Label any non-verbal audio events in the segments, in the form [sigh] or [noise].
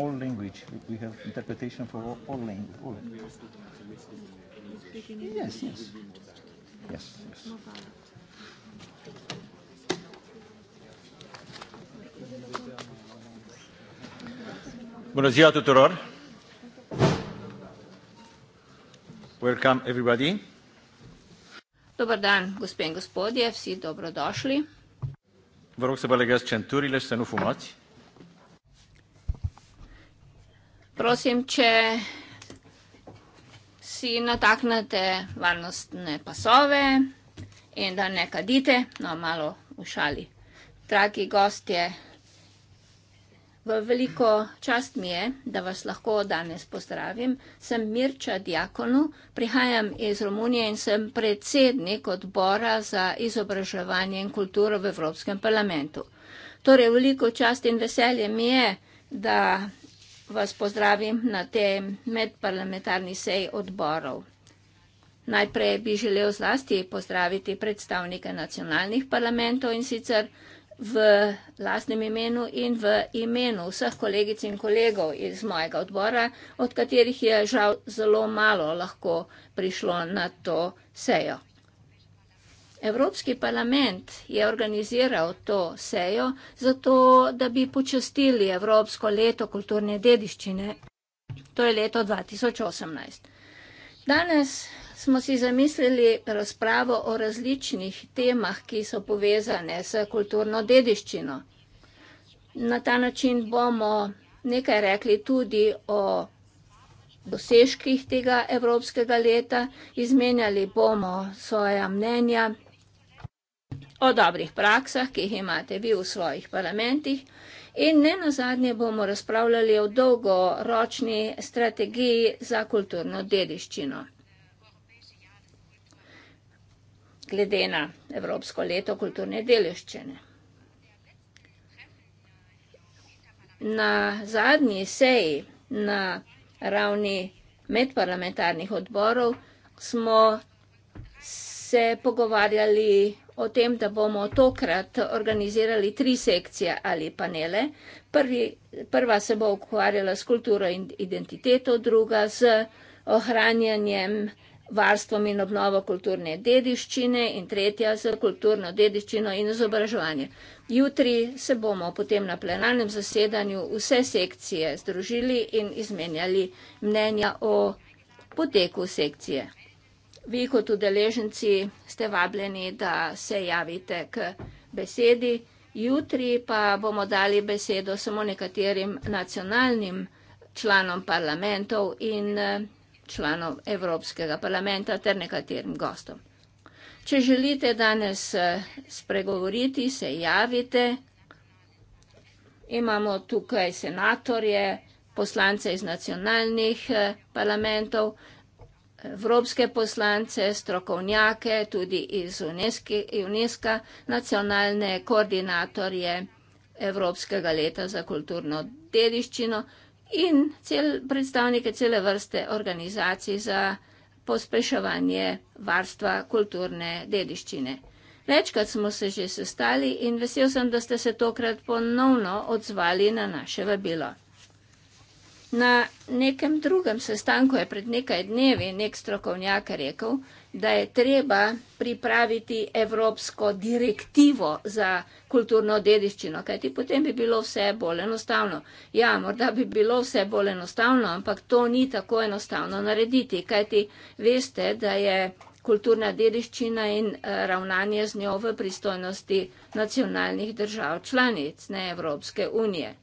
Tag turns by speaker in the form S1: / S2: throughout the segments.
S1: all language. We have interpretation for all, all language.
S2: All.
S3: Yes, yes,
S1: yes, yes. Bună ziua tuturor! Welcome everybody!
S2: Dobar dan, gospe in gospodje, vsi dobrodošli!
S1: Vă rog să vă legați centurile și să nu fumați.
S2: Prosim, če si nataknete varnostne pasove in da ne kadite, no malo v šali. Dragi gostje, v veliko čast mi je, da vas lahko danes pozdravim. Sem Mirča Diakonu, prihajam iz Romunije in sem predsednik odbora za izobraževanje in kulturo v Evropskem parlamentu. Torej, veliko čast in veselje mi je, da vas pozdravim na tej medparlamentarni seji odborov. Najprej bi želel zlasti pozdraviti predstavnike nacionalnih parlamentov in sicer v lastnem imenu in v imenu vseh kolegic in kolegov iz mojega odbora, od katerih je žal zelo malo lahko prišlo na to sejo. Evropski parlament je organiziral to sejo zato, da bi počastili Evropsko leto kulturne dediščine. To je leto 2018. Danes smo si zamislili razpravo o različnih temah, ki so povezane s kulturno dediščino. Na ta način bomo nekaj rekli tudi o dosežkih tega Evropskega leta, izmenjali bomo svoja mnenja o dobrih praksah, ki jih imate vi v svojih parlamentih. In ne nazadnje bomo razpravljali o dolgoročni strategiji za kulturno dediščino. Glede na Evropsko leto kulturne deliščine. Na zadnji seji na ravni medparlamentarnih odborov smo se pogovarjali o tem, da bomo tokrat organizirali tri sekcije ali panele. Prvi, prva se bo ukvarjala s kulturo in identiteto, druga z ohranjanjem, varstvom in obnovo kulturne dediščine in tretja z kulturno dediščino in izobraževanje. Jutri se bomo potem na plenarnem zasedanju vse sekcije združili in izmenjali mnenja o poteku sekcije. Vi kot udeleženci ste vabljeni, da se javite k besedi. Jutri pa bomo dali besedo samo nekaterim nacionalnim članom parlamentov in eh, članom Evropskega parlamenta ter nekaterim gostom. Če želite danes eh, spregovoriti, se javite. Imamo tukaj senatorje, poslance iz nacionalnih eh, parlamentov, evropske poslance, strokovnjake, tudi iz UNESCO, nacionalne koordinatorje Evropskega leta za kulturno dediščino in cel, predstavnike cele vrste organizacij za pospeševanje varstva kulturne dediščine. Večkrat smo se že sestali in vesel sem, da ste se tokrat ponovno odzvali na naše vabilo. Na nekem drugem sestanku je pred nekaj dnevi nek strokovnjak rekel, da je treba pripraviti evropsko direktivo za kulturno dediščino, kajti potem bi bilo vse bolj enostavno. Ja, morda bi bilo vse bolj enostavno, ampak to ni tako enostavno narediti, kajti veste, da je kulturna dediščina in eh, ravnanje z njo v pristojnosti nacionalnih držav članic, ne Evropske unije.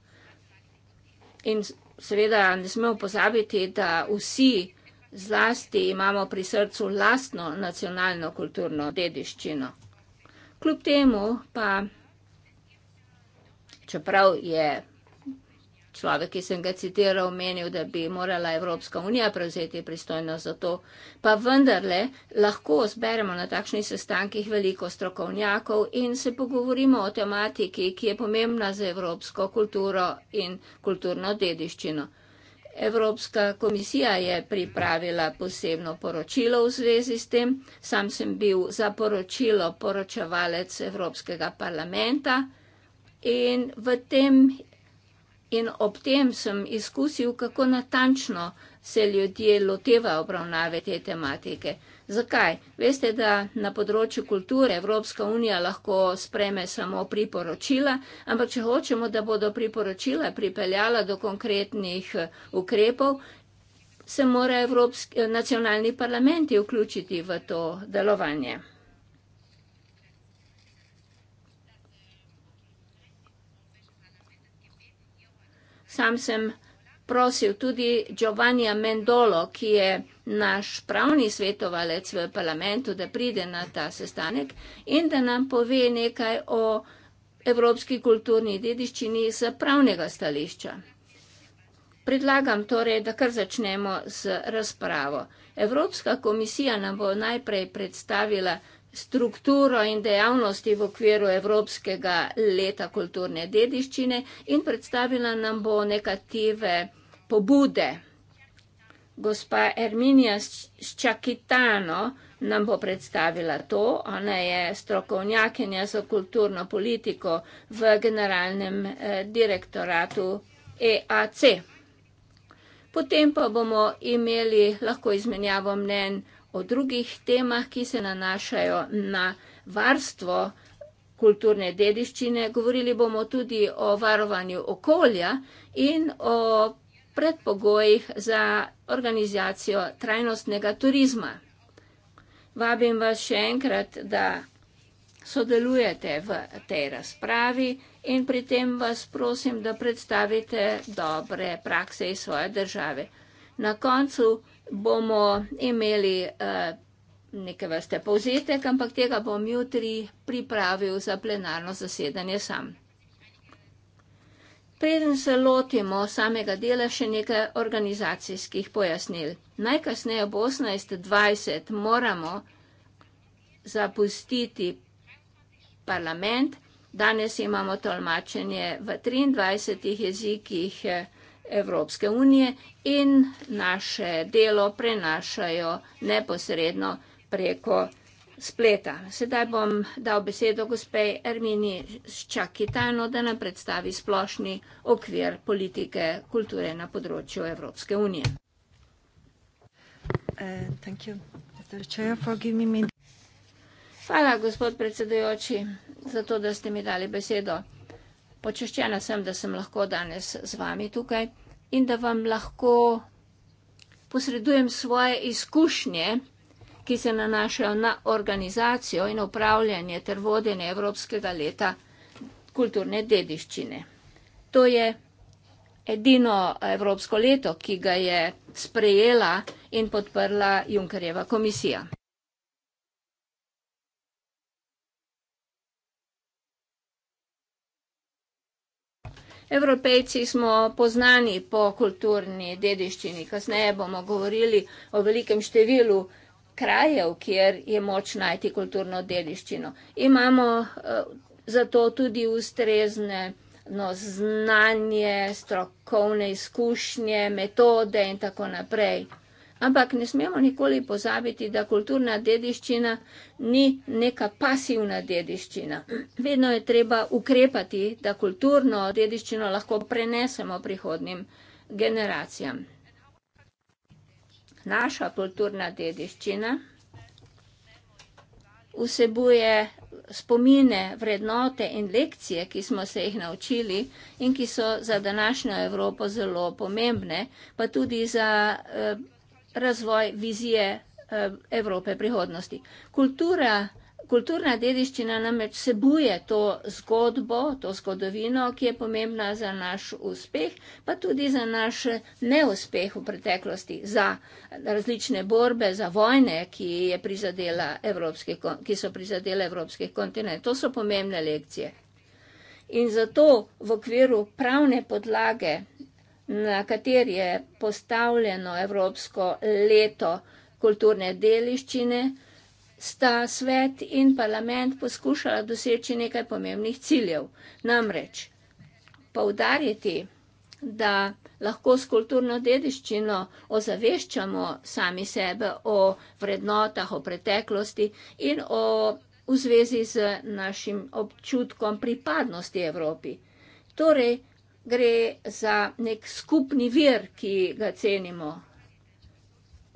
S2: In seveda ne smemo pozabiti, da vsi zlasti imamo pri srcu lastno nacionalno kulturno dediščino. Kljub temu pa, čeprav je človek, ki sem ga citiral, omenil, da bi morala Evropska unija prevzeti pristojnost za to. Pa vendarle lahko zberemo na takšnih sestankih veliko strokovnjakov in se pogovorimo o tematiki, ki je pomembna za evropsko kulturo in kulturno dediščino. Evropska komisija je pripravila posebno poročilo v zvezi s tem. Sam sem bil za poročilo poročevalec Evropskega parlamenta. In v tem In ob tem sem izkusil, kako natančno se ljudje lotevajo obravnave te tematike. Zakaj? Veste, da na področju kulture Evropska unija lahko spreme samo priporočila, ampak če hočemo, da bodo priporočila pripeljala do konkretnih eh, ukrepov, se morajo eh, nacionalni parlamenti vključiti v to delovanje. sam sem prosil tudi Giovannija Mendolo, ki je naš pravni svetovalec v parlamentu, da pride na ta sestanek in da nam pove nekaj o evropski kulturni dediščini z pravnega stališča. Predlagam torej, da kar začnemo z razpravo. Evropska komisija nam bo najprej predstavila strukturo in dejavnosti v okviru Evropskega leta kulturne dediščine in predstavila nam bo negative pobude. Gospa Erminija Ščakitano nam bo predstavila to. Ona je strokovnjakinja za kulturno politiko v generalnem eh, direktoratu EAC. Potem pa bomo imeli lahko izmenjavo mnen o drugih temah, ki se nanašajo na varstvo kulturne dediščine. Govorili bomo tudi o varovanju okolja in o predpogojih za organizacijo trajnostnega turizma. Vabim vas še enkrat, da sodelujete v tej razpravi in pri tem vas prosim, da predstavite dobre prakse iz svoje države. Na koncu bomo imeli eh, neke vrste povzetek, ampak tega bom jutri pripravil za plenarno zasedanje sam. Preden se lotimo samega dela, še nekaj organizacijskih pojasnil. Najkasneje ob 18.20 moramo zapustiti parlament. Danes imamo tolmačenje v 23 jezikih. Eh, Evropske unije in naše delo prenašajo neposredno preko spleta. Sedaj bom dal besedo gospe Ermini Ščakitano, da nam predstavi splošni okvir politike kulture na področju Evropske unije. Uh, Hvala, gospod predsedujoči, za to, da ste mi dali besedo počaščena sem, da sem lahko danes z vami tukaj in da vam lahko posredujem svoje izkušnje, ki se nanašajo na organizacijo in upravljanje ter vodenje Evropskega leta kulturne dediščine. To je edino Evropsko leto, ki ga je sprejela in podprla Junkerjeva komisija. Evropejci smo poznani po kulturni dediščini, kasneje bomo govorili o velikem številu krajev, kjer je moč najti kulturno dediščino. Imamo eh, zato tudi ustrezne no, znanje, strokovne izkušnje, metode in tako naprej. Ampak ne smemo nikoli pozabiti, da kulturna dediščina ni neka pasivna dediščina. Vedno je treba ukrepati, da kulturno dediščino lahko prenesemo prihodnim generacijam. Naša kulturna dediščina vsebuje spomine, vrednote in lekcije, ki smo se jih naučili in ki so za današnjo Evropo zelo pomembne, pa tudi za. Eh, razvoj vizije eh, Evrope prihodnosti. Kultura, kulturna dediščina namreč sebuje to zgodbo, to zgodovino, ki je pomembna za naš uspeh, pa tudi za naš neuspeh v preteklosti, za različne borbe, za vojne, ki, evropski, ki so prizadele evropski kontinent. To so pomembne lekcije. In zato v okviru pravne podlage na kateri je postavljeno Evropsko leto kulturne deliščine, sta svet in parlament poskušala doseči nekaj pomembnih ciljev. Namreč poudariti, da lahko s kulturno dediščino ozaveščamo sami sebe o vrednotah, o preteklosti in o v zvezi z našim občutkom pripadnosti Evropi. Torej, gre za nek skupni vir, ki ga cenimo.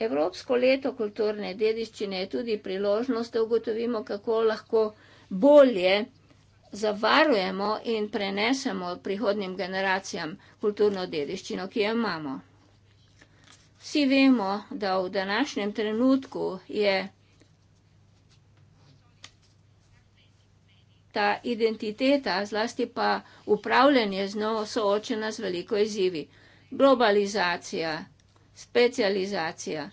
S2: Evropsko leto kulturne dediščine je tudi priložnost, da ugotovimo, kako lahko bolje zavarujemo in prenesemo prihodnim generacijam kulturno dediščino, ki jo imamo. Vsi vemo, da v današnjem trenutku je ta identiteta, zlasti pa upravljanje z njo, soočena z veliko izzivi. Globalizacija, specializacija,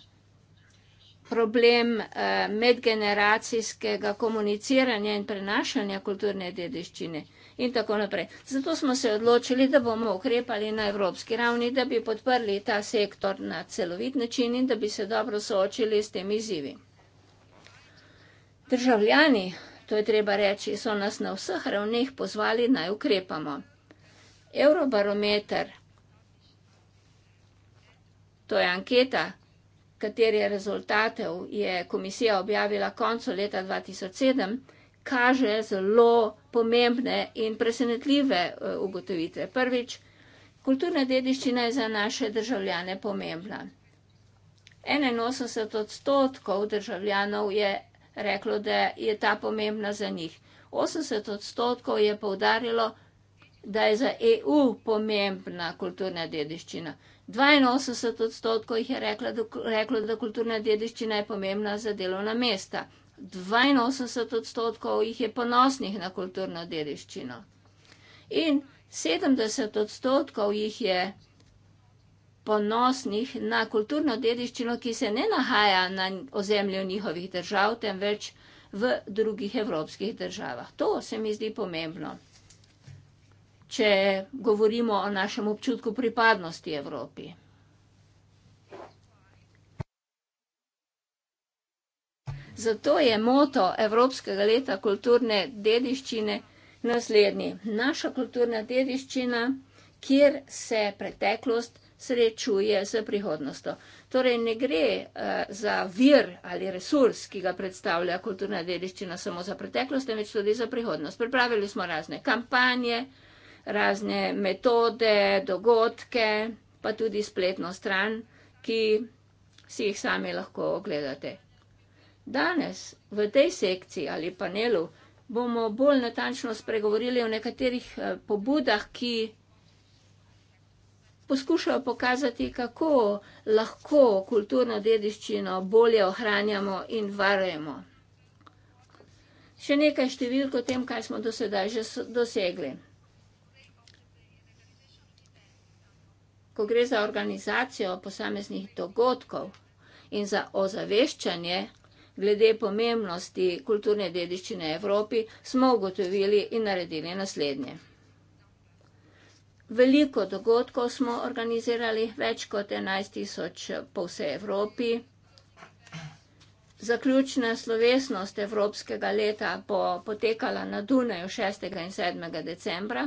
S2: problem eh, medgeneracijskega komuniciranja in prenašanja kulturne dediščine in tako naprej. Zato smo se odločili, da bomo ukrepali na evropski ravni, da bi podprli ta sektor na celovit način in da bi se dobro soočili s temi izzivi. Državljani to je treba reči, so nas na vseh ravneh pozvali naj ukrepamo. Eurobarometer, to je anketa, katerje rezultatev je komisija objavila koncu leta 2007, kaže zelo pomembne in presenetljive eh, ugotovitve. Prvič, kulturna dediščina je za naše državljane pomembna. 81 odstotkov državljanov je reklo, da je ta pomembna za njih. 80 odstotkov je povdarjalo, da je za EU pomembna kulturna dediščina. 82 odstotkov jih je reklo, da, reklo, da kulturna dediščina je pomembna za delovna mesta. 82 odstotkov jih je ponosnih na kulturno dediščino. In 70 odstotkov jih je ponosnih na kulturno dediščino, ki se ne nahaja na ozemlju njihovih držav, temveč v drugih evropskih državah. To se mi zdi pomembno. Če govorimo o našem občutku pripadnosti Evropi. Zato je moto Evropskega leta kulturne dediščine naslednji. Naša kulturna dediščina, kjer se preteklost srečuje s prihodnostjo. Torej, ne gre uh, za vir ali resurs, ki ga predstavlja kulturna dediščina samo za preteklost, temveč tudi za prihodnost. Pripravili smo razne kampanje, razne metode, dogodke, pa tudi spletno stran, ki si jih sami lahko ogledate. Danes v tej sekciji ali panelu bomo bolj natančno spregovorili o nekaterih uh, pobudah, ki poskušajo pokazati, kako lahko kulturno dediščino bolje ohranjamo in varujemo. Še nekaj številk o tem, kaj smo do sedaj že dosegli. Ko gre za organizacijo posameznih dogodkov in za ozaveščanje glede pomembnosti kulturne dediščine Evropi, smo ugotovili in naredili naslednje. Veliko dogodkov smo organizirali, več kot 11 tisoč po vsej Evropi. Zaključna slovesnost Evropskega leta bo potekala na Dunaju 6. in 7. decembra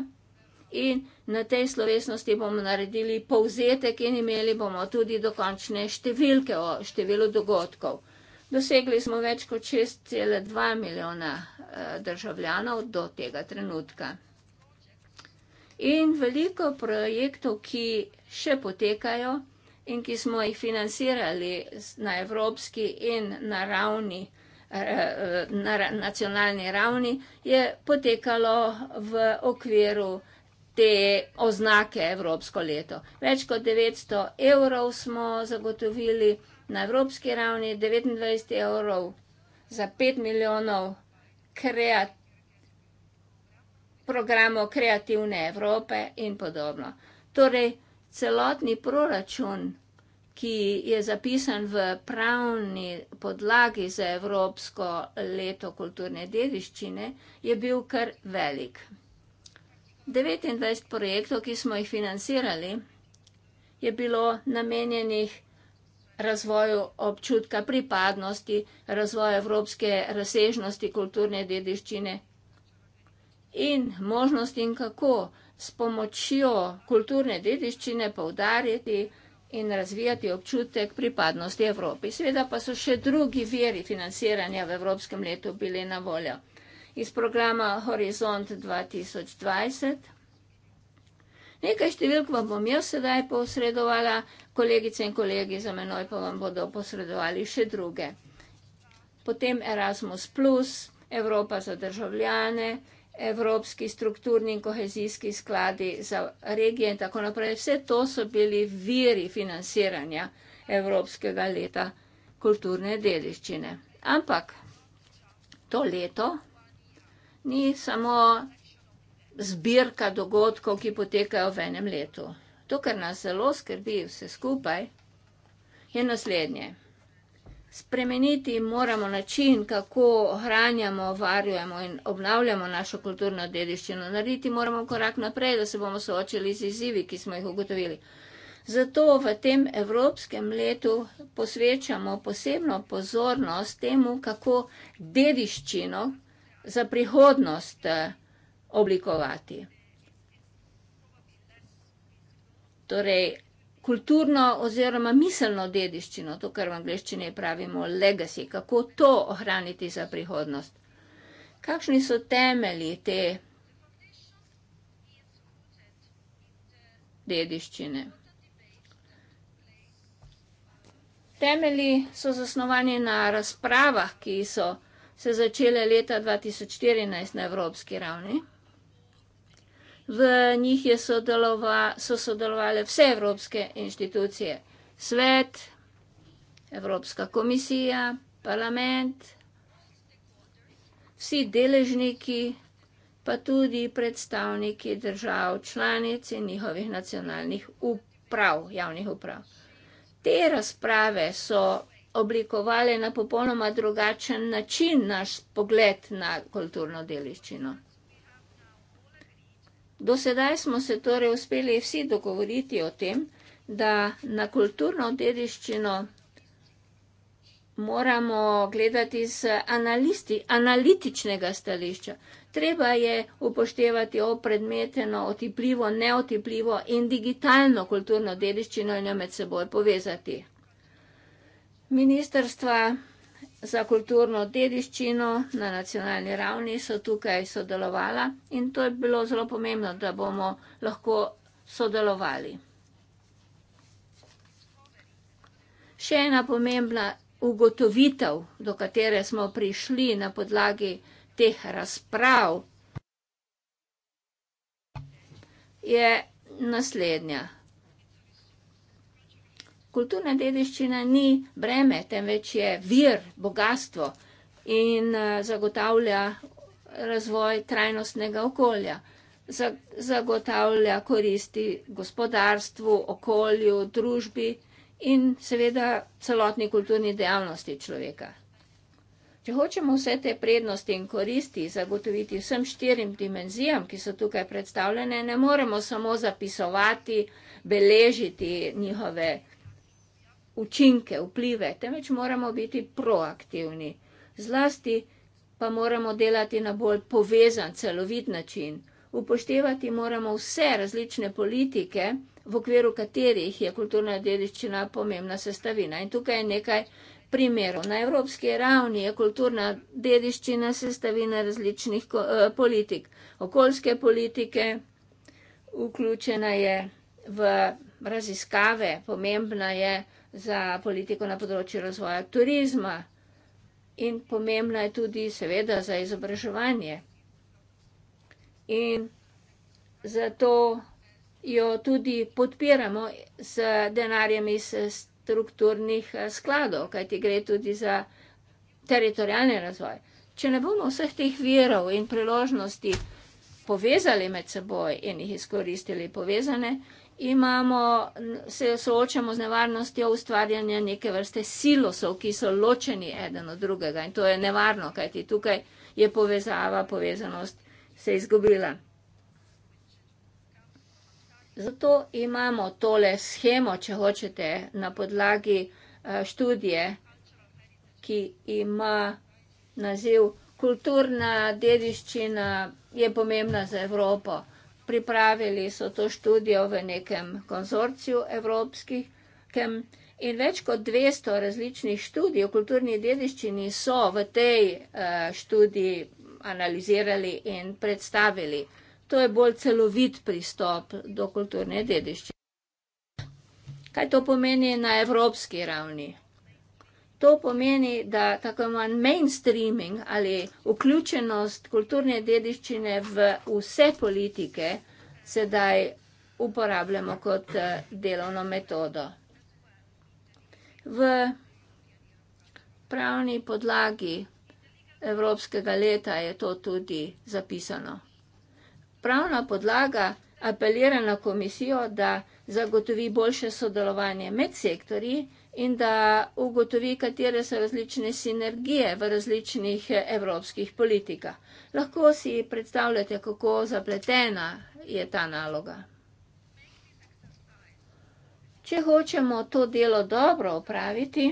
S2: in na tej slovesnosti bomo naredili povzetek in imeli bomo tudi dokončne številke o številu dogodkov. Dosegli smo več kot 6,2 milijona eh, državljanov do tega trenutka in veliko projektov, ki še potekajo in ki smo jih financirali na evropski in na ravni, eh, eh, na nacionalni ravni, je potekalo v okviru te oznake Evropsko leto. Več kot 900 evrov smo zagotovili na evropski ravni, 29 evrov za 5 milijonov kreativnih programov kreativne Evrope in podobno. Torej, celotni proračun, ki je zapisan v pravni podlagi za Evropsko leto kulturne dediščine, je bil kar velik. 29 projektov, ki smo jih financirali, je bilo namenjenih razvoju občutka pripadnosti, razvoju evropske razsežnosti kulturne dediščine, in možnost in kako s pomočjo kulturne dediščine povdariti in razvijati občutek pripadnosti Evropi. Sveda pa so še drugi veri financiranja v Evropskem letu bili na voljo. Iz programa Horizont 2020. Nekaj številk vam bom jaz sedaj posredovala, kolegice in kolegi za menoj pa vam bodo posredovali še druge. Potem Erasmus, Evropa za državljane, evropski strukturni in kohezijski skladi za regije in tako naprej. Vse to so bili viri financiranja Evropskega leta kulturne dediščine. Ampak to leto ni samo zbirka dogodkov, ki potekajo v enem letu. To, kar nas zelo skrbi vse skupaj, je naslednje spremeniti moramo način, kako ohranjamo, varjujemo in obnavljamo našo kulturno dediščino. Narediti moramo korak naprej, da se bomo soočili z izzivi, ki smo jih ugotovili. Zato v tem evropskem letu posvečamo posebno pozornost temu, kako dediščino za prihodnost eh, oblikovati. Torej, kulturno oziroma miselno dediščino, to kar v angleščini pravimo legacy, kako to ohraniti za prihodnost. Kakšni so temelji te dediščine? Temelji so zasnovani na razpravah, ki so se začele leta 2014 na evropski ravni v njih sodelova, so sodelovali vse evropske inštitucije. Svet, Evropska komisija, parlament, vsi deležniki, pa tudi predstavniki držav članic in njihovih nacionalnih uprav, javnih uprav. Te razprave so oblikovali na popolnoma drugačen način naš pogled na kulturno deliščino. Do sedaj smo se torej uspeli vsi dogovoriti o tem, da na kulturno dediščino moramo gledati z analisti, analitičnega stališča. Treba je upoštevati o predmeteno, otipljivo, neotipljivo in digitalno kulturno dediščino in jo med seboj povezati. Ministrstva za kulturno dediščino na nacionalni ravni so tukaj sodelovala in to je bilo zelo pomembno, da bomo lahko sodelovali. Še ena pomembna ugotovitev, do katere smo prišli na podlagi teh razprav, je naslednja. Kulturna dediščina ni breme, temveč je vir, bogatstvo in eh, zagotavlja razvoj trajnostnega okolja, zagotavlja koristi gospodarstvu, okolju, družbi in seveda celotni kulturni dejavnosti človeka. Če hočemo vse te prednosti in koristi zagotoviti vsem štirim dimenzijam, ki so tukaj predstavljene, ne moremo samo zapisovati, beležiti njihove učinke, vplive, temveč moramo biti proaktivni. Zlasti pa moramo delati na bolj povezan, celovit način. Upoštevati moramo vse različne politike, v okviru katerih je kulturna dediščina pomembna sestavina. In tukaj je nekaj primerov. Na evropski ravni je kulturna dediščina sestavina različnih eh, politik. Okoljske politike vključena je v raziskave, pomembna je za politiko na področju razvoja turizma in pomembna je tudi seveda za izobraževanje. In zato jo tudi podpiramo z denarjem iz strukturnih eh, skladov, kajti gre tudi za teritorijalni razvoj. Če ne bomo vseh teh virov in priložnosti povezali med seboj in jih izkoristili povezane, imamo, se soočamo z nevarnostjo ustvarjanja neke vrste silosov, ki so ločeni eden od drugega in to je nevarno, kajti tukaj je povezava, povezanost se izgubila. Zato imamo tole schemo, če hočete, na podlagi eh, študije, ki ima naziv Kulturna dediščina je pomembna za Evropo pripravili so to študijo v nekem konzorciju evropskem in več kot 200 različnih študij o kulturni dediščini so v tej eh, študiji analizirali in predstavili. To je bolj celovit pristop do kulturne dediščine. Kaj to pomeni na evropski ravni? To pomeni, da tako imenovan mainstreaming ali vključenost kulturne dediščine v vse politike sedaj uporabljamo kot eh, delovno metodo. V pravni podlagi Evropskega leta je to tudi zapisano. Pravna podlaga apelira na komisijo, da zagotovi boljše sodelovanje med sektorji, in da ugotovi, katere so različne sinergije v različnih evropskih politikah. Lahko si predstavljate, kako zapletena je ta naloga. Če hočemo to delo dobro upraviti,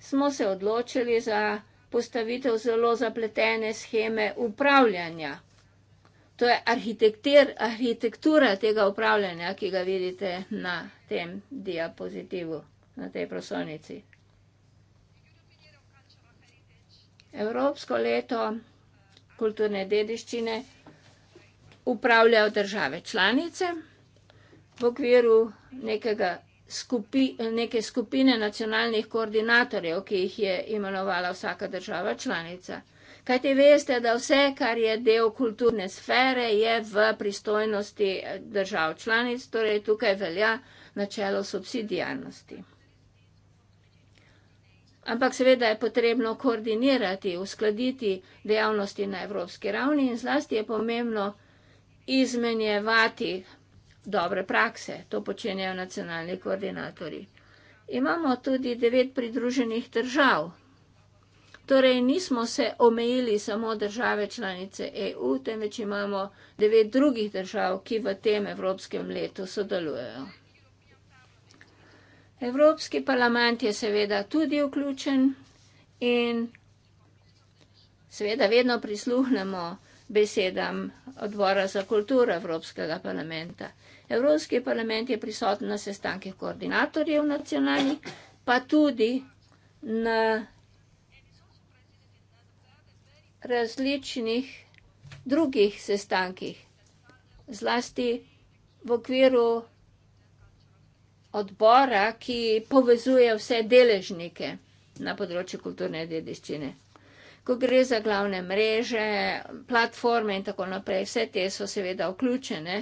S2: smo se odločili za postavitev zelo zapletene scheme upravljanja. To je arhitektura tega upravljanja, ki ga vidite na tem diapozitivu, na tej prosonici. Evropsko leto kulturne dediščine upravljajo države članice v okviru nekega skupi, neke skupine nacionalnih koordinatorjev, ki jih je imenovala vsaka država članica. Kaj ti veste, da vse, kar je del kulturne sfere, je v pristojnosti držav članic, torej tukaj velja, načelo subsidijarnosti. Ampak seveda je potrebno koordinirati, uskladiti dejavnosti na evropski ravni in zlasti je pomembno izmenjevati dobre prakse. To počenjajo nacionalni koordinatori. Imamo tudi devet pridruženih držav. Torej nismo se omejili samo države članice EU, temveč imamo devet drugih držav, ki v tem evropskem letu sodelujejo. Evropski parlament je seveda tudi vključen in seveda vedno prisluhnemo besedam odbora za kulturo Evropskega parlamenta. Evropski parlament je prisoten na sestankih koordinatorjev nacionalnih, pa tudi na različnih drugih sestankih, zlasti v okviru odbora, ki povezuje vse deležnike na področju kulturne dediščine. Ko gre za glavne mreže, platforme in tako naprej, vse te so seveda vključene,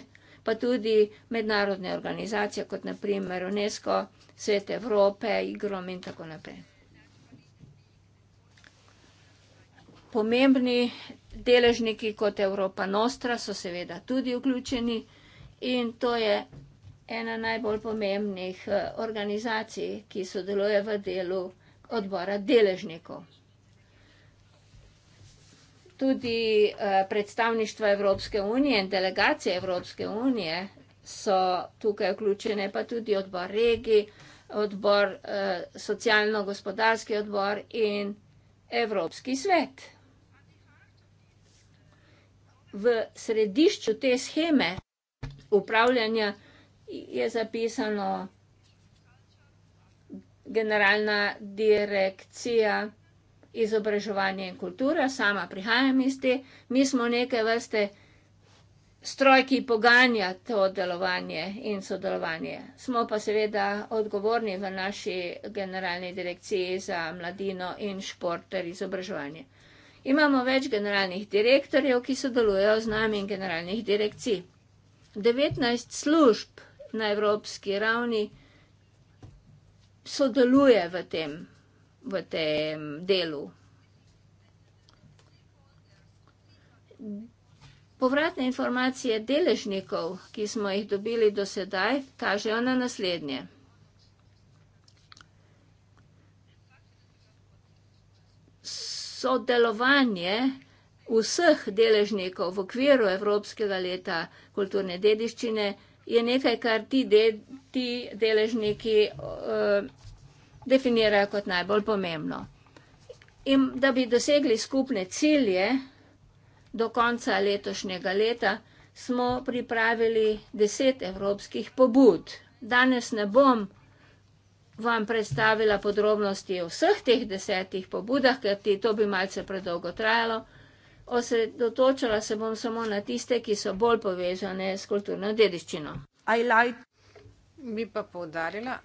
S2: pa tudi mednarodne organizacije, kot naprimer UNESCO, Svet Evrope, IGROM in tako naprej. Pomembni deležniki kot Evropa Nostra so seveda tudi vključeni in to je ena najbolj pomembnih eh, organizacij, ki sodeluje v delu odbora deležnikov. Tudi eh, predstavništva Evropske unije in delegacije Evropske unije so tukaj vključene, pa tudi odbor regij, odbor eh, socialno-gospodarski odbor in Evropski svet. V središču te scheme upravljanja odbora, je zapisano generalna direkcija izobraževanja in kultura, sama prihajam iz te, mi smo neke vrste stroj, ki poganja to delovanje in sodelovanje. Smo pa seveda odgovorni v naši generalni direkciji za mladino in šport ter izobraževanje. Imamo več generalnih direktorjev, ki sodelujejo z nami in generalnih direkcij. 19 služb na evropski ravni sodeluje v tem, v tem delu. Povratne informacije deležnikov, ki smo jih dobili do sedaj, kažejo na naslednje. Sodelovanje vseh deležnikov v okviru Evropskega leta kulturne dediščine je je nekaj, kar ti, de, ti deležniki uh, definirajo kot najbolj pomembno. In da bi dosegli skupne cilje do konca letošnjega leta, smo pripravili deset evropskih pobud. Danes ne bom vam predstavila podrobnosti o vseh teh desetih pobudah, ker ti to bi malce predolgo trajalo osredotočala se bom samo na tiste, ki so bolj povezane s kulturno dediščino. Ajlajt bi pa povdarila,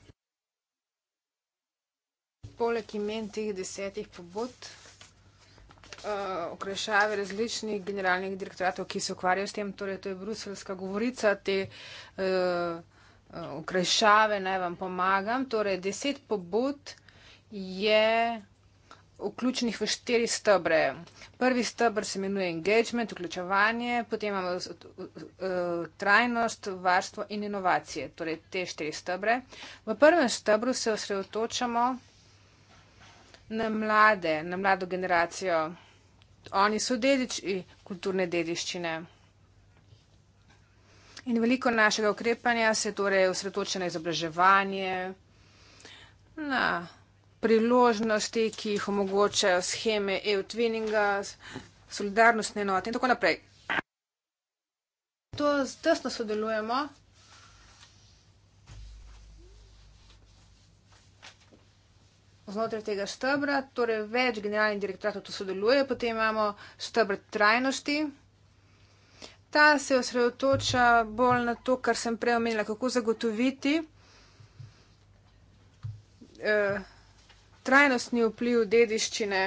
S2: poleg imen
S3: teh desetih pobud, eh, okrešave različnih generalnih direktoratov, ki se ukvarjajo s tem, torej to je bruselska govorica, te eh, eh, okrešave, naj vam pomagam, torej deset pobud je vključenih v štiri stebre. Prvi stebr se imenuje engagement, vključevanje, potem imamo eh, trajnost, varstvo in inovacije, torej te štiri stebre. V prvem stebru se osredotočamo na mlade, na mlado generacijo. Oni so dediči eh, kulturne dediščine. In veliko našega ukrepanja se torej osredotoča na izobraževanje, na priložnosti, ki jih omogočajo scheme e-twinninga, solidarnostne enote in tako naprej. To tesno sodelujemo. Znotraj tega stebra, torej več generalnih direktoratov tu sodeluje, potem imamo stebr trajnosti. Ta se osredotoča bolj na to, kar sem prej omenila, kako zagotoviti eh, trajnostni vpliv dediščine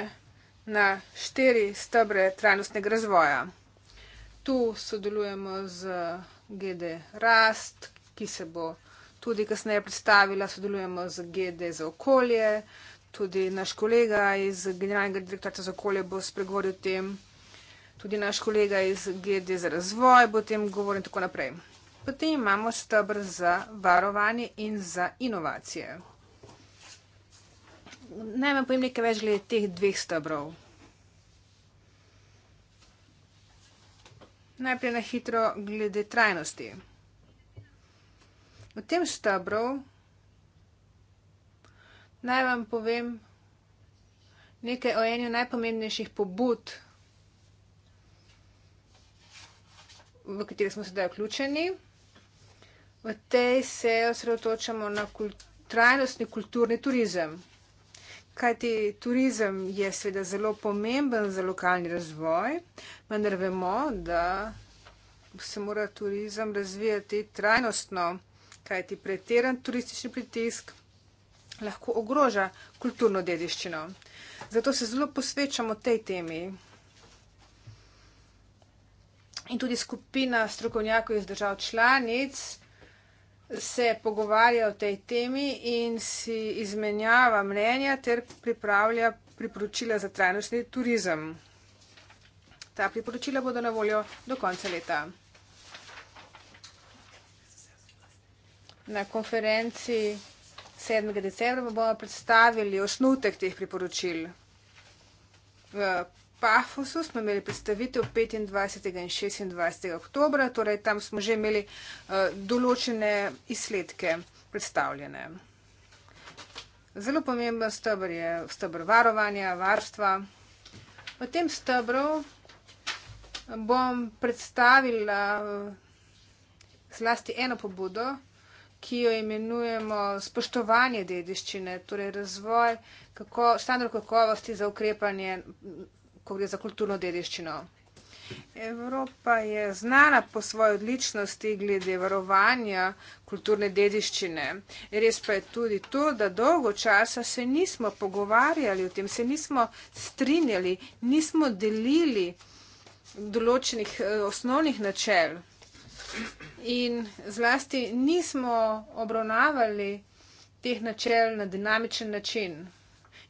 S3: na štiri stebre trajnostnega razvoja. Tu sodelujemo z GD Rast, ki se bo tudi kasneje predstavila, sodelujemo z GD za okolje, tudi naš kolega iz Generalnega direktorata za okolje bo spregovoril o tem, tudi naš kolega iz GD za razvoj bo o tem govoril in tako naprej. Potem imamo stebr za varovanje in za inovacije. Naj vam povem nekaj več glede teh dveh stebrov. Najprej na hitro glede trajnosti. V tem stebru naj vam povem nekaj o eni najpomembnejših pobud, v katerih smo sedaj vključeni. V tej se osredotočamo na kul trajnostni kulturni turizem kajti turizem je seveda zelo pomemben za lokalni razvoj, vendar vemo, da se mora turizem razvijati trajnostno, kajti preteran turistični pritisk lahko ogroža kulturno dediščino. Zato se zelo posvečamo tej temi. In tudi skupina strokovnjakov iz držav članic, se pogovarja o tej temi in si izmenjava mnenja ter pripravlja priporočila za trajnostni turizem. Ta priporočila bodo na voljo do konca leta. Na konferenci 7. decembra bomo predstavili osnutek teh priporočil. Pafosu smo imeli predstavitev 25. in 26. oktobra, torej tam smo že imeli uh, določene izsledke predstavljene. Zelo pomemben stebr je stebr varovanja, varstva. V tem stebru bom predstavila eh, zlasti eno pobudo, ki jo imenujemo spoštovanje dediščine, torej razvoj kako, standard kakovosti za ukrepanje ko gre za kulturno dediščino. Evropa je znana po svoji odličnosti glede varovanja kulturne dediščine. Res pa je tudi to, da dolgo časa se nismo pogovarjali o tem, se nismo strinjali, nismo delili določenih eh, osnovnih načel in zlasti nismo obravnavali teh načel na dinamičen način.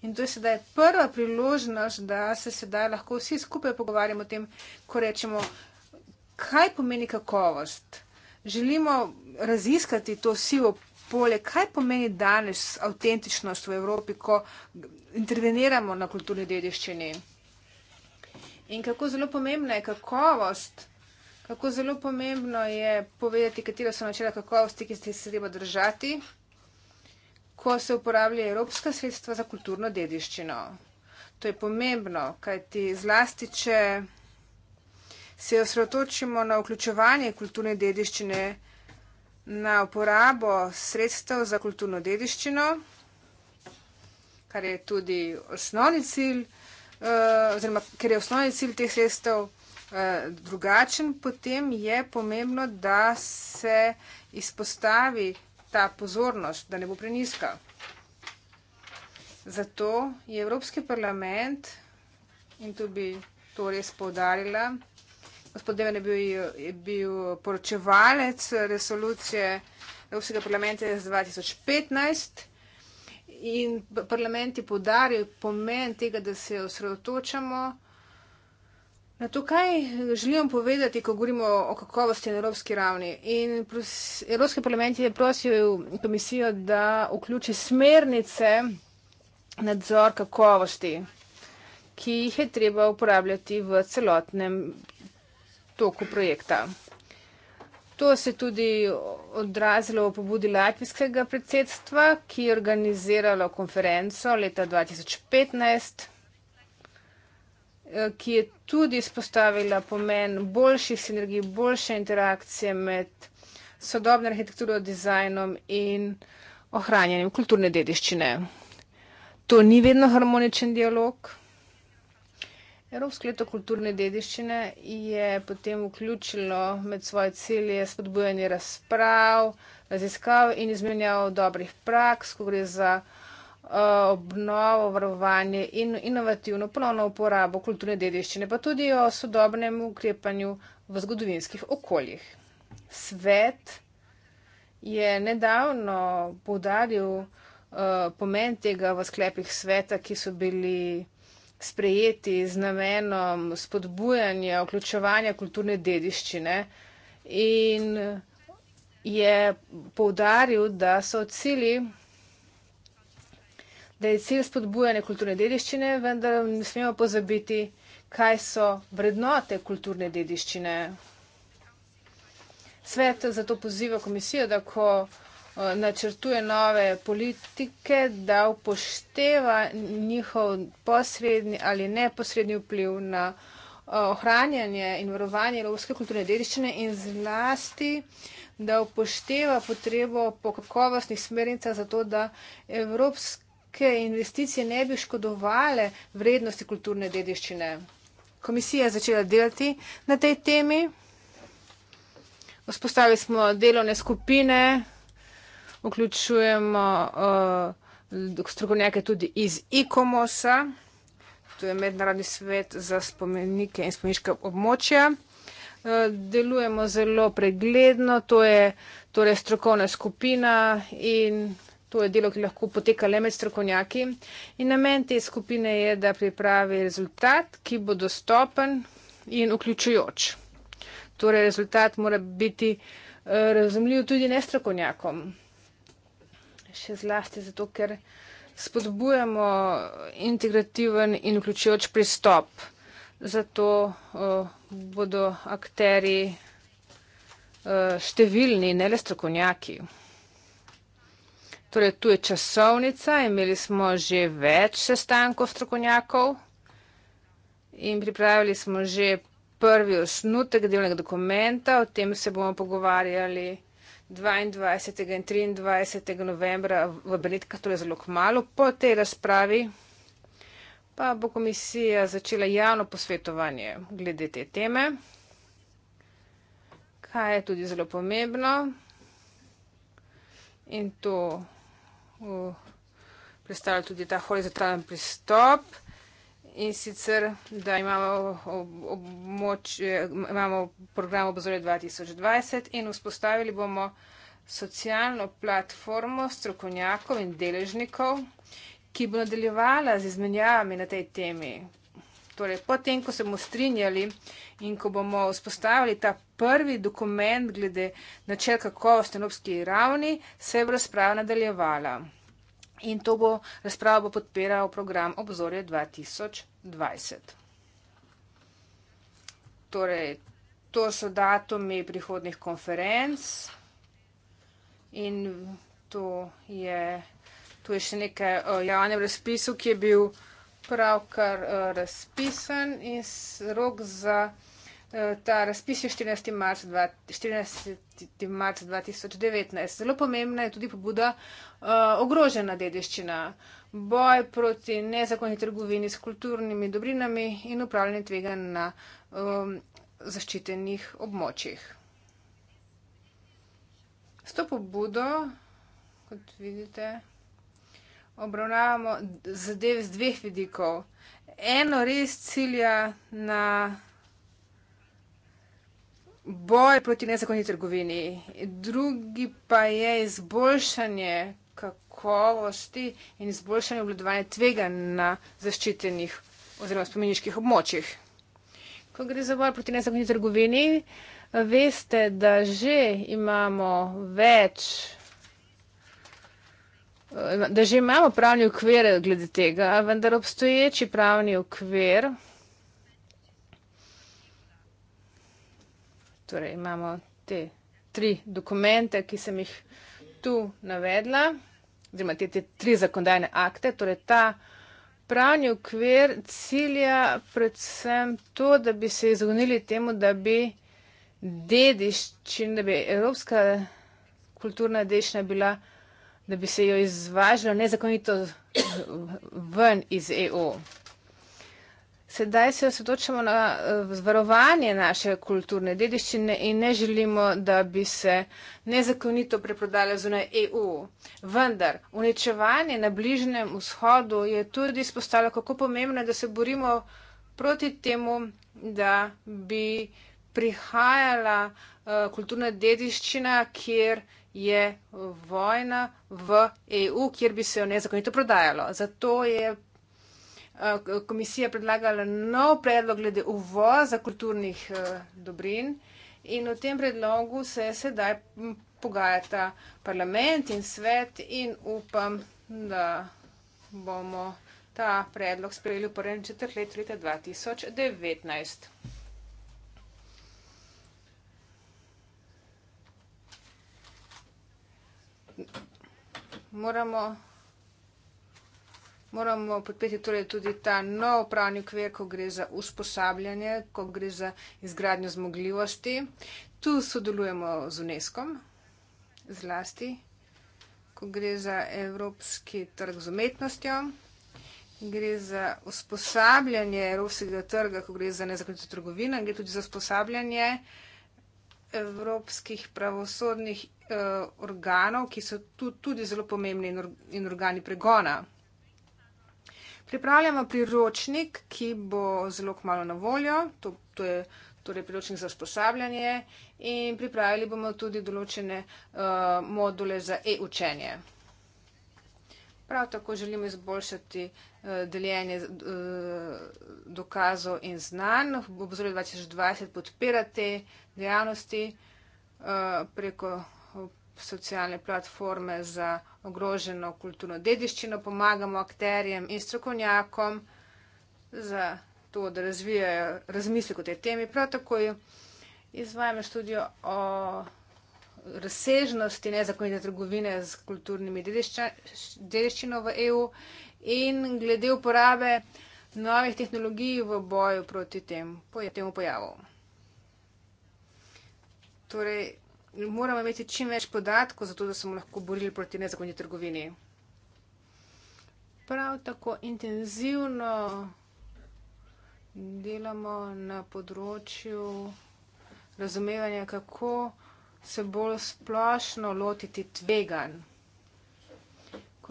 S3: In to je sedaj prva priložnost, da se sedaj lahko vsi skupaj pogovarjamo o tem, ko rečemo, kaj pomeni kakovost. Želimo raziskati to sivo polje, kaj pomeni danes avtentičnost v Evropi, ko interveniramo na kulturni dediščini. In kako zelo pomembna je kakovost, kako zelo pomembno je povedati, katera so načela kakovosti, ki ste se treba držati ko se uporabljajo evropska sredstva za kulturno dediščino. To je pomembno, kajti zlasti, če se osredotočimo na vključevanje kulturne dediščine, na uporabo sredstev za kulturno dediščino, kar je tudi osnovni cilj, eh, oziroma ker je osnovni cilj teh sredstev eh, drugačen, potem je pomembno, da se izpostavi ta pozornost, da ne bo preniska. Zato je Evropski parlament in tu bi to res povdarila, gospod Deven je bil, je bil poročevalec resolucije Evropskega parlamenta iz 2015 in parlament je povdaril pomen tega, da se osredotočamo Na to, kaj želim povedati, ko govorimo o kakovosti na evropski ravni. Evropski parlament je prosil komisijo, da vključi smernice nadzor kakovosti, ki jih je treba uporabljati v celotnem toku projekta. To se je tudi odrazilo v pobudi latvijskega predsedstva, ki je organiziralo konferenco leta 2015. Eh, ki je tudi izpostavila pomen boljših sinergij, boljše interakcije med sodobno arhitekturo, dizajnom in ohranjanjem kulturne dediščine. To ni vedno harmoničen dialog. Evropsko leto kulturne dediščine je potem vključilo med svoje cilje spodbujanje razprav, raziskav in izmenjav dobrih praks, ko gre za Eh, obnovo, varovanje in inovativno ponovno uporabo kulturne dediščine, pa tudi o sodobnem ukrepanju v zgodovinskih okoljih. Svet je nedavno podaril uh, eh, pomen tega v sklepih sveta, ki so bili sprejeti z namenom spodbujanja, vključevanja kulturne dediščine in je povdaril, da so cili da je cilj spodbujanje kulturne dediščine, vendar ne smemo pozabiti, kaj so vrednote kulturne dediščine. Svet zato poziva komisijo, da ko eh, načrtuje nove politike, da upošteva njihov posredni ali neposredni vpliv na eh, ohranjanje in varovanje lovske kulturne dediščine in zlasti, da upošteva potrebo po kakovostnih smernicah za to, da evropske neke investicije ne bi škodovale vrednosti kulturne dediščine. Komisija je začela delati na tej temi. Vzpostavili smo delovne skupine, vključujemo uh, strokovnjake tudi iz ICOMOS-a, to je Mednarodni svet za spomenike in spomeniška območja. Eh, delujemo zelo pregledno, to je torej strokovna skupina in To je delo, ki lahko poteka le med strokovnjaki in namen te skupine je, da pripravi rezultat, ki bo dostopen in vključujoč. Torej, rezultat mora biti eh, razumljiv tudi nestrokovnjakom. Še zlasti zato, ker spodbujamo integrativen in vključujoč pristop. Zato eh, bodo akteri eh, številni, ne le strokovnjaki. Torej, tu je časovnica, imeli smo že več sestankov strokovnjakov in pripravili smo že prvi osnutek delnega dokumenta, o tem se bomo pogovarjali 22. in 23. novembra v Benetka, torej zelo kmalo po tej razpravi, pa bo komisija začela javno posvetovanje glede te teme, kaj je tudi zelo pomembno in to predstavlja tudi ta horizontalen pristop in sicer, da imamo, ob, moč, imamo program obzorja 2020 in vzpostavili bomo socialno platformo strokovnjakov in deležnikov, ki bo nadaljevala z izmenjavami na tej temi, Torej, potem, ko se bomo strinjali in ko bomo vzpostavili ta prvi dokument glede načel kakovosti na obski ravni, se bo razprava nadaljevala. In to bo razprava bo podpiral program Obzorje 2020. Torej, to so datumi prihodnih konferenc in to je, to je še nekaj o javnem razpisu, ki je bil pravkar eh, razpisan in rok za eh, ta razpis je 14. marca 2019. Zelo pomembna je tudi pobuda eh, ogrožena dediščina, boj proti nezakonji trgovini s kulturnimi dobrinami in upravljanje tvega na zaščitenih območjih. S to pobudo, kot vidite, obravnavamo zadeve z dveh vidikov. Eno res cilja na boj proti nezakonji trgovini, drugi pa je izboljšanje kakovosti in izboljšanje obvladovanja tvega na zaščitenih oziroma spomeniških območjih. Ko gre za boj proti nezakonji trgovini, veste, da že imamo več da že imamo pravni okvir glede tega, vendar obstoječi pravni okvir, torej imamo te tri dokumente, ki sem jih tu navedla, oziroma te, te tri zakonodajne akte, torej ta pravni okvir cilja predvsem to, da bi se izognili temu, da bi dediščina, da bi evropska kulturna dediščina bila da bi se jo izvažalo nezakonito ven iz EU. Sedaj se osredotočamo na eh, zvarovanje naše kulturne dediščine in ne želimo, da bi se nezakonito preprodala zunaj EU. Vendar, uničevanje na bližnjem vzhodu je tudi spostalo, kako pomembno je, da se borimo proti temu, da bi prihajala uh, kulturna dediščina, kjer uh, je vojna v EU, kjer bi se jo nezakonito prodajalo. Zato je eh, komisija predlagala nov predlog glede uvoza kulturnih eh, dobrin in v tem predlogu se sedaj pogajata parlament in svet in upam, da bomo ta predlog sprejeli v prvem četrtletju leta 2019. moramo, moramo podpeti torej tudi ta nov pravni okvir, ko gre za usposabljanje, ko gre za izgradnjo zmogljivosti. Tu sodelujemo z UNESCO, zlasti, ko gre za evropski trg z umetnostjo. Gre za usposabljanje evropskega trga, ko gre za nezakonito trgovino in gre tudi za usposabljanje uh, evropskih pravosodnih uh, organov, ki so tu, tudi zelo pomembni in, or, in organi pregona. Pripravljamo priročnik, ki bo zelo kmalo na voljo, to, to je torej priročnik za usposabljanje in pripravili bomo tudi določene uh, module za e-učenje. Prav tako želimo izboljšati uh, Eh, deljenje eh, dokazov in znanj. Obzorje 2020 podpira te dejavnosti eh, preko socialne platforme za ogroženo kulturno dediščino. Pomagamo akterjem in strokovnjakom za to, da razvijajo razmislek o tej temi. Prav tako izvajamo študijo o razsežnosti nezakonite trgovine z kulturnimi dediščino v EU in glede uporabe novih tehnologij v boju proti tem, temu pojavu. Torej, moramo imeti čim več podatkov, zato da smo lahko borili proti nezakonji trgovini. Prav tako intenzivno delamo na področju razumevanja, kako se bolj splošno lotiti tveganj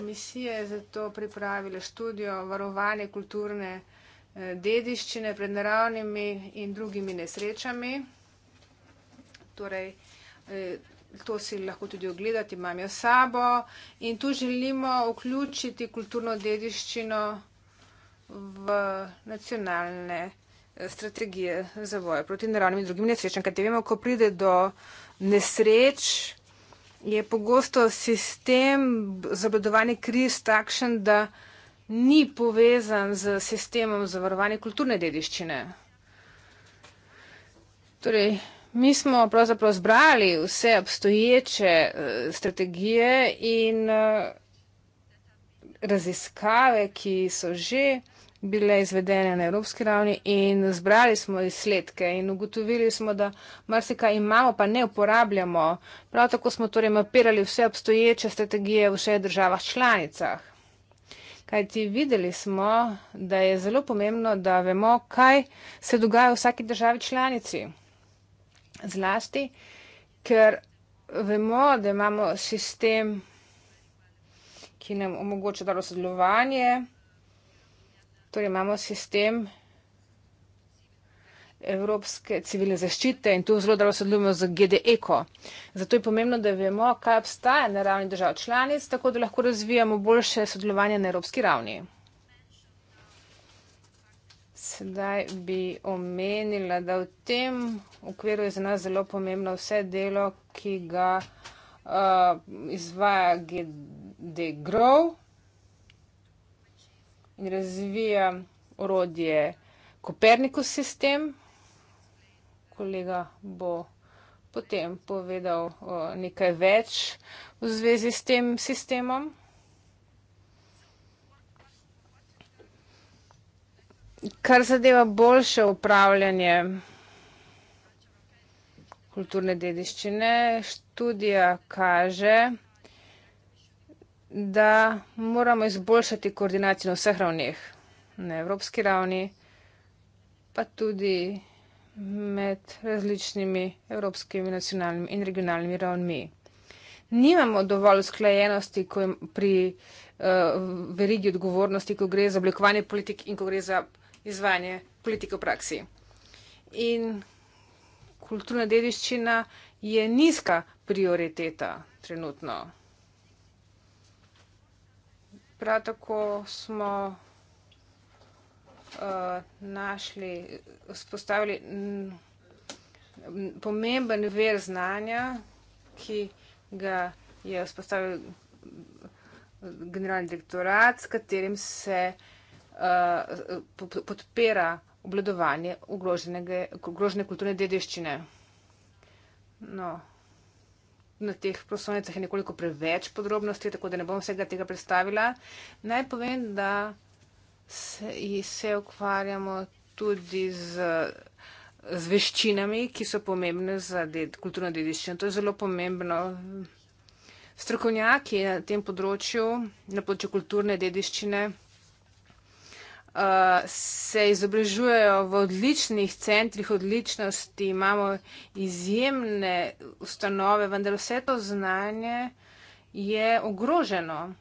S3: komisije za to pripravile študijo varovanje kulturne eh, dediščine pred naravnimi in drugimi nesrečami. Torej, eh, to si lahko tudi ogledati, imam jo sabo. In tu želimo vključiti kulturno dediščino v nacionalne eh, strategije za boje proti naravnim in drugim nesrečam, kajte vemo, ko pride do nesreč, je pogosto sistem zabledovanja kriz takšen, da ni povezan z sistemom zavarovanja kulturne dediščine. Torej, mi smo pravzaprav zbrali vse obstoječe uh, strategije in uh, raziskave, ki so že bile izvedene na evropski ravni in zbrali smo izsledke in ugotovili smo, da marsikaj imamo, pa ne uporabljamo. Prav tako smo torej mapirali vse obstoječe strategije v vseh državah članicah. Kajti videli smo, da je zelo pomembno, da vemo, kaj se dogaja v vsaki državi članici. Zlasti, ker vemo, da imamo sistem, ki nam omogoča dobro sodelovanje. Torej imamo sistem evropske civilne zaščite in tu zelo dobro sodelujemo z GDE-ko. Zato je pomembno, da vemo, kaj obstaja na ravni držav članic, tako da lahko razvijamo boljše sodelovanje na evropski ravni. Sedaj bi omenila, da v tem okviru je za nas zelo pomembno vse delo, ki ga uh, izvaja GDE-grov. GD in razvija orodje Kopernikus sistem. Kolega bo potem povedal o, nekaj več v zvezi s tem sistemom. Kar zadeva boljše upravljanje kulturne dediščine, študija kaže, da moramo izboljšati koordinacijo na vseh ravneh, na evropski ravni, pa tudi med različnimi evropskimi, nacionalnimi in regionalnimi ravnmi. Nimamo dovolj usklajenosti pri uh, verigi odgovornosti, ko gre za oblikovanje politik in ko gre za izvajanje politike v praksi. In kulturna dediščina je nizka prioriteta trenutno. Prav tako smo uh, našli, spostavili pomemben ver znanja, ki ga je spostavil uh, generalni direktorat, s katerim se uh, podpira obledovanje ogrožene kulturne dediščine. No na teh prosovnicah je nekoliko preveč podrobnosti, tako da ne bom vsega tega predstavila. Naj povem, da se, se ukvarjamo tudi z, z veščinami, ki so pomembne za ded, kulturno dediščino. To je zelo pomembno. Strokovnjaki na tem področju, na področju kulturne dediščine, se izobražujejo v odličnih centrih odličnosti, imamo izjemne ustanove, vendar vse to znanje je ogroženo.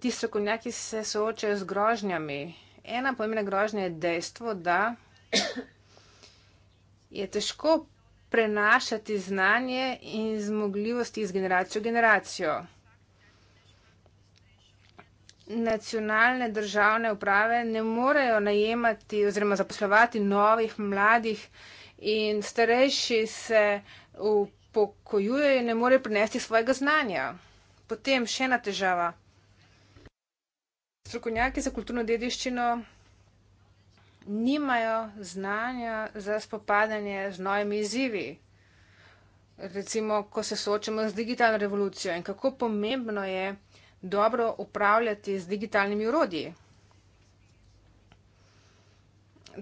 S3: Ti strokovnjaki se soočajo z grožnjami. Ena pomembna grožnja je dejstvo, da je težko prenašati znanje in zmogljivosti iz generacijo v generacijo nacionalne državne uprave ne morejo najemati oziroma zaposlovati novih, mladih in starejši se upokojujejo in ne morejo prinesti svojega znanja. Potem še ena težava. Strokovnjaki za kulturno dediščino nimajo znanja za spopadanje z novimi izzivi. Recimo, ko se soočamo z digitalno revolucijo in kako pomembno je, dobro upravljati z digitalnimi urodji.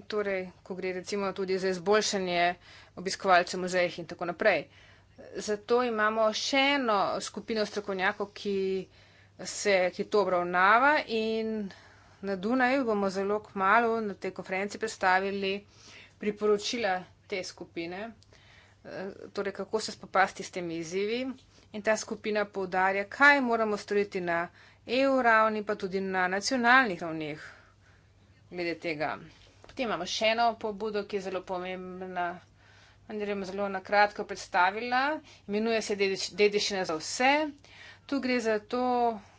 S3: Torej, ko gre recimo tudi za izboljšanje obiskovalcev muzejih in tako naprej. Zato imamo še eno skupino strokovnjakov, ki, se, ki to obravnava in na Dunaju bomo zelo kmalo na tej konferenci predstavili priporočila te skupine, torej kako se spopasti s temi izzivi in ta skupina povdarja, kaj moramo storiti na EU ravni, pa tudi na nacionalnih ravnih glede tega. Potem imamo še eno pobudo, ki je zelo pomembna. Andrej je zelo nakratko predstavila, imenuje se dediščina za vse. Tu gre za to,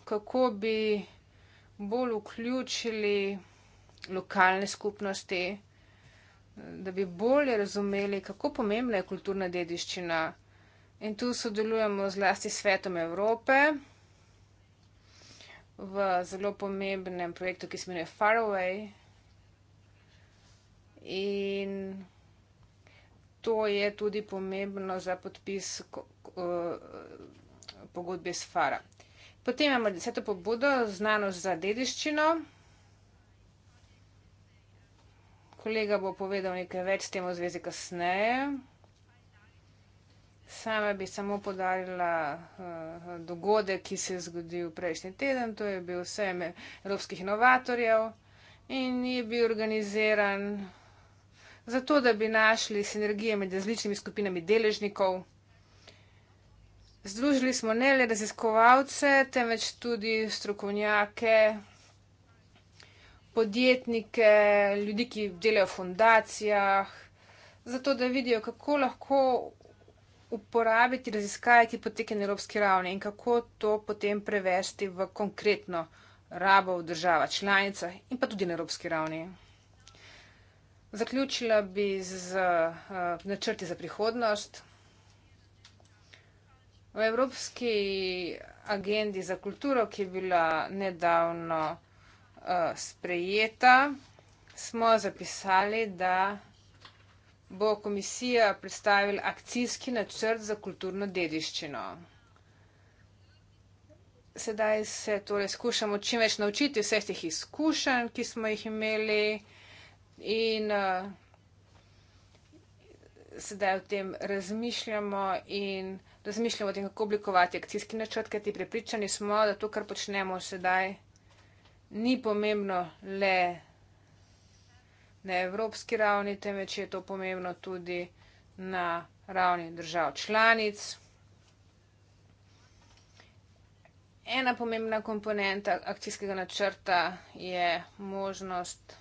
S3: kako bi bolj vključili lokalne skupnosti, da bi bolje razumeli, kako pomembna je kulturna dediščina. In tu sodelujemo zlasti s Svetom Evrope v zelo pomembnem projektu, ki se imenuje Faraway. In to je tudi pomembno za podpis uh, pogodbe s Fara. Potem imamo deseto pobudo, znanost za dediščino. Kolega bo povedal nekaj več s tem v zvezi kasneje. Sama bi samo podarila uh, dogodek, ki se je zgodil prejšnji teden. To je bil sejem evropskih inovatorjev in je bil organiziran zato, da bi našli sinergije med različnimi skupinami deležnikov. Združili smo ne le raziskovalce, temveč tudi strokovnjake, podjetnike, ljudi, ki delajo v fundacijah, zato da vidijo, kako lahko uporabiti raziskave, ki potekajo na evropski ravni in kako to potem prevesti v konkretno rabo v država članica in pa tudi na evropski ravni. Zaključila bi z uh, načrti za prihodnost. V Evropski agendi za kulturo, ki je bila nedavno uh, sprejeta, smo zapisali, da bo komisija predstavila akcijski načrt za kulturno dediščino. Sedaj se torej skušamo čim več naučiti vseh teh izkušenj, ki smo jih imeli in uh, sedaj o tem razmišljamo in razmišljamo o tem, kako oblikovati akcijski načrt, kajti pripričani smo, da to, kar počnemo sedaj, ni pomembno le na evropski ravni, temveč je to pomembno tudi na ravni držav članic. Ena pomembna komponenta akcijskega načrta je možnost,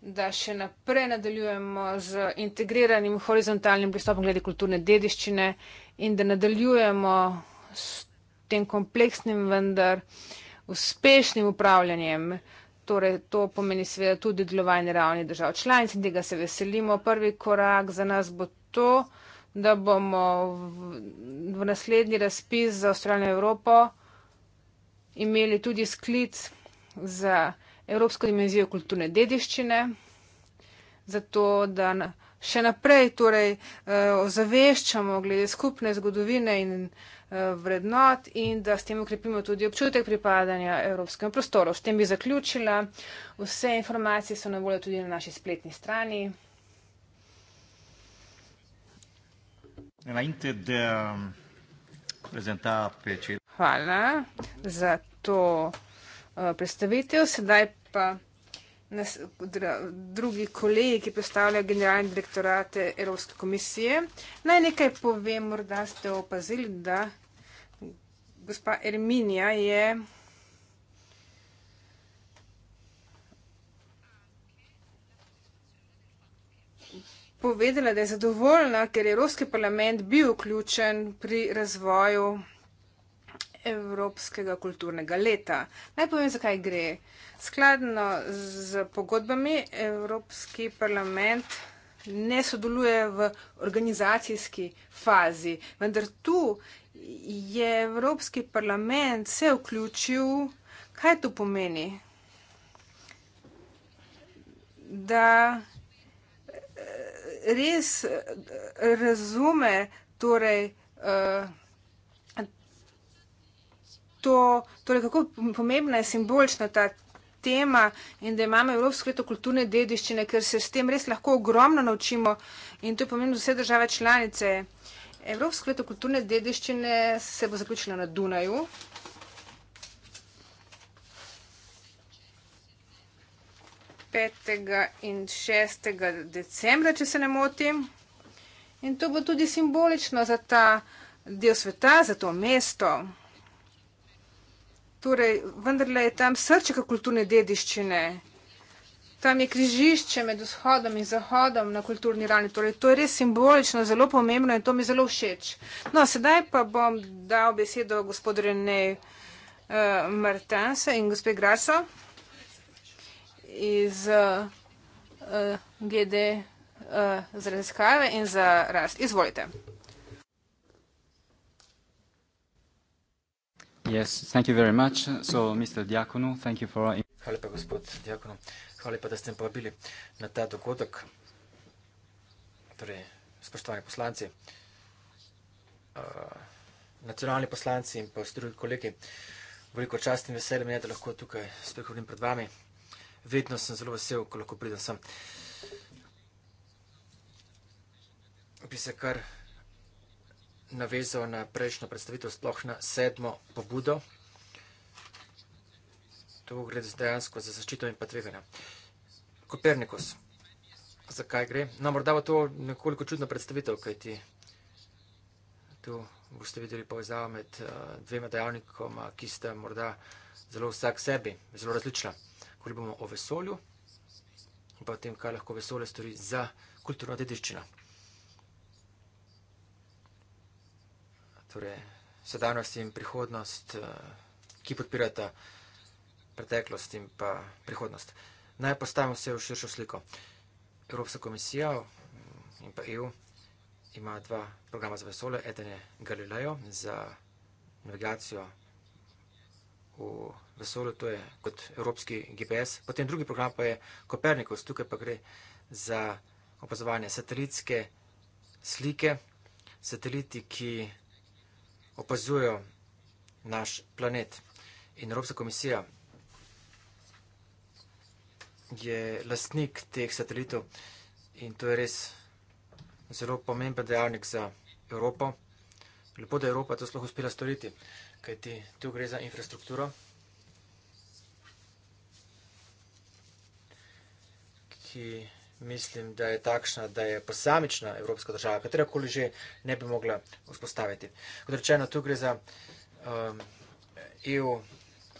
S3: da še naprej nadaljujemo z integriranim horizontalnim pristopom glede kulturne dediščine in da nadaljujemo s tem kompleksnim, vendar uspešnim upravljanjem Torej, to pomeni seveda tudi delovanje ravni držav članic in tega se veselimo. Prvi korak za nas bo to, da bomo v, v naslednji razpis za Avstralijo Evropo imeli tudi sklic za Evropsko dimenzijo kulturne dediščine, zato da. Na, še naprej torej, uh, ozaveščamo glede skupne zgodovine in uh, vrednot in da s tem ukrepimo tudi občutek pripadanja evropskemu prostoru. S tem bi zaključila. Vse informacije so na voljo tudi na naši spletni strani.
S1: Um,
S3: Hvala za to eh, predstavitev. Sedaj pa nas, dra, drugi kolegi, ki predstavljajo generalne direktorate Evropske komisije. Naj nekaj povem, morda ste opazili, da gospa Erminija je povedala, da je zadovoljna, ker je Evropski parlament bil vključen pri razvoju Evropskega kulturnega leta. Naj povem, zakaj gre. Skladno z pogodbami Evropski parlament ne sodeluje v organizacijski fazi, vendar tu je Evropski parlament se vključil. Kaj to pomeni? Da eh, res eh, razume torej uh, to, torej kako pomembna je simbolična ta tema in da imamo Evropsko leto kulturne dediščine, ker se s tem res lahko ogromno naučimo in to je pomembno za vse države članice. Evropsko leto kulturne dediščine se bo zaključilo na Dunaju. in 6. decembra, če se ne motim. In to bo tudi simbolično za ta del sveta, za to mesto torej vendarle je tam srčika kulturne dediščine. Tam je križišče med vzhodom in zahodom na kulturni ravni. Torej, to je res simbolično, zelo pomembno in to mi zelo všeč. No, sedaj pa bom dal besedo gospodu Rene uh, Martense in gospe Graso iz uh, eh, uh, eh, GD uh, za raziskave in za rast. Izvolite.
S1: Yes, thank you very much. So, Mr. Diakonu, thank you for... Hvala pa, gospod Diakonu. Hvala pa, da ste povabili na ta dogodek. Torej, spoštovani poslanci, uh, nacionalni poslanci in pa vsi drugi kolegi, veliko čast in veselje mi je, da lahko tukaj spekulim pred vami. Vedno sem zelo vesel, ko lahko pridem sem. Bi se kar navezal na prejšnjo predstavitev, sploh na sedmo pobudo. To gre dejansko za zaščito in pa tveganja. Kopernikus, zakaj gre? No, morda bo to nekoliko čudna predstavitev, kaj ti tu boste videli povezavo med uh, dvema dejavnikoma, ki sta morda zelo vsak sebi, zelo različna. Ko bomo o vesolju in pa o tem, kaj lahko vesolje stori za kulturno dediščino. torej sedanjost in prihodnost, eh, ki podpirata preteklost in pa prihodnost. Naj postavim vse v širšo sliko. Evropska komisija in pa EU ima dva programa za vesolje. Eden je Galileo za navigacijo v vesolju, to je kot evropski GPS. Potem drugi program pa je Copernicus, tukaj pa gre za opazovanje satelitske slike, sateliti, ki opazujejo naš planet. In Evropska komisija je lastnik teh satelitov in to je res zelo pomemben dejavnik za Evropo. Lepo, da je Evropa to sploh uspela storiti, kajti tu gre za infrastrukturo. ki mislim, da je takšna, da je posamična evropska država, katerakoli že ne bi mogla vzpostaviti. Kot rečeno, tu gre za um, EU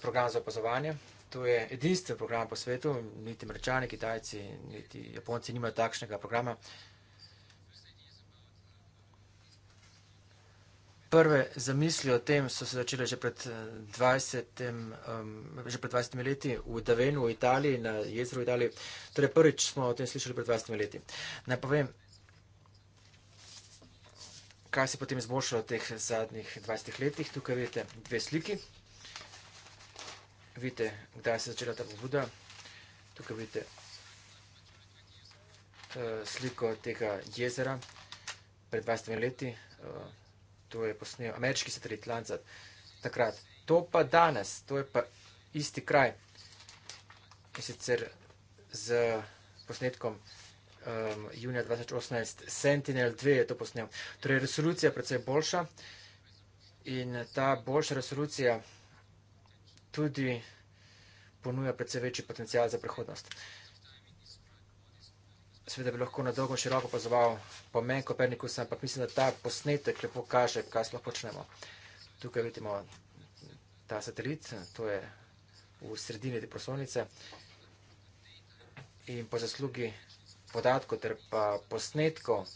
S1: program za opazovanje. To je edinstven program po svetu, niti mrčani, kitajci, niti japonci nimajo takšnega programa. Uh, prve zamisli o tem so se začele že pred 20, eh, um, že pred 20 leti v Davenu v Italiji, na jezeru v Italiji. Torej prvič smo o tem slišali pred 20 leti. Naj povem, kaj se je potem izboljšalo v teh zadnjih 20 letih. Tukaj vidite dve sliki. Vidite, kdaj se je začela ta pobuda. Tukaj vidite uh, sliko tega jezera pred 20 leti. Uh, to je posnel ameriški satelit Lancet takrat. To pa danes, to je pa isti kraj. In sicer z posnetkom um, junija 2018 Sentinel 2 je to posnel. Torej, resolucija je precej boljša in ta boljša resolucija tudi ponuja precej večji potencial za prihodnost. Uh, Sveda bi lahko na dolgo in široko pozval pomen Kopernikusa, ampak mislim, da ta posnetek lepo kaže, kaj sploh počnemo. Tukaj vidimo ta satelit, to je v sredini te proslovnice. In po zaslugi podatkov ter pa posnetkov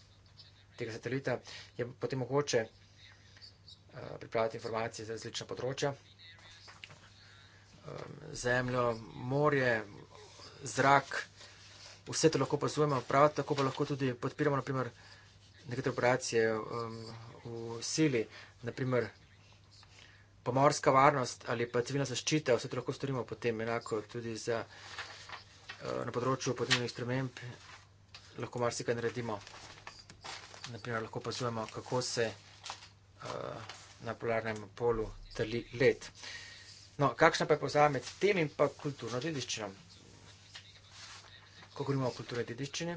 S1: tega satelita je potem mogoče eh, pripraviti informacije za različna področja. Ehm, zemljo, morje, zrak, zrak vse to lahko opazujemo, prav tako pa lahko tudi podpiramo naprimer, nekatere operacije um, v sili, naprimer pomorska varnost ali pa civilna zaščita, vse to lahko storimo potem enako tudi za, uh, na področju podnebnih sprememb, lahko marsikaj naredimo. Naprimer, lahko opazujemo, kako se uh, na polarnem polu trli let. No, kakšna pa je povzame med tem in pa kulturno dediščino? ko govorimo o kulturi dediščine,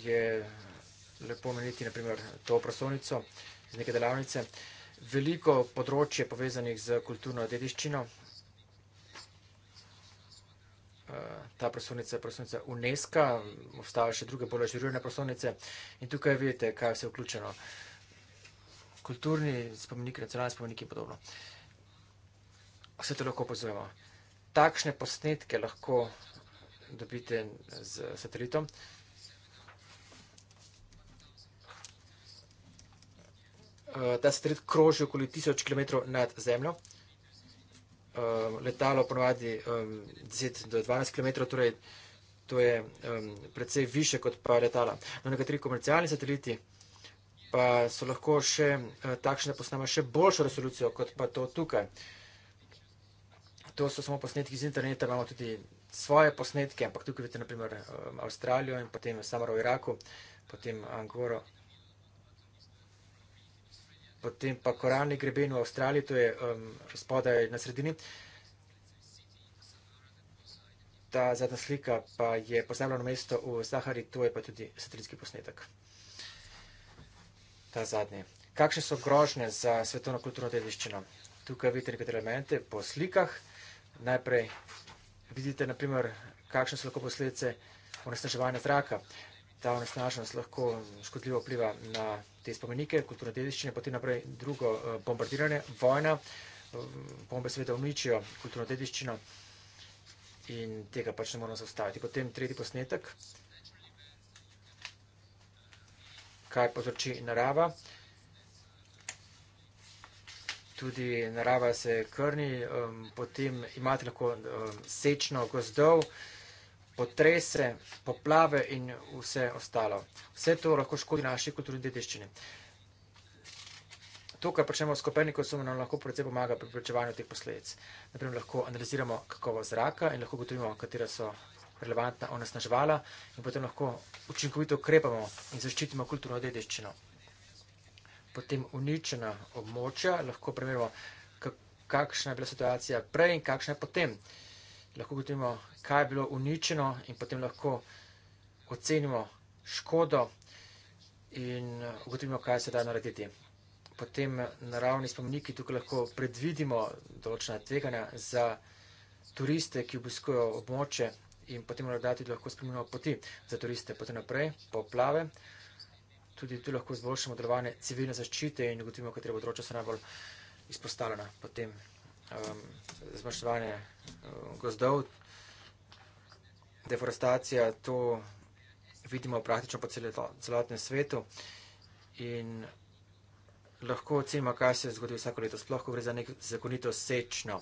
S1: je lepo omeniti naprimer to prosovnico iz neke delavnice. Veliko področje povezanih z kulturno dediščino, eh, ta prosovnica je prosovnica UNESCO, obstava še druge bolj žirirane prosovnice in tukaj vidite, kaj vse je vključeno. Kulturni spomeniki, nacionalni spomeniki in podobno. Vse to lahko opozujemo takšne posnetke lahko dobite z satelitom. Eh, ta satelit kroži okoli 1000 km nad zemljo. Eh, letalo ponovadi 10 do 12 km, torej to je precej više kot pa letala. No, nekateri komercialni sateliti pa so lahko še eh, takšne posnama še boljšo resolucijo kot pa to tukaj to so samo posnetki z interneta, imamo tudi svoje posnetke, ampak tukaj vidite naprimer um, Avstralijo in potem Samar v Iraku, potem Angoro, potem pa koralni greben v Avstraliji, to je um, spodaj na sredini. Ta zadnja slika pa je posnavljeno mesto v Sahari, to je pa tudi satelitski posnetek. Ta zadnji. Kakšne so grožne za svetovno kulturno dediščino? Tukaj vidite nekatere elemente po slikah najprej vidite, naprimer, kakšne so lahko posledice onesnaževanja zraka. Ta onesnaženost lahko škodljivo vpliva na te spomenike, kulturne dediščine, potem naprej drugo eh, bombardiranje, vojna, bombe seveda uničijo kulturno dediščino in tega pač ne moramo zaustaviti. Potem tretji posnetek, kaj povzroči narava, tudi narava se krni, um, potem imate lahko um, sečno gozdov, potrese, poplave in vse ostalo. Vse to lahko škodi naši kulturni dediščini. To, kar počnemo s Koperniko, nam lahko predvsem pomaga pri preprečevanju teh posledic. Naprimer, lahko analiziramo kakovo zraka in lahko gotovimo, katera so relevantna onesnaževala in potem lahko učinkovito ukrepamo in zaščitimo kulturno dediščino potem uničena območja, lahko primerjamo, kakšna je bila situacija prej in kakšna je potem. Lahko gotovimo, kaj je bilo uničeno in potem lahko ocenimo škodo in ugotovimo, kaj se da narediti. Potem naravni spomeniki, tukaj lahko predvidimo določena tveganja za turiste, ki obiskujo območje in potem morda tudi lahko spremenimo poti za turiste, potem naprej, poplave, po tudi tu lahko izboljšamo delovanje civilne zaščite in ugotovimo, katera področja so najbolj izpostavljena. Potem um, zmanjševanje uh, gozdov, deforestacija, to vidimo praktično po celotnem svetu in lahko ocenimo, kaj se zgodi vsako leto, sploh, ko gre za nek zakonito sečno.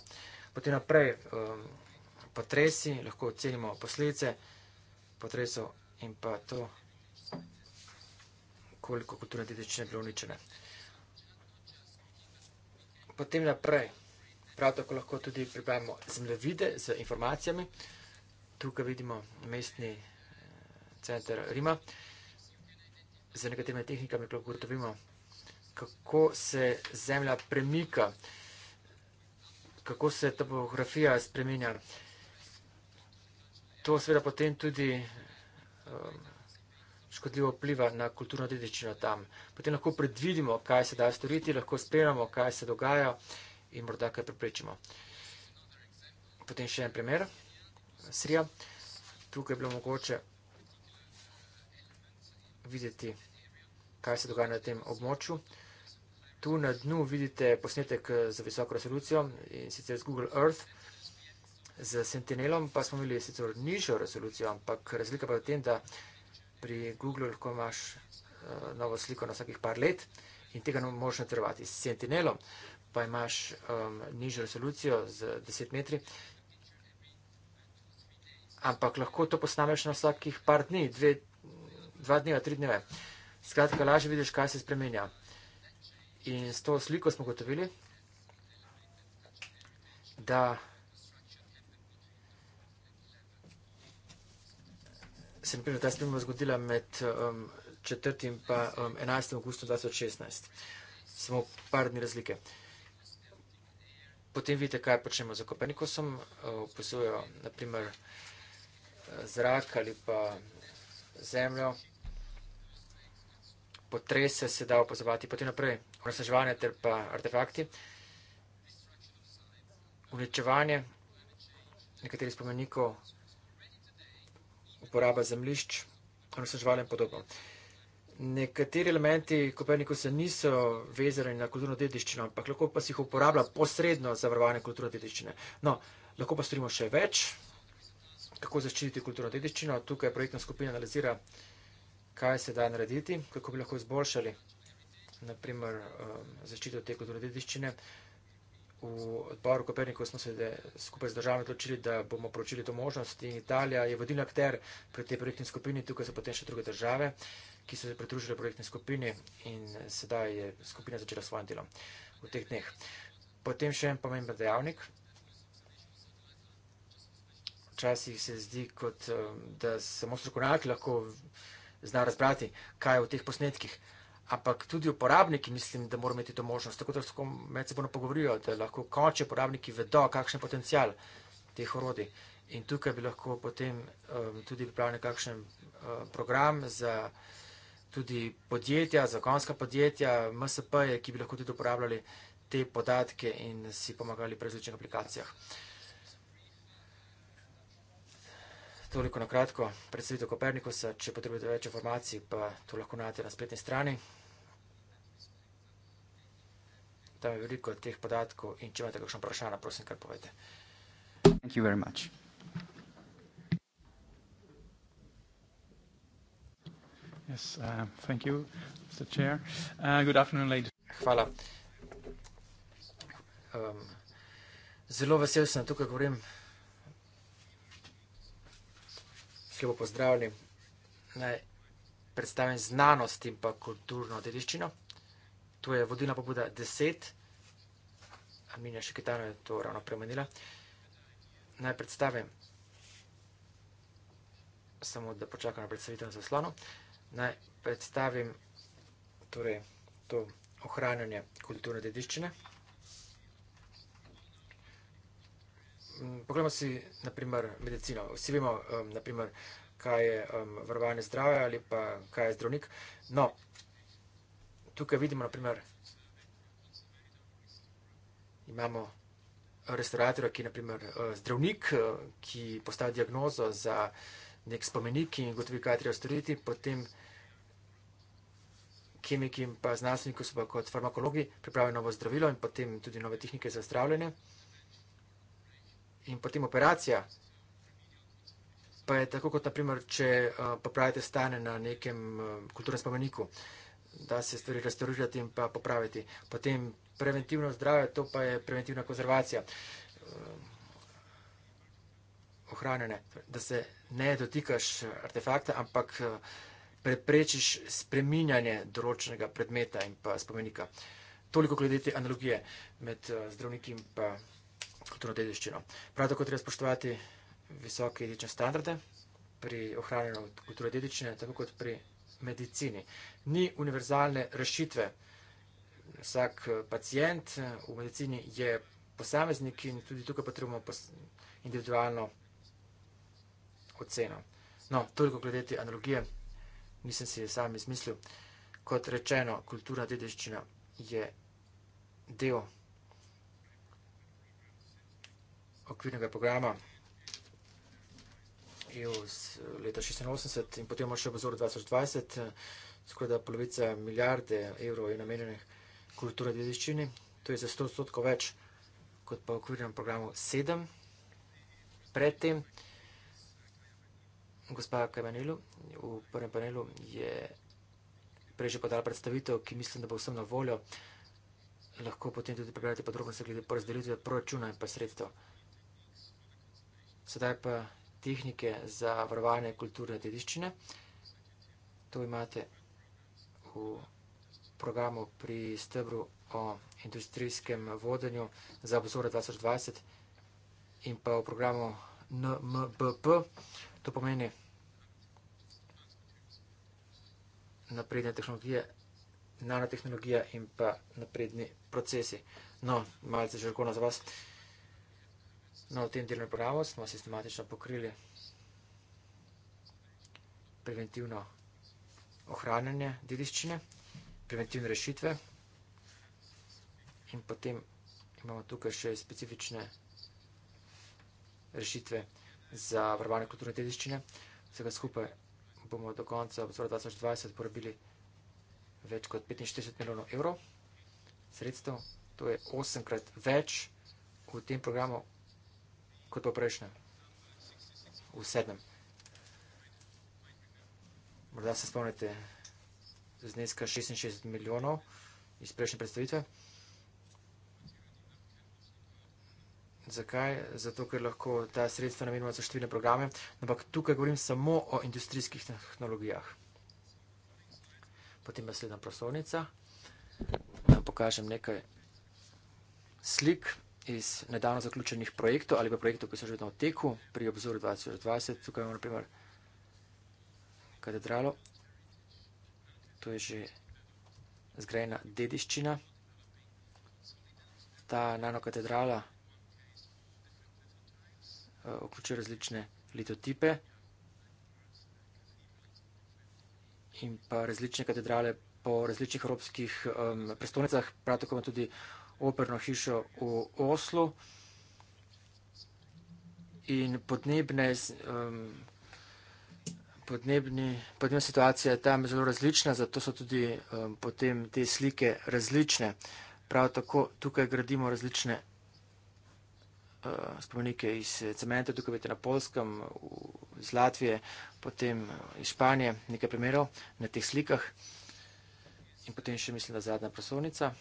S1: Potem naprej um, potresi, lahko ocenimo posledice potresov in pa to koliko kulturne dedičine bile uničene. Potem naprej, prav tako lahko tudi pripravimo zemljevide z informacijami. Tukaj vidimo mestni eh, center Rima. Z nekaterimi tehnikami lahko ugotovimo, kako se zemlja premika, kako se topografija spreminja. To seveda potem tudi eh, škodljivo vpliva na kulturno dedičino tam. Potem lahko predvidimo, kaj se da storiti, lahko spremljamo, kaj se dogaja in morda kaj preprečimo. Potem še en primer, Sirija. Tukaj je bilo mogoče videti, kaj se dogaja na tem območju. Tu na dnu vidite posnetek za visoko resolucijo in sicer z Google Earth. Z Sentinelom pa smo imeli sicer nižjo resolucijo, ampak razlika pa je v tem, da pri Google lahko imaš uh, novo sliko na vsakih par let in tega ne moreš natrvati. S Sentinelom pa imaš um, nižjo resolucijo z 10 metri, ampak lahko to posnameš na vsakih par dni, dve, dva dneva, tri dneve. Skratka, lažje vidiš, kaj se spremenja. In s to sliko smo gotovili, da se mi ta sprememba zgodila med um, 4. in pa, um, 11. augustom 2016. Samo par dni razlike. Potem vidite, kaj počnemo z Kopernikusom, uh, opisujejo naprimer uh, zrak ali pa zemljo, potrese se da opazovati, potem naprej onesnaževanje ter pa artefakti, uničevanje nekaterih spomenikov, uporaba zemlišč in vse živali in podobno. Nekateri elementi Kopernikusa niso vezani na kulturno dediščino, ampak lahko pa si jih uporablja posredno za varovanje kulturne dediščine. No, lahko pa storimo še več, kako zaščititi kulturno dediščino. Tukaj projektna skupina analizira, kaj se da narediti, kako bi lahko izboljšali, naprimer, um, zaščito te kulturne dediščine v odboru Koperniku smo se eh, skupaj z državami odločili, da bomo pročili to možnost in Italija je vodilni akter pri tej projektni skupini, tukaj so potem še druge države, ki so se pridružile projektni skupini in eh, sedaj je skupina začela svojim delom v teh dneh. Potem še en pomemben dejavnik. Včasih se zdi, kot eh, da samo strokovnjaki lahko zna razbrati, kaj je v teh posnetkih ampak tudi uporabniki mislim, da morajo imeti to možnost. Tako da lahko med seboj pogovorijo, da lahko končni uporabniki vedo, kakšen je potencial teh orodij. In tukaj bi lahko potem um, tudi pripravili kakšen uh, program za tudi podjetja, za konska podjetja, MSP-je, ki bi lahko tudi uporabljali te podatke in si pomagali pri različnih aplikacijah. Uh, Toliko na kratko, predstavitev Kopernikusa, če potrebujete več informacij, pa to lahko najdete na spletni strani. Tam je veliko teh podatkov in če imate kakšno vprašanje, prosim, kar povejte. Thank you very much. Yes, uh, thank you, Mr. Chair. Uh, good afternoon, ladies. Hvala. Um, zelo vesel sem tukaj govorim. Lepo pozdravljam. Naj predstavim znanost in pa kulturno dediščino. To je vodilna pobuda 10. Aminja Šeketano je to ravno premenila. Naj predstavim, samo da počakam na predstavitev zaslonu, naj predstavim torej, to ohranjanje kulturne dediščine. Mm, poglejmo si, na primer, medicino. Vsi vemo, um, naprimer, kaj je um, varovanje zdravja ali pa kaj je zdravnik. No, tukaj vidimo, naprimer, imamo restauratorja, ki je naprimer, e, zdravnik, e, ki postavi diagnozo za nek spomenik in gotovi, kaj treba storiti, potem kemiki in pa znanstveniki so pa kot farmakologi pripravili novo zdravilo in potem tudi nove tehnike za zdravljenje in potem operacija. Pa je tako, kot naprimer, če eh, popravite stane na nekem eh, kulturnem spomeniku, da se stvari restaurirati in pa popraviti. Potem preventivno zdravje, to pa je preventivna konzervacija. Eh, ohranjene, da se ne dotikaš artefakta, ampak preprečiš spreminjanje določenega predmeta in pa spomenika. Toliko glede te analogije med zdravniki in pa kulturno dediščino. Prav tako treba spoštovati visoke etične standarde pri ohranjanju kulturne dediščine, tako kot pri medicini. Ni univerzalne rešitve. Vsak eh, pacijent eh, v medicini je posameznik in tudi tukaj potrebujemo individualno oceno. No, toliko glede te analogije, nisem si je sam izmislil. Kot rečeno, kulturna dediščina je del medicini okvirnega programa EU z eh, leta 86 in potem imamo še obzor 2020, eh, skoraj da polovica milijarde evrov je namenjenih kulturno dediščini, to je za 100 odstotkov več kot pa v okvirnem programu 7. Predtem, gospa Kajmanilu v prvem panelu je prej že podala predstavitev, ki mislim, da bo vsem na voljo, lahko potem tudi pregledate podrobno se glede porazdelitve proračuna in pa sredstva sedaj pa tehnike za varovanje kulturne dediščine. To imate v programu pri stebru o industrijskem vodenju za obzore 2020 in pa v programu NMBP. To pomeni napredne tehnologije, nanotehnologija in pa napredni procesi. No, malce žargona za vas. No, v tem delnem programu smo sistematično pokrili preventivno ohranjanje dediščine, preventivne rešitve in potem imamo tukaj še specifične rešitve za varovanje kulturne dediščine. Vsega skupaj bomo do konca obzora 2020 porabili več kot 45 milijonov evrov sredstev. To je osemkrat več v tem programu, kot po prejšnjem. V sedmem. Morda se spomnite zneska 66 milijonov iz prejšnje predstavitve. Zakaj? Zato, ker lahko ta sredstva namenimo za številne programe. Ampak tukaj govorim samo o industrijskih tehnologijah. Potem je sledna prosovnica. Vam pokažem nekaj slik iz nedavno zaključenih projektov ali pa projektov, ki so že v teku pri obzoru 2020. Tukaj imamo naprimer katedralo. To je že zgrajena dediščina. Ta nanokatedrala eh, vključuje različne litotipe in pa različne katedrale po različnih evropskih prestolnicah, prav tako ima tudi vključenje operno hišo v Oslu in um, podnebna situacija je tam zelo različna, zato so tudi um, potem te slike različne. Prav tako tukaj gradimo različne uh, spomenike iz cementa, tukaj vidite na Polskem, iz Latvije, potem uh, iz Španije, nekaj primerov na teh slikah in potem še mislim, da zadnja prosovnica.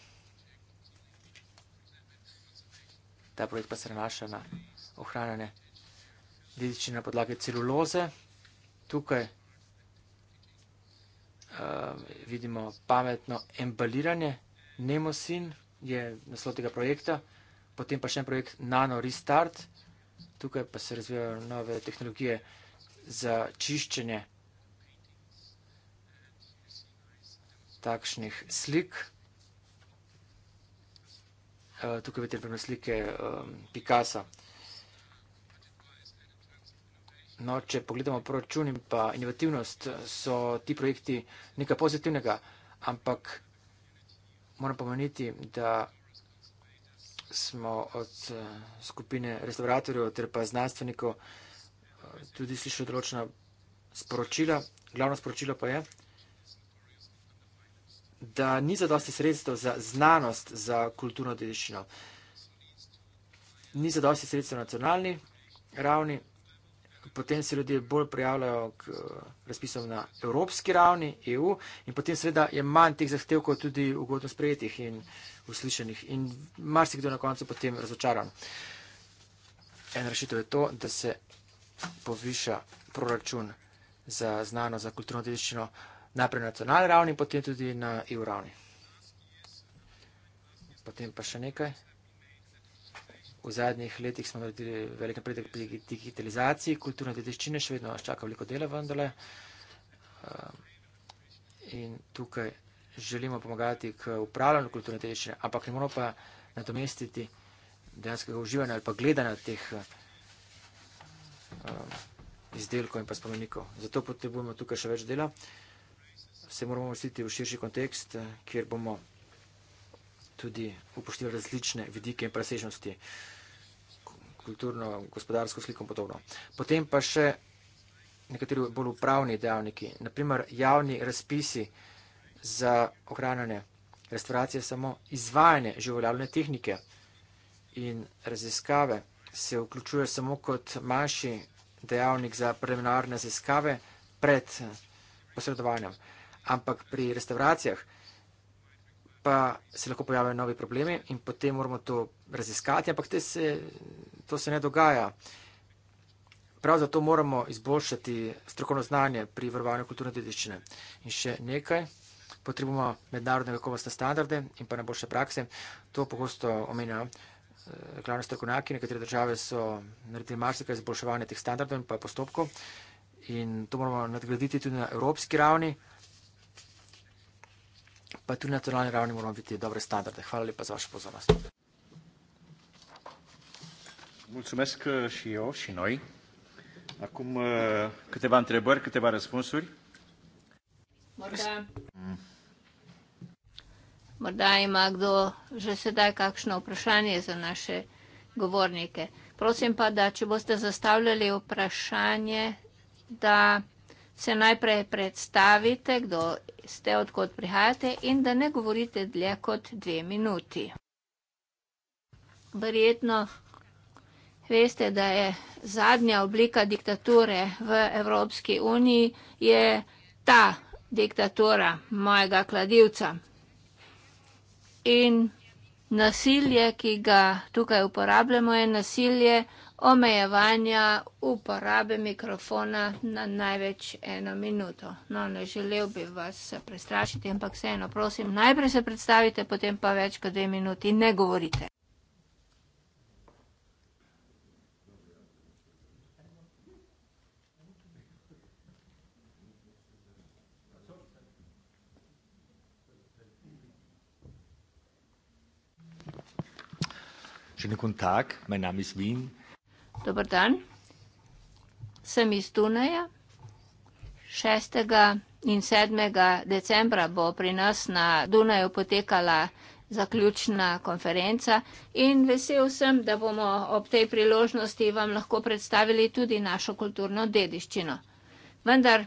S1: Ta projekt pa se nanaša na ohranjanje dedičine na podlage celuloze. Tukaj uh, vidimo pametno embaliranje. Nemosin je naslov tega projekta, potem pa še en projekt Nano Restart. Tukaj pa se razvijajo nove tehnologije za čiščenje takšnih slik. Eh, tukaj vidite primer slike ehm, Picasa. No, če pogledamo proračun in pa inovativnost, so ti projekti nekaj pozitivnega, ampak moram pomeniti, da smo od eh, skupine restauratorjev ter pa znanstvenikov eh, tudi slišali določena sporočila. Glavno sporočilo pa je, da da ni zadosti sredstev za znanost, za kulturno dediščino. Ni zadosti sredstev na nacionalni ravni, potem se ljudje bolj prijavljajo k eh, razpisom na evropski ravni, EU, in potem seveda je manj teh zahtevkov tudi ugodno sprejetih in uslišenih. In marsikdo na koncu potem razočaran. En rešitev je to, da se poviša proračun za znano, za kulturno dediščino najprej na nacionalni ravni, potem tudi na EU ravni. Potem pa še nekaj. V zadnjih letih smo naredili velik napredek pri digitalizaciji kulturne dediščine, še vedno nas čaka veliko dela vendarle. Ehm, in tukaj želimo pomagati k upravljanju kulturne dediščine, ampak ne moramo pa nadomestiti dejanskega uživanja ali pa gledanja teh ehm, izdelkov in pa spomenikov. Zato potrebujemo tukaj še več dela se moramo vrstiti v širši kontekst, eh, kjer bomo tudi upoštevali različne vidike in presežnosti, kulturno, gospodarsko sliko in podobno. Potem pa še nekateri bolj upravni dejavniki, naprimer javni razpisi za ohranjanje restauracije, samo izvajanje življavne tehnike in raziskave se vključuje samo kot manjši dejavnik za preliminarne raziskave pred posredovanjem ampak pri restauracijah pa se lahko pojavijo novi problemi in potem moramo to raziskati, ampak te se, to se ne dogaja. Prav zato moramo izboljšati strokovno znanje pri varovanju kulturne dediščine. In še nekaj, potrebujemo mednarodne kakovostne standarde in pa najboljše prakse. To pogosto omenja eh, glavni strokovnjaki. Nekatere države so naredili marsikaj izboljševanje teh standardov in pa postopkov. In to moramo nadgraditi tudi na evropski ravni pa tudi na naravni ravni moramo biti dobre standarde. Hvala lepa za vašo pozornost. Mulțumesc eh, și eu și noi. Acum eh, câteva întrebări, câteva răspunsuri.
S2: Morda. Mm. Morda ima kdo že sedaj kakšno vprašanje za naše govornike. Prosim pa, da če boste zastavljali vprašanje, da se najprej predstavite, kdo ste, odkot prihajate in da ne govorite dlje kot dve minuti. Verjetno veste, da je zadnja oblika diktature v Evropski uniji je ta diktatura mojega kladivca. In nasilje, ki ga tukaj uporabljamo, je nasilje, omejevanja uporabe mikrofona na največ eno minuto. No, ne želel bi vas prestrašiti, ampak vseeno prosim, najprej se predstavite, potem pa več kot dve minuti ne govorite.
S1: Schönen guten Tag, mein Name ist Wien.
S2: Dobar dan. Sem iz Dunaja. 6. in 7. decembra bo pri nas na Dunaju potekala zaključna konferenca in vesel sem, da bomo ob tej priložnosti vam lahko predstavili tudi našo kulturno dediščino. Vendar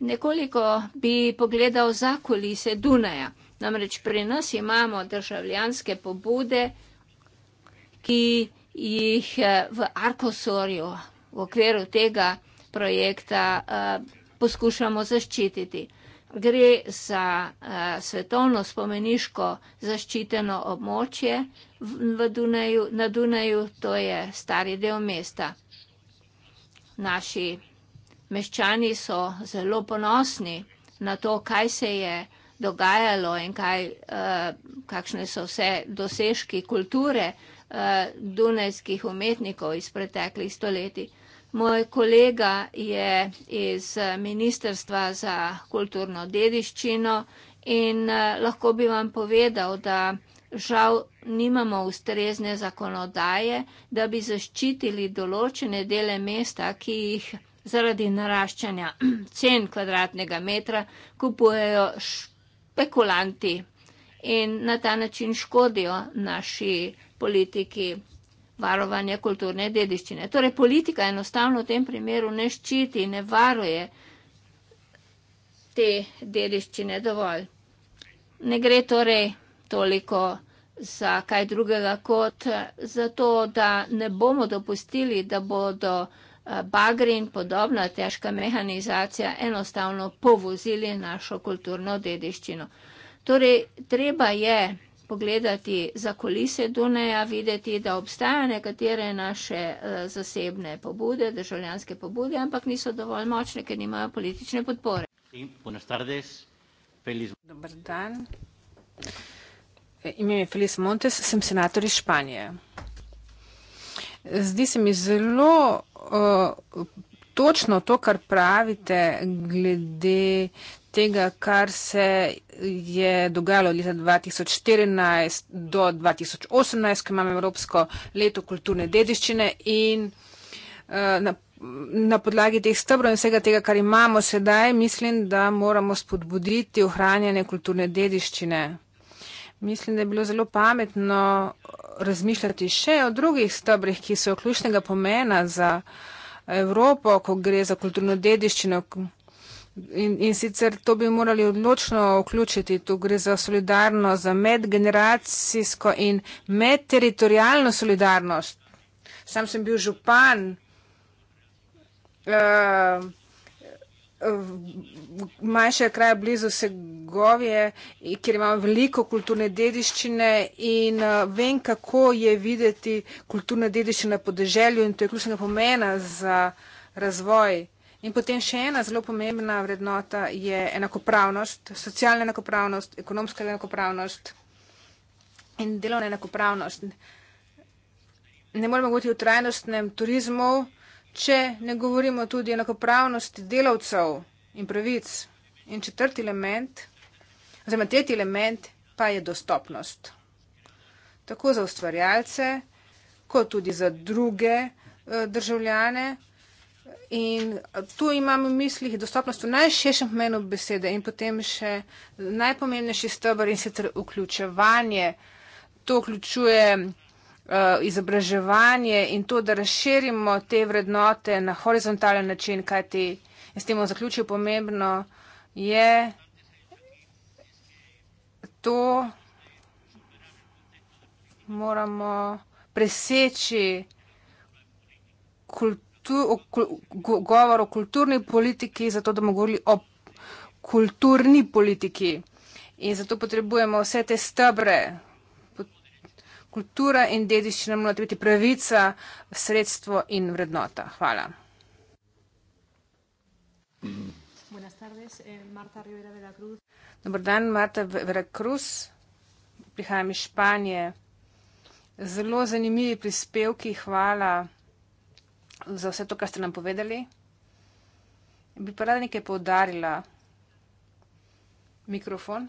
S2: nekoliko bi pogledal za kulise Dunaja. Namreč pri nas imamo državljanske pobude, ki jih eh, v Arkosorju v okviru tega projekta eh, poskušamo zaščititi. Gre za eh, svetovno spomeniško zaščiteno območje v Dunaju, na Dunaju, to je stari del mesta. Naši meščani so zelo ponosni na to, kaj se je dogajalo in kaj, kakšne so vse dosežki kulture uh, dunajskih umetnikov iz preteklih stoletij. Moj kolega je iz eh, Ministrstva za kulturno dediščino in uh, lahko bi vam povedal, da žal nimamo ustrezne zakonodaje, da bi zaščitili določene dele mesta, ki jih zaradi naraščanja [clears throat] cen kvadratnega metra kupujejo špekulanti in na ta način škodijo naši politiki varovanja kulturne dediščine. Torej, politika enostavno v tem primeru ne ščiti in ne varuje te dediščine dovolj. Ne gre torej toliko za kaj drugega, kot za to, da ne bomo dopustili, da bodo eh, bagri in podobna težka mehanizacija enostavno povozili našo kulturno dediščino. Torej, treba je pogledati za kulise Duneja, videti, da obstaja nekatere naše eh, zasebne pobude, državljanske pobude, ampak niso dovolj močne, ker nimajo politične podpore. Dobar dan. Ime je Feliz Montes, sem
S3: senator iz Španije. Zdi se mi zelo uh, točno to, kar pravite glede tega, kar se je dogajalo leta 2014 do 2018, ko imamo Evropsko leto kulturne dediščine in eh, na, na podlagi teh stebrov in vsega tega, kar imamo sedaj, mislim, da moramo spodbuditi ohranjanje kulturne dediščine. Mislim, da je bilo zelo pametno razmišljati še o drugih stebrih, ki so ključnega pomena za Evropo, ko gre za kulturno dediščino, In, in sicer to bi morali odločno vključiti. Tu gre za solidarnost, za medgeneracijsko in medteritorijalno solidarnost. Sam sem bil župan uh, eh, v manjšem kraju blizu Segovje, kjer imam veliko kulturne dediščine in uh, vem, kako je videti kulturna dediščina na podeželju in to je ključnega pomena za razvoj. In potem še ena zelo pomembna vrednota je enakopravnost, socialna enakopravnost, ekonomska enakopravnost in delovna enakopravnost. Ne moremo govoriti o trajnostnem turizmu, če ne govorimo tudi o enakopravnosti delavcev in pravic. In četrti element, oziroma tretji element, pa je dostopnost. Tako za ustvarjalce, kot tudi za druge eh, državljane. In tu imam v mislih dostopnost v najširšem pomenu besede in potem še najpomembnejši stebr in sicer vključevanje. To vključuje uh, izobraževanje in to, da razširimo te vrednote na horizontalen način, kajti jaz temu zaključil pomembno je to, moramo preseči kulturo kultur, o, go, govor o kulturni politiki, zato da bomo govorili o kulturni politiki. In zato potrebujemo vse te stebre. Kultura in dediščina mora biti pravica, sredstvo in vrednota. Hvala. Eh, Dobro dan, Marta Veracruz. Prihajam iz Španije. Zelo zanimivi prispevki, hvala za vse to, kar ste nam povedali. Bi pa rada nekaj povdarila. Mikrofon.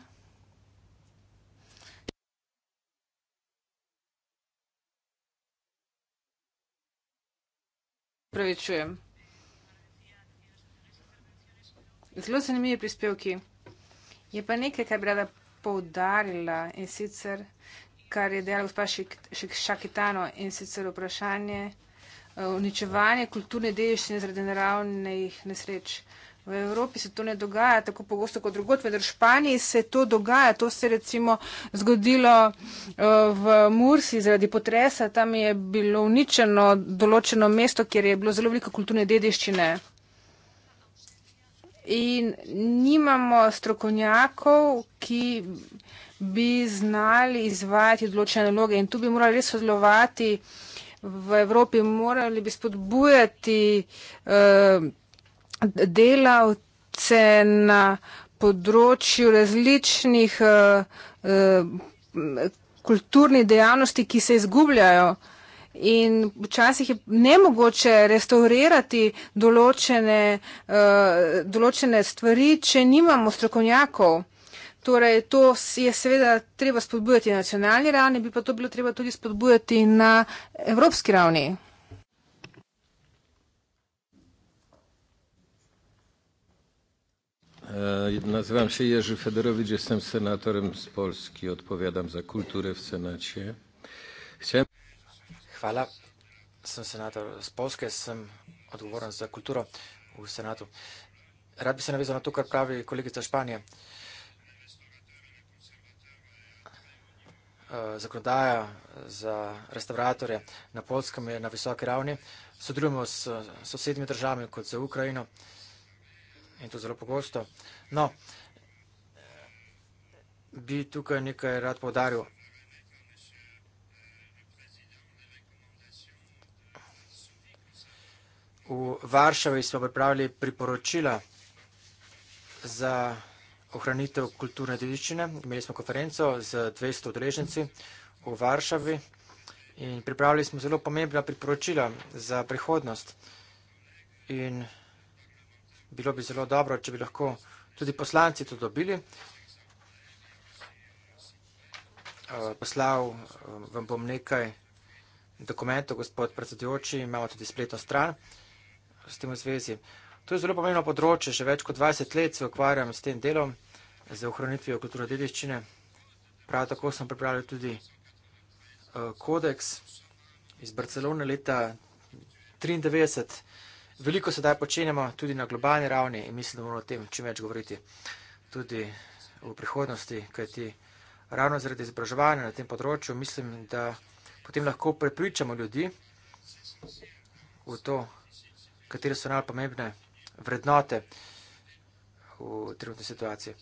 S3: Prevečujem. Zelo zanimivi prispevki. Je pa nekaj, kar bi rada povdarila in sicer, kar je dejala gospa Šakitano in sicer vprašanje. Eh, uničevanje kulturne dediščine zaradi naravnih nesreč. V Evropi se to ne dogaja tako pogosto kot drugot, vendar v Španiji se to dogaja. To se je recimo zgodilo eh, v Mursi zaradi potresa. Tam je bilo uničeno določeno mesto, kjer je bilo zelo veliko kulturne dediščine. In nimamo strokovnjakov, ki bi znali izvajati določene naloge. In tu bi morali res sodelovati uh, v Evropi morali bi spodbujati uh, delavce na področju različnih uh, kulturnih dejavnosti, ki se izgubljajo. In včasih je nemogoče restaurirati določene, uh, določene stvari, če nimamo strokovnjakov. Torej, to je seveda treba spodbujati na nacionalni ravni, bi pa to bilo treba tudi spodbujati na evropski ravni.
S1: E, Nazivam se Jerzy Federowicz, jestem senatorem z Polski, odpowiadam za kulturę w Senacie. Chciałem... Chwala, jestem senator z Polski, jestem odpowiedzialny za kulturę u Senatu. Rad by się nawiązał na to, co prawie kolegi ze Hiszpanii. uh, zakonodaja za restauratorje na polskem je na visoki ravni. Sodelujemo s sosednjimi državami, kot za Ukrajino in to zelo pogosto. No, bi tukaj nekaj rad povdaril. V Varšavi smo pripravili priporočila za ohranitev kulturne dediščine. Imeli smo konferenco z 200 udeleženci v Varšavi in pripravili smo zelo pomembna priporočila za prihodnost. In bilo bi zelo dobro, če bi lahko tudi poslanci to dobili. Eh, poslal eh, vam bom nekaj dokumentov, gospod predsedujoči, imamo tudi spletno stran s tem v zvezi. To je zelo pomembno področje, že več kot 20 let se ukvarjam s tem delom, z ohranitvijo kulturne dediščine. Prav tako sem pripravil tudi uh, kodeks iz Barcelone leta 1993. Veliko sedaj počenjamo tudi na globalni ravni in mislim, da moramo o tem čim več govoriti tudi v prihodnosti, kajti ravno zaradi izobraževanja na tem področju mislim, da potem lahko prepričamo ljudi v to, katere so najpomembnejše vrednote v trenutni situaciji.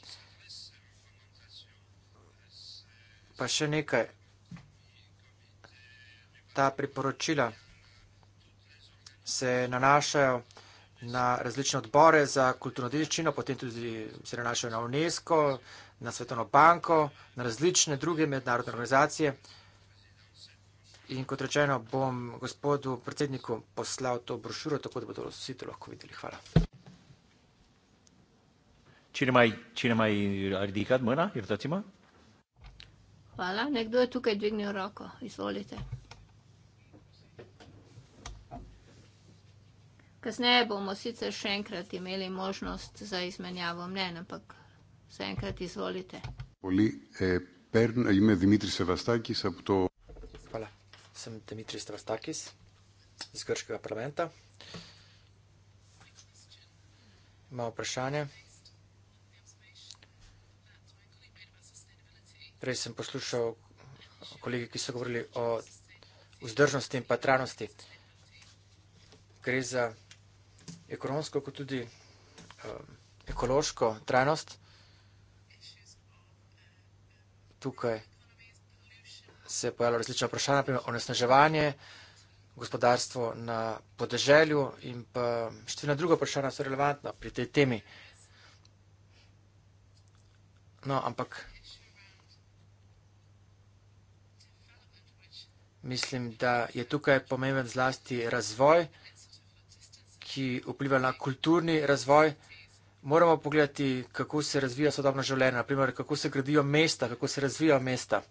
S1: Pa še nekaj, ta priporočila se nanašajo na različne odbore za kulturno dediščino, potem tudi se nanašajo na UNESCO, na Svetovno banko, na različne druge mednarodne organizacije. In kot rečeno, bom gospodu predsedniku poslal to brošuro, tako da bodo vsi to lahko videli. Hvala. Če ima Ardika dmena, je to cima?
S2: Hvala. Nekdo je tukaj dvignil roko. Izvolite. Kasneje bomo sicer še enkrat imeli možnost za izmenjavo mnen, ampak za enkrat izvolite.
S3: Oli, eh, per, eh, ime Dimitri Sevastakis, ab to
S1: sem Dimitris Strastakis iz Grškega parlamenta. Imamo vprašanje. Prej sem poslušal kolegi, ki so govorili o vzdržnosti in pa trajnosti. Gre za ekonomsko, kot tudi um, ekološko trajnost. Tukaj se je pojavljalo različno vprašanje, naprimer onesnaževanje, gospodarstvo na podeželju in pa številna druga vprašanja so relevantna pri tej temi. No, ampak mislim, da je tukaj pomemben zlasti razvoj, ki vpliva na kulturni razvoj. Moramo pogledati, kako se razvija sodobno življenje, naprimer, kako se gradijo mesta, kako se razvijajo mesta.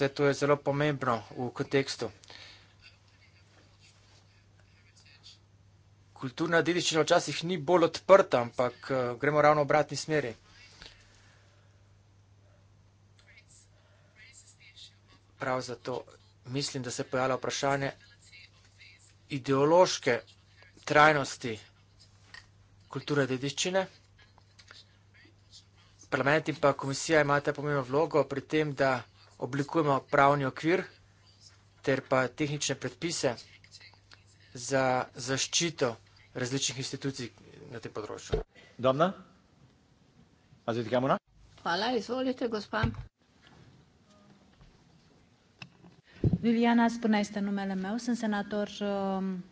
S1: vse to je zelo pomembno v kontekstu. Kulturna dediščina včasih ni bolj odprta, ampak eh, gremo ravno v obratni smeri. Prav zato mislim, da se pojavlja vprašanje ideološke trajnosti kulture dediščine. Parlament in pa komisija imate pomembno vlogo pri tem, da oblikujemo pravni okvir ter pa tehnične predpise za zaščito različnih institucij na tem področju. Domna? Azit Gamuna?
S2: Hvala, izvolite, gospa. Liliana spunește numele meu, sunt senator um,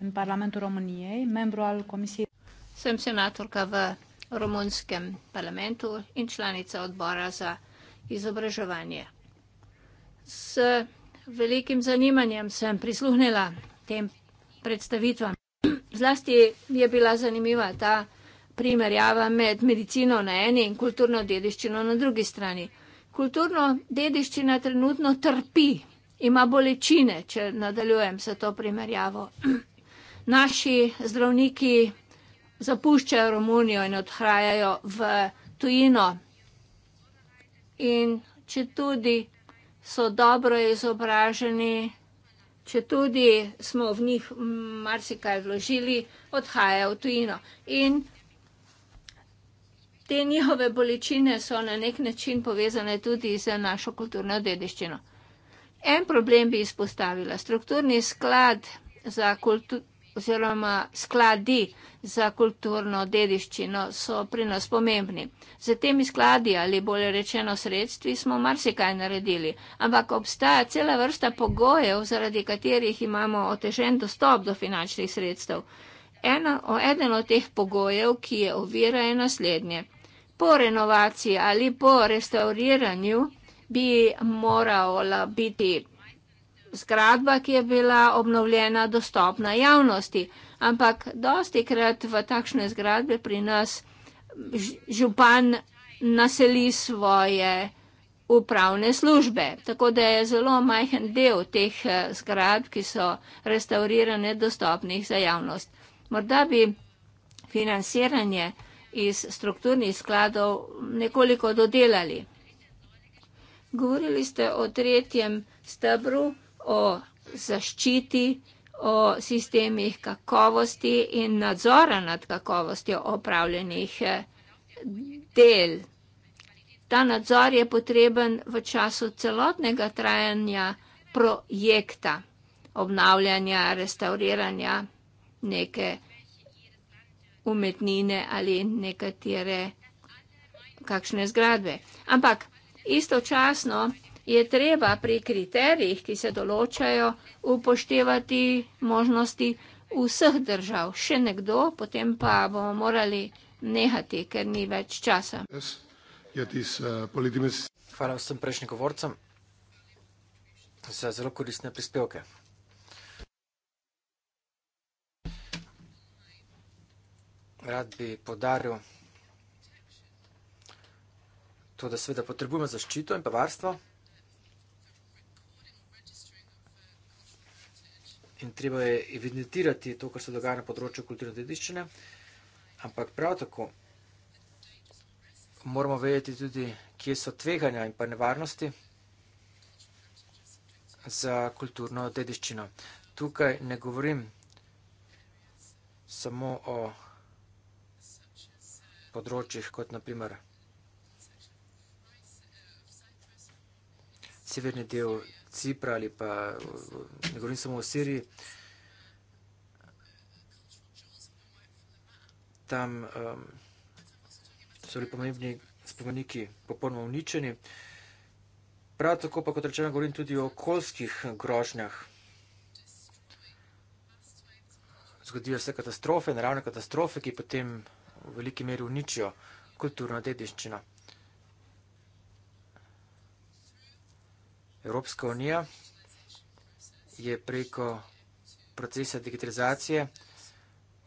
S2: în Parlamentul României, membru al Comisiei. Sunt senator ca vă românskem parlamentul în članița odbora za izobrăjăvanie. S velikim zanimanjem sem prisluhnila tem predstavitvam. Zlasti je bila zanimiva ta primerjava med medicino na eni in kulturno dediščino na drugi strani. Kulturno dediščina trenutno trpi, ima bolečine, če nadaljujem se to primerjavo. [clears throat] Naši zdravniki zapuščajo Romunijo in odhrajajo v tujino. In če tudi so dobro izobraženi, če tudi smo v njih marsikaj vložili, odhajajo v tujino. In te njihove bolečine so na nek način povezane tudi z našo kulturno dediščino. En problem bi izpostavila. Strukturni sklad za kulturo oziroma skladi za kulturno dediščino so pri nas pomembni. Z temi skladi ali bolje rečeno sredstvi smo marsikaj naredili, ampak obstaja cela vrsta pogojev, zaradi katerih imamo otežen dostop do finančnih sredstev. Eno, o, eden od teh pogojev, ki je ovira, je naslednje. Po renovaciji ali po restauriranju bi morala biti zgradba, ki je bila obnovljena, dostopna javnosti. Ampak dosti krat v takšne zgradbe pri nas župan naseli svoje upravne službe. Tako da je zelo majhen del teh eh, zgradb, ki so restaurirane, dostopnih za javnost. Morda bi financiranje iz strukturnih skladov nekoliko dodelali. Govorili ste o tretjem stebru o zaščiti, o sistemih kakovosti in nadzora nad kakovostjo opravljenih eh, del. Ta nadzor je potreben v času celotnega trajanja projekta, obnavljanja, restauriranja neke umetnine ali nekatere kakšne zgradbe. Ampak istočasno je treba pri kriterijih, ki se določajo, upoštevati možnosti vseh držav. Še nekdo, potem pa bomo morali nehati, ker ni več časa. Eh,
S1: Hvala vsem prejšnjim govorcem za zelo koristne prispevke. Rad bi podaril to, da seveda potrebujemo zaščito in pa varstvo. in treba je evidentirati to, kar se dogaja na področju kulturne dediščine, ampak prav tako moramo vedeti tudi, kje so tveganja in pa nevarnosti za kulturno dediščino. Tukaj ne govorim samo o področjih kot naprimer severni del Cipra ali pa, ne govorim samo o Siriji, tam um, so bili pomembni spomeniki popolnoma uničeni. Prav tako pa, kot rečeno, govorim tudi o okoljskih grožnjah. Zgodijo se katastrofe, naravne katastrofe, ki potem v veliki meri uničijo kulturno dediščino. Evropska unija je preko procesa digitalizacije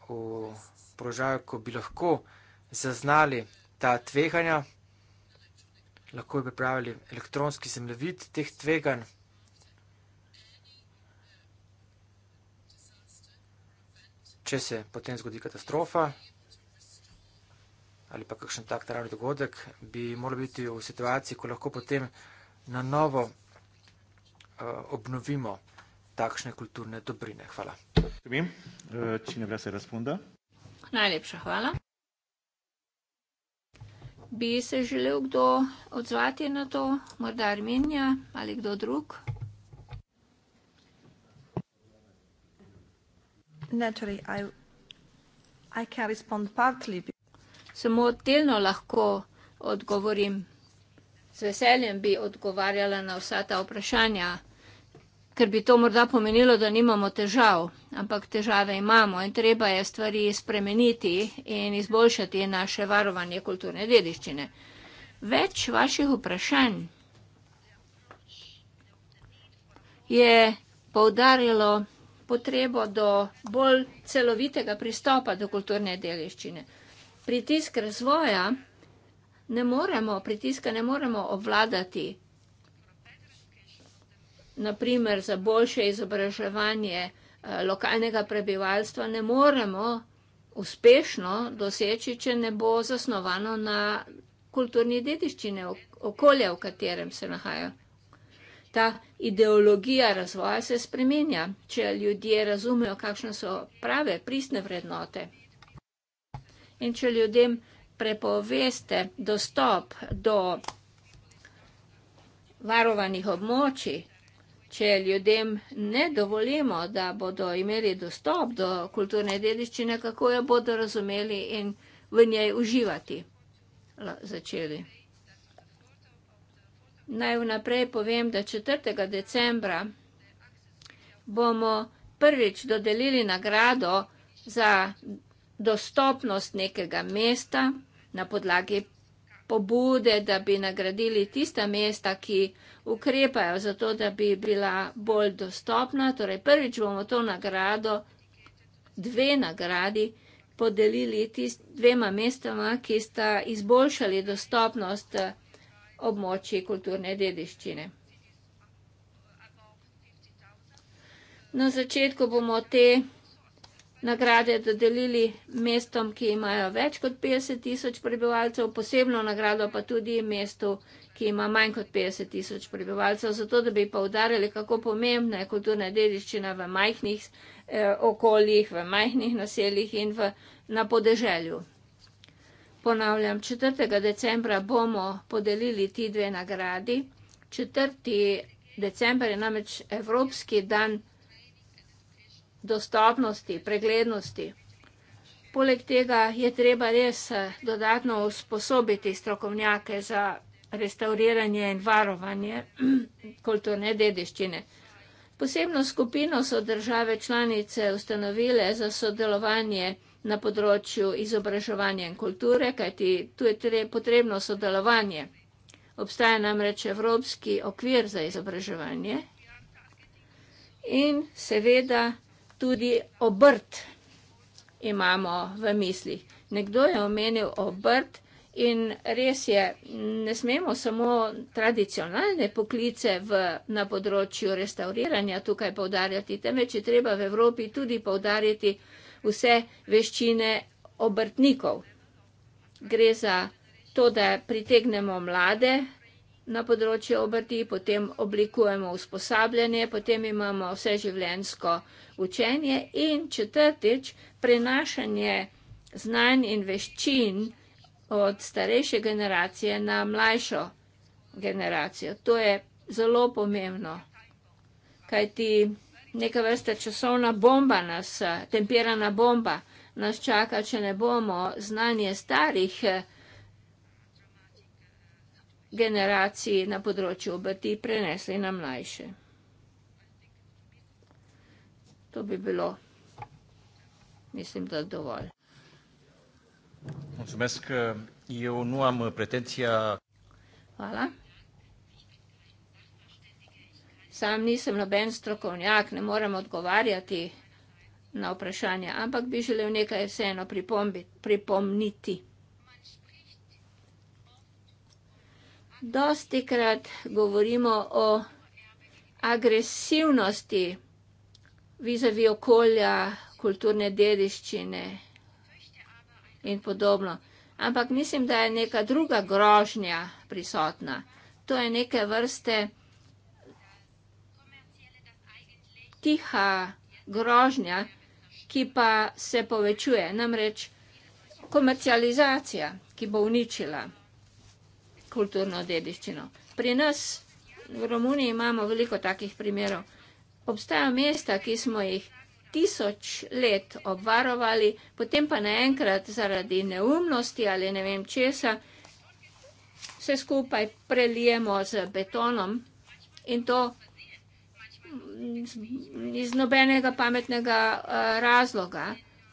S1: v položaju, ko bi lahko zaznali ta tveganja, lahko bi pripravili elektronski zemljevid teh tveganj. Če se potem zgodi katastrofa ali pa kakšen tak naravni dogodek, bi moralo biti v situaciji, ko lahko potem na novo Eh, obnovimo takšne kulturne dobrine. Hvala. Vem, če ne vlase razponda.
S2: Najlepša hvala. Bi se želel kdo odzvati na to, morda Armenija ali kdo drug? I, I can partly. Samo delno lahko odgovorim. Z veseljem bi odgovarjala na vsa ta vprašanja ker bi to morda pomenilo, da nimamo težav, ampak težave imamo in treba je stvari spremeniti in izboljšati naše varovanje kulturne dediščine. Več vaših vprašanj je poudarjalo potrebo do bolj celovitega pristopa do kulturne dediščine. Pritisk razvoja ne moremo, pritiska ne moremo obvladati, na primer za boljše izobraževanje eh, lokalnega prebivalstva ne moremo uspešno doseči, če ne bo zasnovano na kulturni dediščine okolja, v katerem se nahaja. Ta ideologija razvoja se spreminja, če ljudje razumejo, kakšne so prave, pristne vrednote. In če ljudem prepoveste dostop do varovanih območij, Če ljudem ne dovolimo, da bodo imeli dostop do kulturne dediščine, kako jo bodo razumeli in v njej uživati začeli. Naj vnaprej povem, da 4. decembra bomo prvič dodelili nagrado za dostopnost nekega mesta na podlagi pobude, da bi nagradili tista mesta, ki ukrepajo za to, da bi bila bolj dostopna. Torej, prvič bomo to nagrado, dve nagradi, podelili tist, dvema mestama, ki sta izboljšali dostopnost območji kulturne dediščine. Na začetku bomo te nagrade dodelili mestom, ki imajo več kot 50 tisoč prebivalcev, posebno nagrado pa tudi mestu, ki ima manj kot 50 tisoč prebivalcev, zato da bi povdarjali, kako pomembna je kulturna dediščina v majhnih eh, okoljih, v majhnih naseljih in v, na podeželju. Ponavljam, 4. decembra bomo podelili ti dve nagradi. 4. december je namreč Evropski dan dostopnosti, preglednosti. Poleg tega je treba res eh, dodatno usposobiti strokovnjake za restauriranje in varovanje [clears throat] kulturne dediščine. Posebno skupino so države članice ustanovile za sodelovanje na področju izobraževanja in kulture, kajti tu je potrebno sodelovanje. Obstaja namreč Evropski okvir za izobraževanje in seveda tudi obrt imamo v misli. Nekdo je omenil obrt in res je, ne smemo samo tradicionalne poklice v, na področju restauriranja tukaj povdarjati, temveč je treba v Evropi tudi povdarjati vse veščine obrtnikov. Gre za to, da pritegnemo mlade na področju obrti, potem oblikujemo usposabljanje, potem imamo vseživljenjsko učenje in četrtič, prenašanje znanj in veščin od starejše generacije na mlajšo generacijo. To je zelo pomembno, kajti neka vrsta časovna bomba nas, temperana bomba nas čaka, če ne bomo znanje starih generacij, generaciji na področju obrti prenesli na mlajše. To bi bilo, mislim, da dovolj.
S1: Mulțumesc, eu nu am pretenția...
S2: Hvala. Sam nisem noben strokovnjak, ne morem odgovarjati na vprašanje, ampak bi želel nekaj vseeno pripombi, pripomniti. dosti krat govorimo o agresivnosti vizavi okolja, kulturne dediščine in podobno. Ampak mislim, da je neka druga grožnja prisotna. To je neke vrste tiha grožnja, ki pa se povečuje. Namreč komercializacija, ki bo uničila kulturno dediščino. Pri nas v Romuniji imamo veliko takih primerov. Obstajajo mesta, ki smo jih tisoč let obvarovali, potem pa naenkrat zaradi neumnosti ali ne vem česa vse skupaj prelijemo z betonom in to iz nobenega pametnega eh, razloga,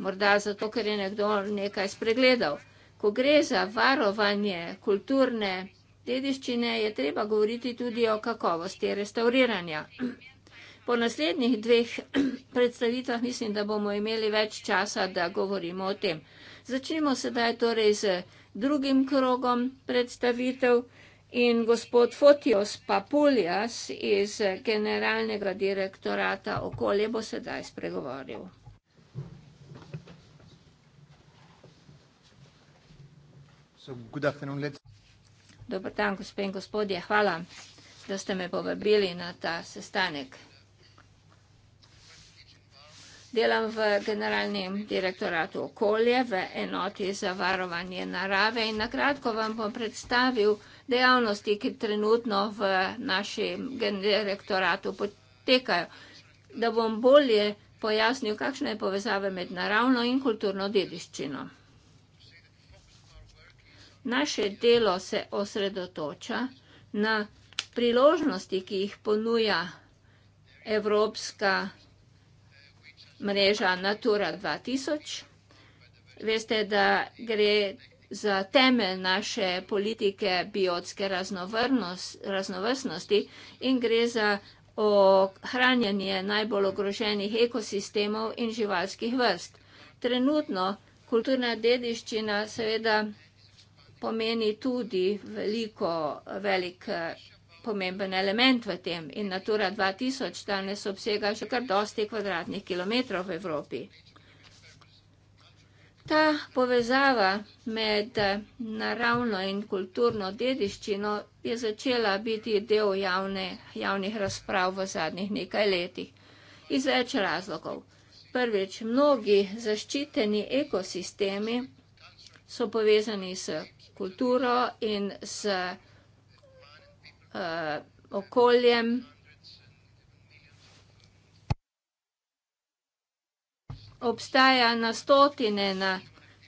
S2: morda zato, ker je nekdo nekaj spregledal ko gre za varovanje kulturne dediščine, je treba govoriti tudi o kakovosti restauriranja. Po naslednjih dveh [clears throat] predstavitvah mislim, da bomo imeli več časa, da govorimo o tem. Začnimo sedaj torej z drugim krogom predstavitev in gospod Fotios Papulias iz Generalnega direktorata okolje bo sedaj spregovoril.
S1: Dobar
S2: dan, gospe in gospodje. Hvala, da ste me povabili na ta sestanek. Delam v generalnem direktoratu okolje v enoti za varovanje narave in nakratko vam bom predstavil dejavnosti, ki trenutno v našem direktoratu potekajo, da bom bolje pojasnil, kakšna je povezava med naravno in kulturno dediščino. Naše delo se osredotoča na priložnosti, ki jih ponuja evropska mreža Natura 2000. Veste, da gre za temelj naše politike biotske raznovrstnosti in gre za ohranjanje najbolj ogroženih ekosistemov in živalskih vrst. Trenutno kulturna dediščina seveda vsega, pomeni tudi veliko, velik eh, pomemben element v tem. In Natura 2000 danes obsega še kar dosti kvadratnih kilometrov v Evropi. Ta povezava med eh, naravno in kulturno dediščino je začela biti del javne, javnih razprav v zadnjih nekaj letih. Iz več razlogov. Prvič, mnogi zaščiteni ekosistemi so povezani s kulturo in s eh, okoljem. Obstaja na stotine, na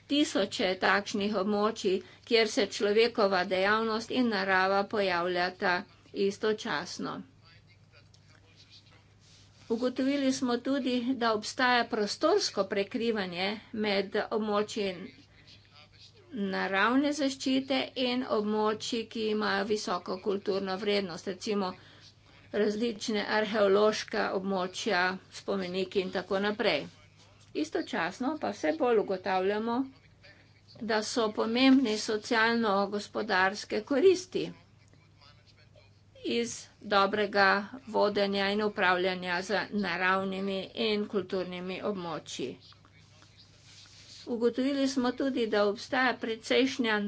S2: tisoče takšnih območij, kjer se človekova dejavnost in narava pojavljata istočasno. Ugotovili smo tudi, da obstaja prostorsko prekrivanje med območji naravne zaščite in območji, ki imajo visoko kulturno vrednost, recimo različne arheološka območja, spomeniki in tako naprej. Istočasno pa vse bolj ugotavljamo, da so pomembni socialno-gospodarske koristi iz dobrega vodenja in upravljanja z naravnimi in kulturnimi območji. Ugotovili smo tudi, da obstaja precejšnja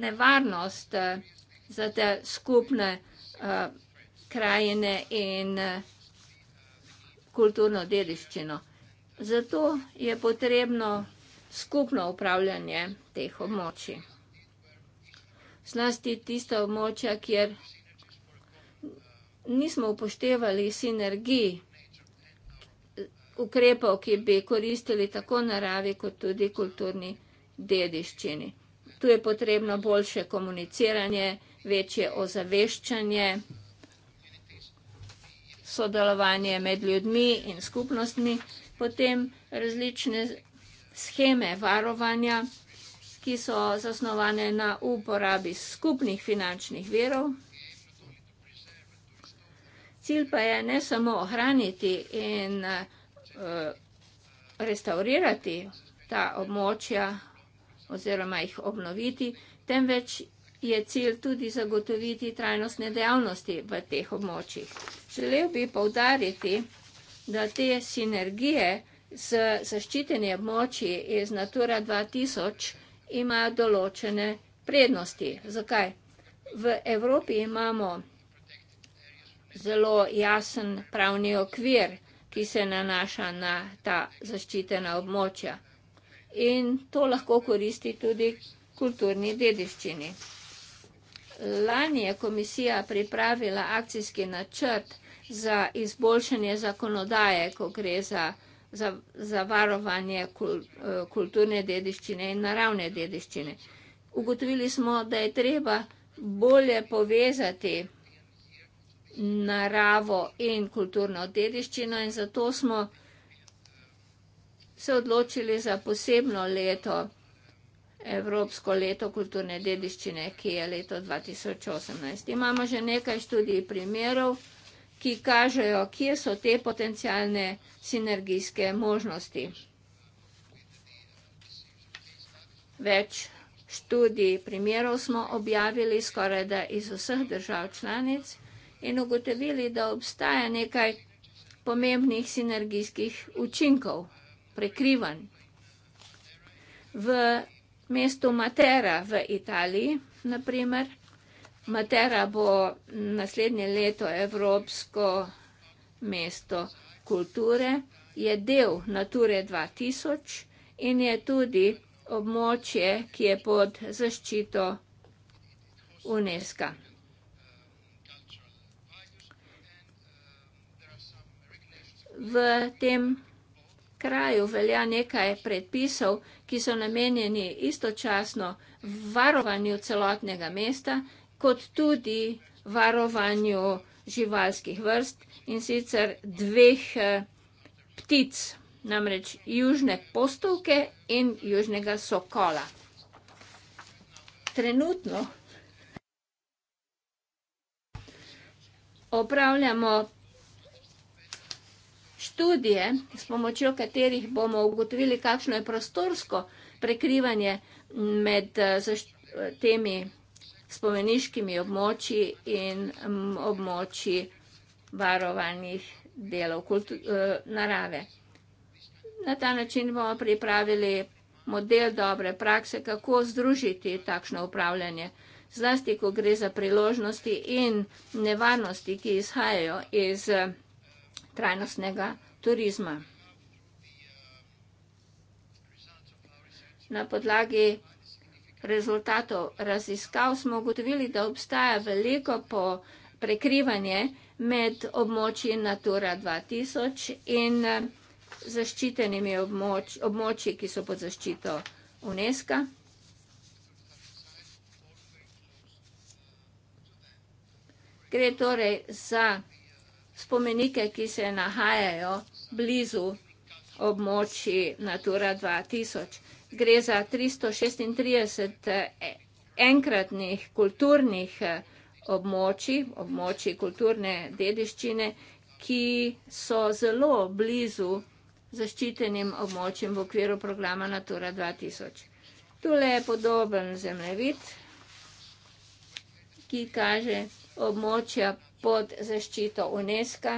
S2: nevarnost eh, za te skupne eh, krajine in eh, kulturno dediščino. Zato je potrebno skupno upravljanje teh območij. Zlasti tista območja, kjer nismo upoštevali sinergiji, ukrepov, ki bi koristili tako naravi kot tudi kulturni dediščini. Tu je potrebno boljše komuniciranje, večje ozaveščanje, sodelovanje med ljudmi in skupnostmi, potem različne scheme varovanja, ki so zasnovane na uporabi skupnih finančnih verov. Cilj pa je ne samo ohraniti in ohraniti, Eh, restaurirati ta območja oziroma jih obnoviti, temveč je cilj tudi zagotoviti trajnostne dejavnosti v teh območjih. Želel bi povdariti, da te sinergije z zaščiteni območji iz Natura 2000 imajo določene prednosti. Zakaj? V Evropi imamo zelo jasen pravni okvir, ki se nanaša na ta zaščitena območja. In to lahko koristi tudi kulturni dediščini. Lani je komisija pripravila akcijski načrt za izboljšanje zakonodaje, ko gre za, za, za varovanje kul, kulturne dediščine in naravne dediščine. Ugotovili smo, da je treba bolje povezati naravo in kulturno dediščino in zato smo se odločili za posebno leto, Evropsko leto kulturne dediščine, ki je leto 2018. Imamo že nekaj študij primerov, ki kažejo, kje so te potencijalne sinergijske možnosti. Več študij primerov smo objavili skoraj da iz vseh držav članic, in ugotovili, da obstaja nekaj pomembnih sinergijskih učinkov, prekrivanj. V mestu Matera v Italiji, naprimer, Matera bo naslednje leto evropsko mesto kulture, je del Nature 2000 in je tudi območje, ki je pod zaščito UNESCO. v tem kraju velja nekaj predpisov, ki so namenjeni istočasno varovanju celotnega mesta, kot tudi varovanju živalskih vrst in sicer dveh eh, ptic, namreč južne postovke in južnega sokola. Trenutno opravljamo študije, s pomočjo katerih bomo ugotovili, kakšno je prostorsko prekrivanje med eh, temi spomeniškimi območji in območji varovanih delov eh, narave. Na ta način bomo pripravili model dobre prakse, kako združiti takšno upravljanje. Zlasti, ko gre za priložnosti in nevarnosti, ki izhajajo iz eh, trajnostnega upravljanja turizma. Na podlagi rezultatov raziskav smo ugotovili, da obstaja veliko po prekrivanje med območji Natura 2000 in eh, zaščitenimi območ, območji, ki so pod zaščito UNESCO. Gre torej za spomenike, ki se nahajajo blizu območji Natura 2000. Gre za 336 e, enkratnih kulturnih e, območij, območji kulturne dediščine, ki so zelo blizu zaščitenim območjem v okviru programa Natura 2000. Tule je podoben zemljevid, ki kaže območja pod zaščito UNESCO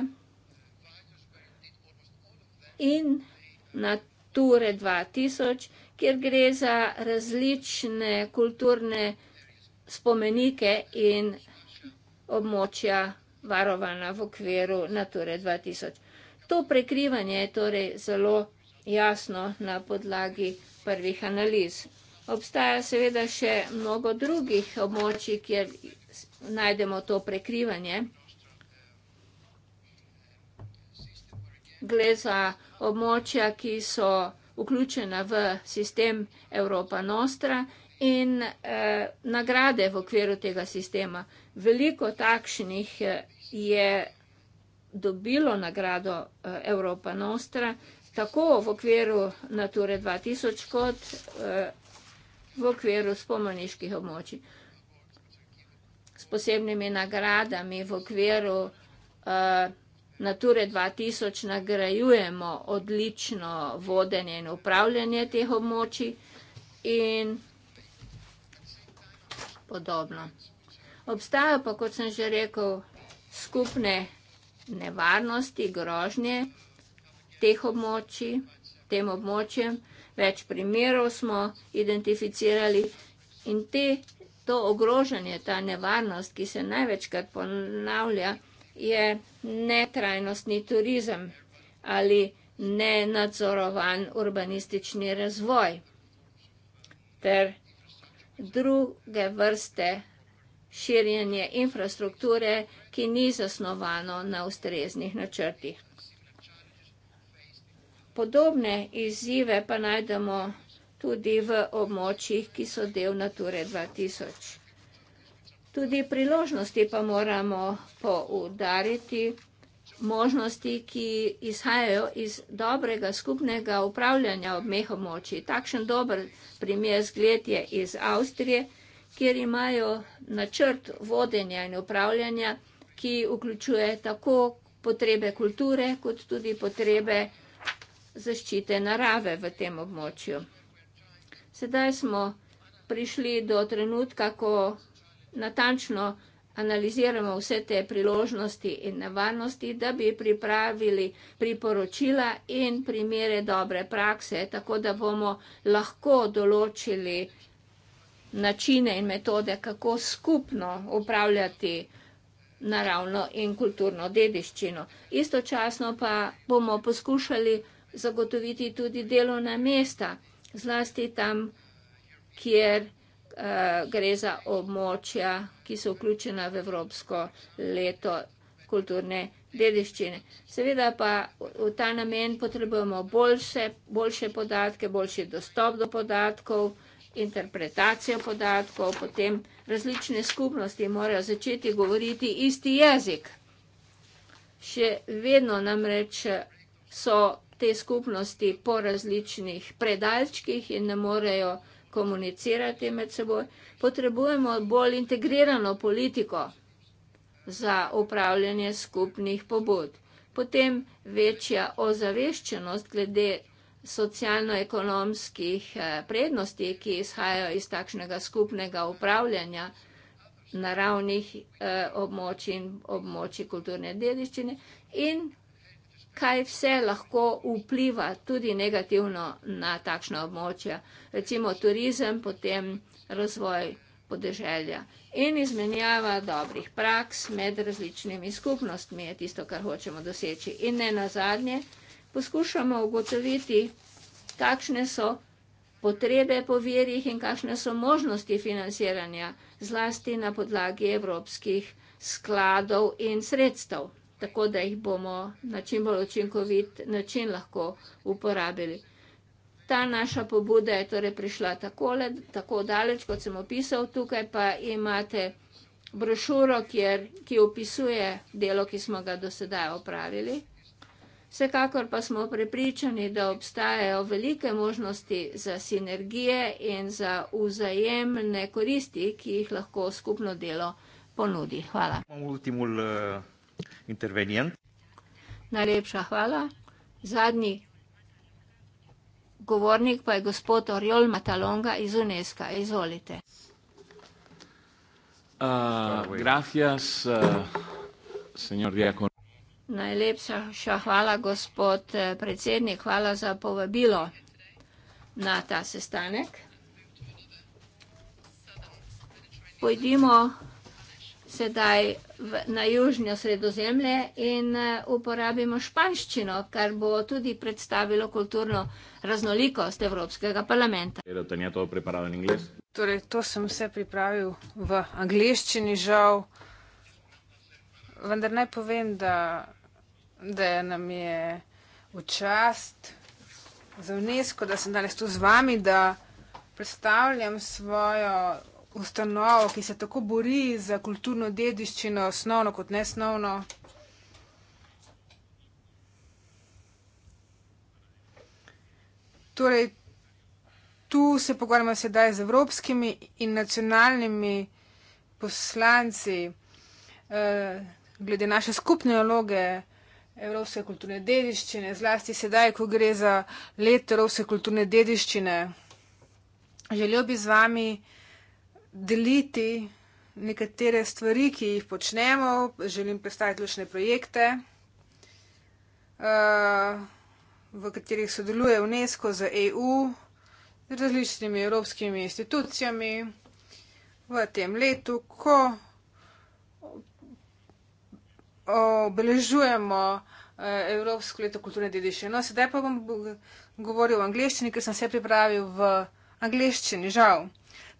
S2: in Nature 2000, kjer gre za različne kulturne spomenike in območja varovana v okviru Nature 2000. To prekrivanje je torej zelo jasno na podlagi prvih analiz. Obstaja seveda še mnogo drugih območij, kjer najdemo to prekrivanje. Gle za območja, ki so vključena v sistem Evropa Nostra in eh, nagrade v okviru tega sistema. Veliko takšnih eh, je dobilo nagrado Evropa eh, Nostra, tako v okviru Nature 2000 kot eh, v okviru spomeniških območij s posebnimi nagradami v okviru uh, Nature 2000 nagrajujemo odlično vodenje in upravljanje teh območij in podobno. Obstajajo pa, kot sem že rekel, skupne nevarnosti, grožnje teh območij, tem območjem. Več primerov smo identificirali in te to ogrožanje, ta nevarnost, ki se največkrat ponavlja, je netrajnostni turizem ali nenadzorovan urbanistični razvoj ter druge vrste širjenje infrastrukture, ki ni zasnovano na ustreznih načrtih. Podobne izzive pa najdemo tudi v območjih, ki so del Nature 2000. Tudi priložnosti pa moramo poudariti, možnosti, ki izhajajo iz dobrega skupnega upravljanja obmeh območij. Takšen dober primer zgled je iz Avstrije, kjer imajo načrt vodenja in upravljanja, ki vključuje tako potrebe kulture, kot tudi potrebe zaščite narave v tem območju. Sedaj smo prišli do trenutka, ko natančno analiziramo vse te priložnosti in nevarnosti, da bi pripravili priporočila in primere dobre prakse, tako da bomo lahko določili načine in metode, kako skupno upravljati naravno in kulturno dediščino. Istočasno pa bomo poskušali zagotoviti tudi delovna mesta zlasti tam, kjer eh, gre za območja, ki so vključena v Evropsko leto kulturne dediščine. Seveda pa v ta namen potrebujemo boljše, boljše podatke, boljši dostop do podatkov, interpretacijo podatkov, potem različne skupnosti morajo začeti govoriti isti jezik. Še vedno namreč so te skupnosti po različnih predalčkih in ne morejo komunicirati med seboj. Potrebujemo bolj integrirano politiko za upravljanje skupnih pobud. Potem večja ozaveščenost glede socialno-ekonomskih eh, prednosti, ki izhajajo iz takšnega skupnega upravljanja naravnih eh, območij in območij kulturne dediščine in kaj vse lahko vpliva tudi negativno na takšno območje, recimo turizem, potem razvoj podeželja in izmenjava dobrih praks med različnimi skupnostmi je tisto, kar hočemo doseči. In ne nazadnje, poskušamo ugotoviti, kakšne so potrebe po virih in kakšne so možnosti financiranja zlasti na podlagi evropskih skladov in sredstev tako da jih bomo na čim bolj učinkovit način lahko uporabili. Ta naša pobuda je torej prišla takole, tako daleč, kot sem opisal tukaj, pa imate brošuro, kjer, ki opisuje delo, ki smo ga do sedaj opravili. Vsekakor pa smo prepričani, da obstajajo velike možnosti za sinergije in za vzajemne koristi, ki jih lahko skupno delo ponudi. Hvala
S1: intervenient.
S2: Najlepša hvala. Zadnji govornik pa je gospod Oriol Matalonga iz UNESCO. Izvolite.
S3: Uh, gracias, uh, senor Diakon.
S2: Najlepša hvala, gospod eh, predsednik. Hvala za povabilo na ta sestanek. Pojdimo sedaj v, na južnjo sredozemlje in eh, uporabimo španščino, kar bo tudi predstavilo kulturno raznolikost Evropskega parlamenta. Torej, to
S3: sem vse pripravil v angliščini, žal. Vendar naj povem, da, da nam je v čast za UNESCO, da sem danes tu z vami, da predstavljam svojo ustanovo, ki se tako bori za kulturno dediščino, osnovno kot nesnovno. Torej, tu se pogovarjamo sedaj z evropskimi in nacionalnimi poslanci eh, glede naše skupne naloge evropske kulturne dediščine, zlasti sedaj, ko gre za let evropske kulturne dediščine. Želel bi z vami eh, deliti nekatere stvari, ki jih počnemo, želim predstaviti ključne projekte, eh, v katerih sodeluje UNESCO z EU, z različnimi evropskimi institucijami. V tem letu, ko obeležujemo eh, Evropsko leto kulturne dediščine. No, sedaj pa bom govoril v angleščini, ker sem se pripravil v angleščini, žal.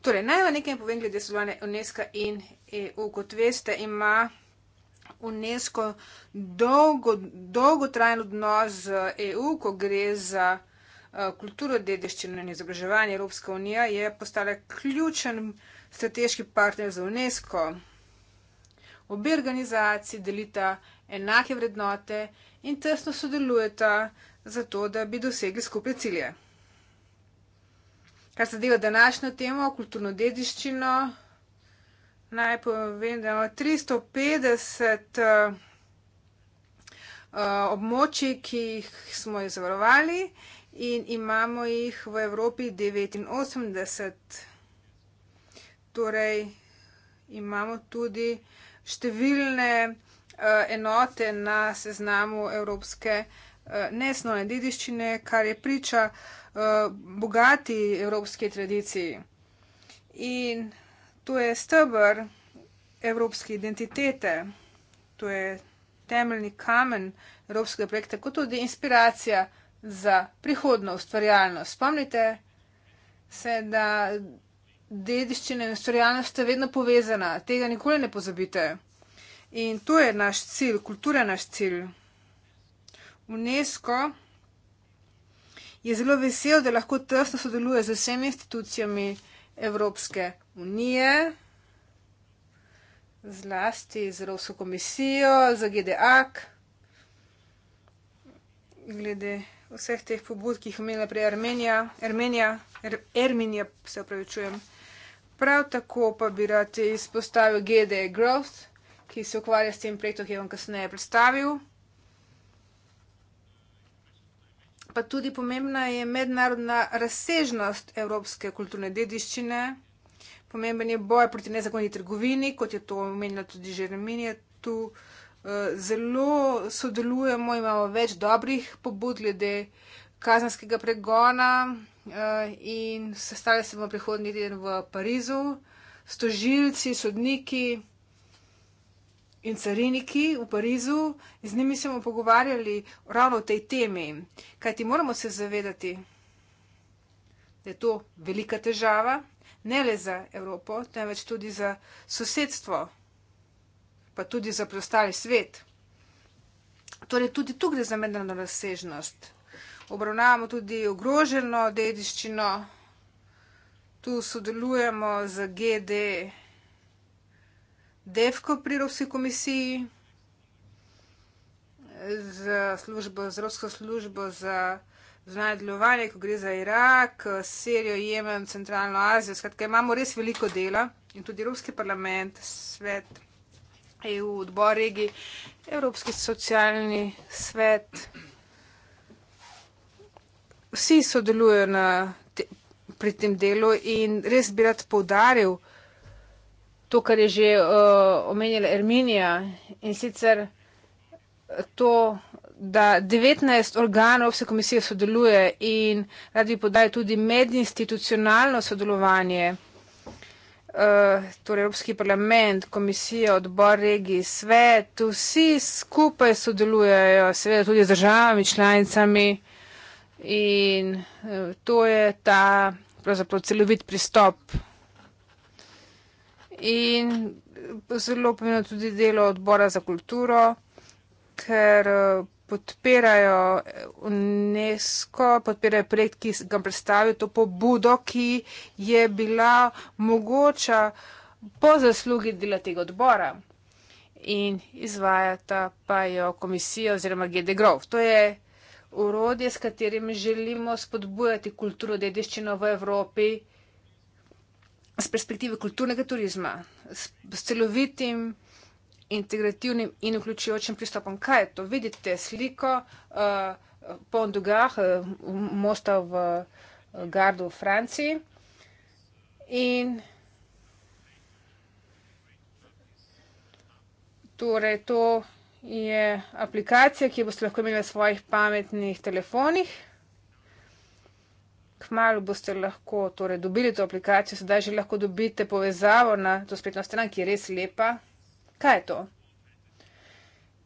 S3: Torej, naj vam nekaj povem glede sodelovanja UNESCO in EU. Kot veste, ima UNESCO dolgo, dolgotrajen odnos z EU, ko gre za eh, kulturo, dediščino in izobraževanje. Evropska unija je postala ključen strateški partner za UNESCO. Obe organizaciji delita enake vrednote in tesno sodelujeta za to, da bi dosegli skupne cilje. Kar se deva današnjo temo, kulturno dediščino, naj povem, da imamo 350 uh, eh, območij, ki jih smo jih zavarovali in imamo jih v Evropi 89. Torej imamo tudi številne uh, enote na seznamu evropske uh, nesnovne dediščine, kar je priča, uh, Eh, bogati evropski tradiciji. In to je stebr evropske identitete, to je temeljni kamen evropskega projekta, kot tudi inspiracija za prihodno ustvarjalnost. Spomnite se, da dediščina in ustvarjalnost sta vedno povezana, tega nikoli ne pozabite. In to je naš cilj, kultura je naš cilj. UNESCO je zelo vesel, da lahko tesno sodeluje z vsemi institucijami Evropske unije, zlasti z Evropsko komisijo, z GDAK, glede vseh teh pobud, ki jih omenila prej Armenija, Armenija, er-, Erminija, se opravičujem. Prav tako pa bi rad izpostavil GDA Growth, ki se ukvarja s tem projektom, ki je vam kasneje predstavil. pa tudi pomembna je mednarodna razsežnost evropske kulturne dediščine, pomemben je boj proti nezakoniti trgovini, kot je to omenila tudi Žereminje. Tu eh, zelo sodelujemo, imamo več dobrih pobud glede kazanskega pregona eh, in sestali se bomo prihodnji teden v Parizu, stožilci, sodniki in cariniki v Parizu in z njimi se bomo pogovarjali ravno o tej temi. Kaj ti moramo se zavedati, da je to velika težava, ne le za Evropo, temveč tudi za sosedstvo, pa tudi za preostali svet. Torej, tudi tu gre za mednarodno razsežnost. Obravnavamo tudi ogroženo dediščino, tu sodelujemo z GDE. Devko pri Evropski komisiji, za službo, za Evropsko službo za zunanje delovanje, ko gre za Irak, Sirijo, Jemen, Centralno Azijo. Skratka, imamo res veliko dela in tudi Evropski parlament, svet EU, odbor regij, Evropski socialni svet. Vsi sodelujo na, te, pri tem delu in res bi rad poudaril, to, kar je že uh, eh, omenjala Erminija in sicer to, da 19 organov vse komisije sodeluje in rad bi podali tudi medinstitucionalno sodelovanje, uh, torej Evropski parlament, komisija, odbor, regij, svet, vsi skupaj sodelujejo, seveda tudi z državami, članicami in uh, to je ta pravzaprav celovit pristop. In zelo pomembno tudi delo odbora za kulturo, ker eh, podpirajo UNESCO, podpirajo projekt, ki ga predstavijo, to pobudo, ki je bila mogoča po zaslugi dela tega odbora. In izvajata pa jo komisija oziroma GD Grov. To je urodje, s katerim želimo spodbujati kulturo dediščino v Evropi z perspektive kulturnega turizma, s, s celovitim, integrativnim in vključujočim pristopom. Kaj je to? Vidite sliko uh, eh, po Ondugah, eh, uh, mosta v uh, Gardu v Franciji. In torej, to je aplikacija, ki boste lahko imeli na svojih pametnih telefonih kmalo boste lahko torej, dobili to aplikacijo, sedaj že lahko dobite povezavo na to spletno stran, ki je res lepa. Kaj je to?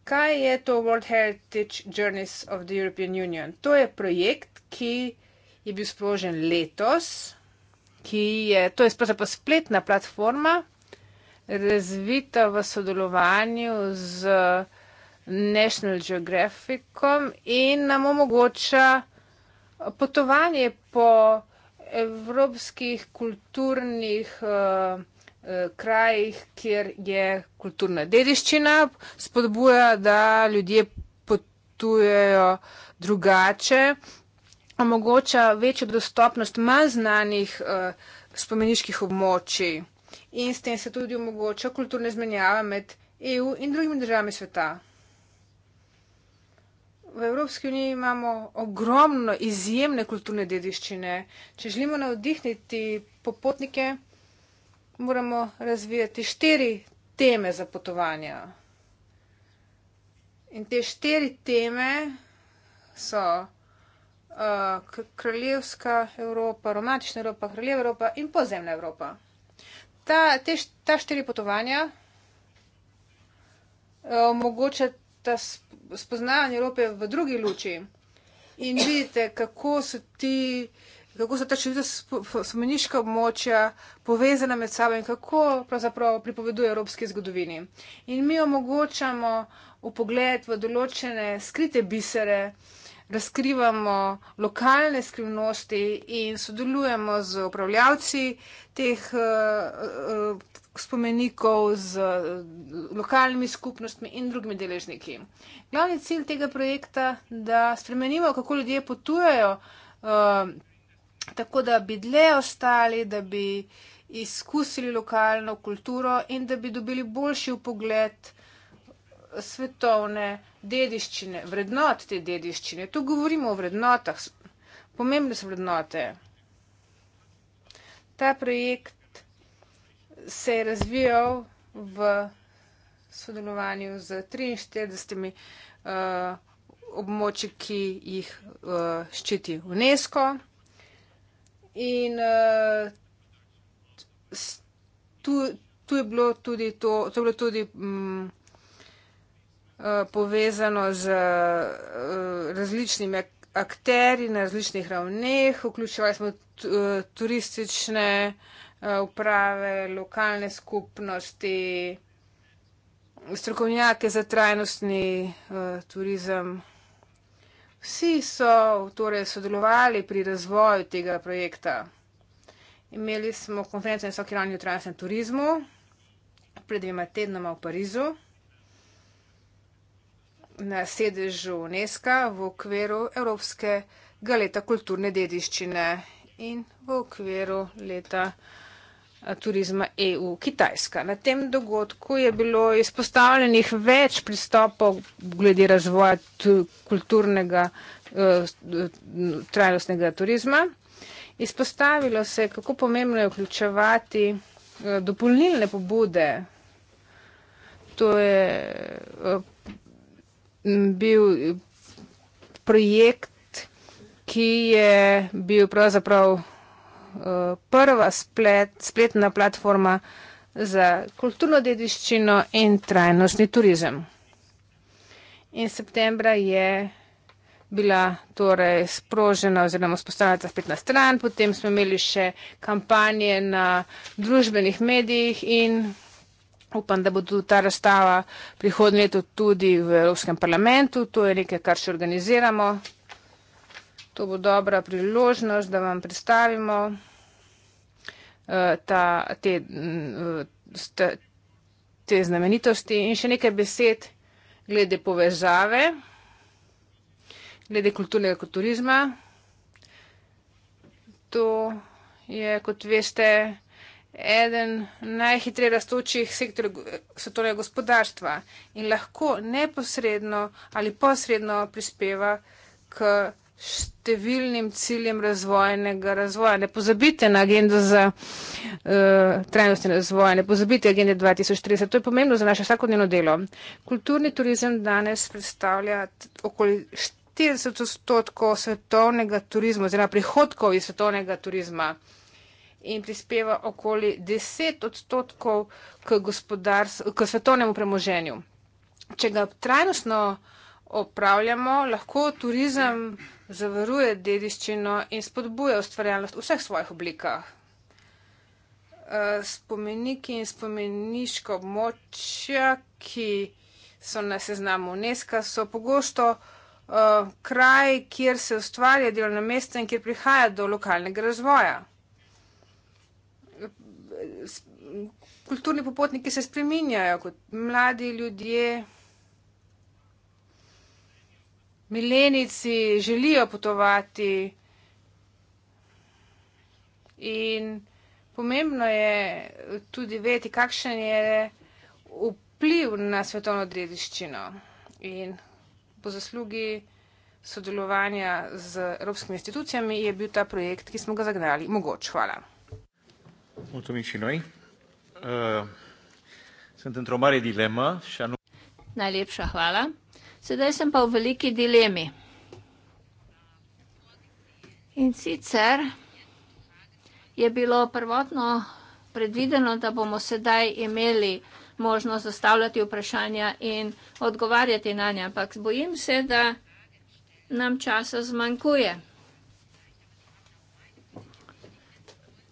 S3: Kaj je to World Heritage Journeys of the European Union? To je projekt, ki je bil sprožen letos, ki je, to je sprožena pa spletna platforma, razvita v sodelovanju z National Geographicom in nam omogoča, Potovanje po evropskih kulturnih eh, eh, krajih, kjer je kulturna dediščina, spodbuja, da ljudje potujejo drugače, omogoča večjo dostopnost manj znanih eh, spomeniških območij in s tem se tudi omogoča kulturna izmenjava med EU in drugimi državami sveta. V Evropski uniji imamo ogromno izjemne kulturne dediščine. Če želimo navdihniti popotnike, moramo razvijati štiri teme za potovanja. In te štiri teme so uh, kraljevska Evropa, romantična Evropa, kraljeva Evropa in podzemna Evropa. Ta, te, ta štiri potovanja uh, omogočajo ta spoznavanje Evrope v drugi luči in vidite, kako so ti. Kako so ta čudovita spomeniška območja povezana med sabo in kako pravzaprav pripoveduje evropski zgodovini. In mi omogočamo upogled v določene skrite bisere, razkrivamo lokalne skrivnosti in sodelujemo z upravljavci teh. Uh, uh, spomenikov z eh, lokalnimi skupnostmi in drugimi deležniki. Glavni cilj tega projekta je, da spremenimo, kako ljudje potujejo, eh, tako da bi dlje ostali, da bi izkusili lokalno kulturo in da bi dobili boljši upogled eh, svetovne dediščine, vrednot te dediščine. Tu govorimo o vrednotah, pomembne so vrednote. Ta projekt se je razvijal v sodelovanju z 43 uh, območji, ki jih uh, ščiti UNESCO. In uh, tu, tu je bilo tudi, to, to je bilo tudi um, uh, povezano z uh, različnimi akteri na različnih ravneh, vključevali smo uh, turistične uh, Eh, uprave, lokalne skupnosti, strokovnjake za trajnostni eh, turizem. Vsi so torej, sodelovali pri razvoju tega projekta. Imeli smo konferenco na visoki ravni o trajnostnem turizmu pred dvema tednoma v Parizu na sedežu UNESCO v okviru Evropskega leta kulturne dediščine in v okviru leta Eh, turizma EU-Kitajska. Na tem dogodku je bilo izpostavljenih več pristopov glede razvoja kulturnega eh, trajnostnega turizma. Izpostavilo se, kako pomembno je vključevati eh, dopolnilne pobude. To je bil projekt, ki je bil pravzaprav prva splet, spletna platforma za kulturno dediščino in trajnostni turizem. In septembra je bila torej sprožena oziroma spostavljena ta spletna stran, potem smo imeli še kampanje na družbenih medijih in upam, da bo tudi ta razstava prihodnje leto tudi v Evropskem parlamentu, to je nekaj, kar še organiziramo. To bo dobra priložnost, da vam predstavimo. Eh, ta, te, mm, te, te znamenitosti in še nekaj besed glede povezave, glede kulturnega turizma. To je, kot veste, eden najhitreje rastočih sektorjev svetovnega gospodarstva in lahko neposredno ali posredno prispeva k številnim ciljem razvojnega razvoja. Ne pozabite na agendo za uh, trajnostni razvoj, ne pozabite agende 2030. To je pomembno za naše vsakodnevno delo. Kulturni turizem danes predstavlja okoli 40 odstotkov svetovnega turizma oziroma prihodkov iz svetovnega turizma in prispeva okoli 10 odstotkov k, k svetovnemu premoženju. Če ga trajnostno opravljamo, lahko turizem zavaruje dediščino in spodbuje ustvarjalnost v vseh svojih oblikah. E, spomeniki in spomeniško območja, ki so na seznamu UNESCO, so pogosto uh, kraj, kjer se ustvarja delovna mesta in kjer prihaja do lokalnega razvoja. Kulturni popotniki se spreminjajo kot mladi ljudje milenici želijo potovati. In pomembno je tudi vedeti, kakšen je vpliv na svetovno dediščino in po zaslugi sodelovanja z evropskimi institucijami je bil ta projekt, ki smo ga zagnali, mogoč. Hvala.
S1: Eh,
S2: Najlepša hvala. Sedaj sem pa v veliki dilemi. In sicer je bilo prvotno predvideno, da bomo sedaj imeli možnost zastavljati vprašanja in odgovarjati na nje, ampak bojim se, da nam časa zmanjkuje.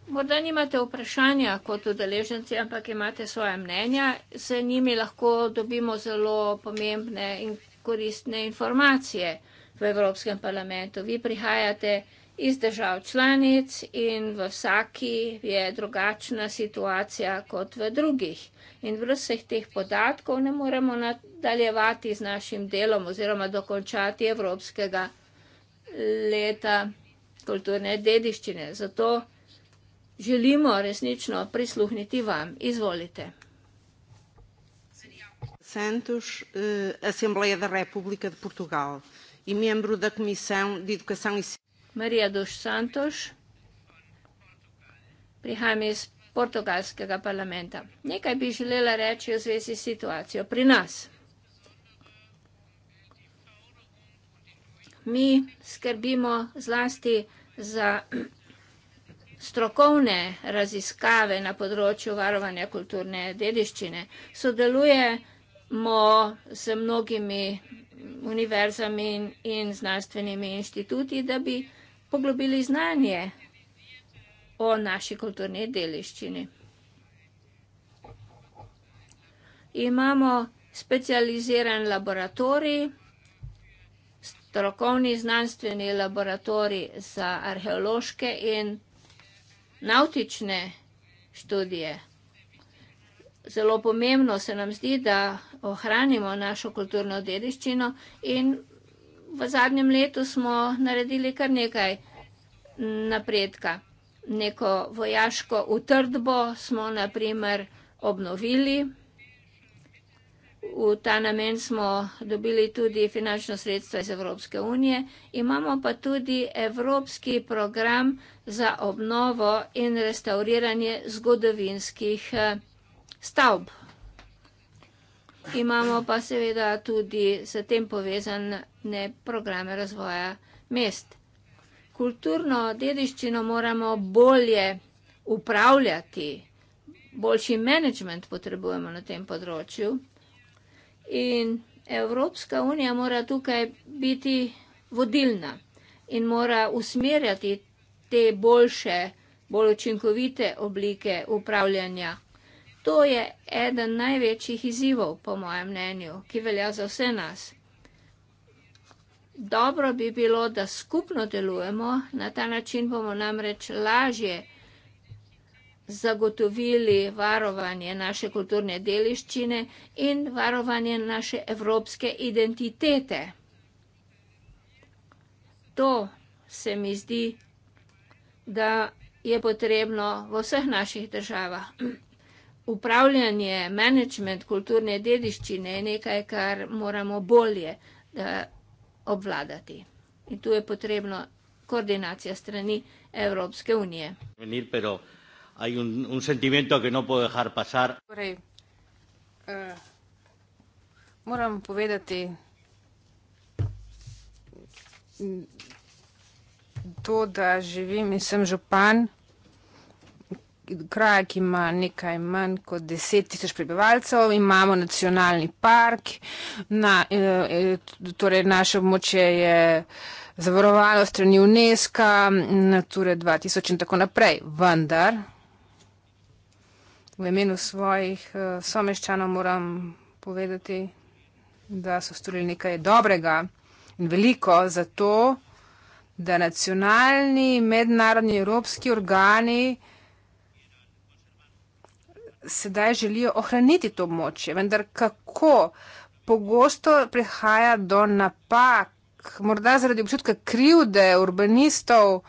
S2: Morda nimate vprašanja kot udeleženci, ampak imate svoje mnenja, z njimi lahko dobimo zelo pomembne in koristne informacije v Evropskem parlamentu. Vi prihajate iz držav članic in v vsaki je drugačna situacija kot v drugih. In vseh teh podatkov ne moremo nadaljevati z našim delom oziroma dokončati Evropskega leta kulturne dediščine. Zato želimo resnično prisluhniti vam. Izvolite. Santos, eh, Assembleia da República de Portugal e membro da Comissão de Educação e Maria dos Santos, prihamis portugalskega parlamenta. Nekaj bi želela reči o zvezi s situacijo pri nas. Mi skrbimo zlasti za [clears throat] strokovne raziskave na področju varovanja kulturne dediščine. Sodeluje vsega, smo z mnogimi univerzami in, in znanstvenimi inštituti, da bi poglobili znanje o naši kulturni deliščini. Imamo specializiran laboratorij, strokovni znanstveni laboratorij za arheološke in nautične študije. Zelo pomembno se nam zdi, da ohranimo našo kulturno dediščino in v zadnjem letu smo naredili kar nekaj napredka. Neko vojaško utrdbo smo naprimer obnovili. V ta namen smo dobili tudi finančno sredstvo iz Evropske unije. Imamo pa tudi Evropski program za obnovo in restauriranje zgodovinskih eh, stavb. Imamo pa seveda tudi s tem povezane programe razvoja mest. Kulturno dediščino moramo bolje upravljati, boljši management potrebujemo na tem področju in Evropska unija mora tukaj biti vodilna in mora usmerjati te boljše, bolj učinkovite oblike upravljanja To je eden največjih izzivov, po mojem mnenju, ki velja za vse nas. Dobro bi bilo, da skupno delujemo, na ta način bomo namreč lažje zagotovili varovanje naše kulturne deliščine in varovanje naše evropske identitete. To se mi zdi, da je potrebno v vseh naših državah upravljanje, management kulturne dediščine je nekaj, kar moramo bolje eh, obvladati. In tu je potrebno koordinacija strani Evropske unije. Hay un, un sentimiento que no puedo dejar pasar. Torej, eh, moram povedati
S3: mm, to, da živim in sem župan kraj, ki ima nekaj manj kot 10 tisoč prebivalcev, imamo nacionalni park, na, eh, eh, torej naše območje je zavarovano strani UNESCO, Nature 2000 in tako naprej. Vendar v imenu svojih eh, someščanov moram povedati, da so storili nekaj dobrega in veliko za to, da nacionalni, mednarodni, evropski organi sedaj želijo ohraniti to moče, vendar kako pogosto prihaja do napak, morda zaradi občutka krivde urbanistov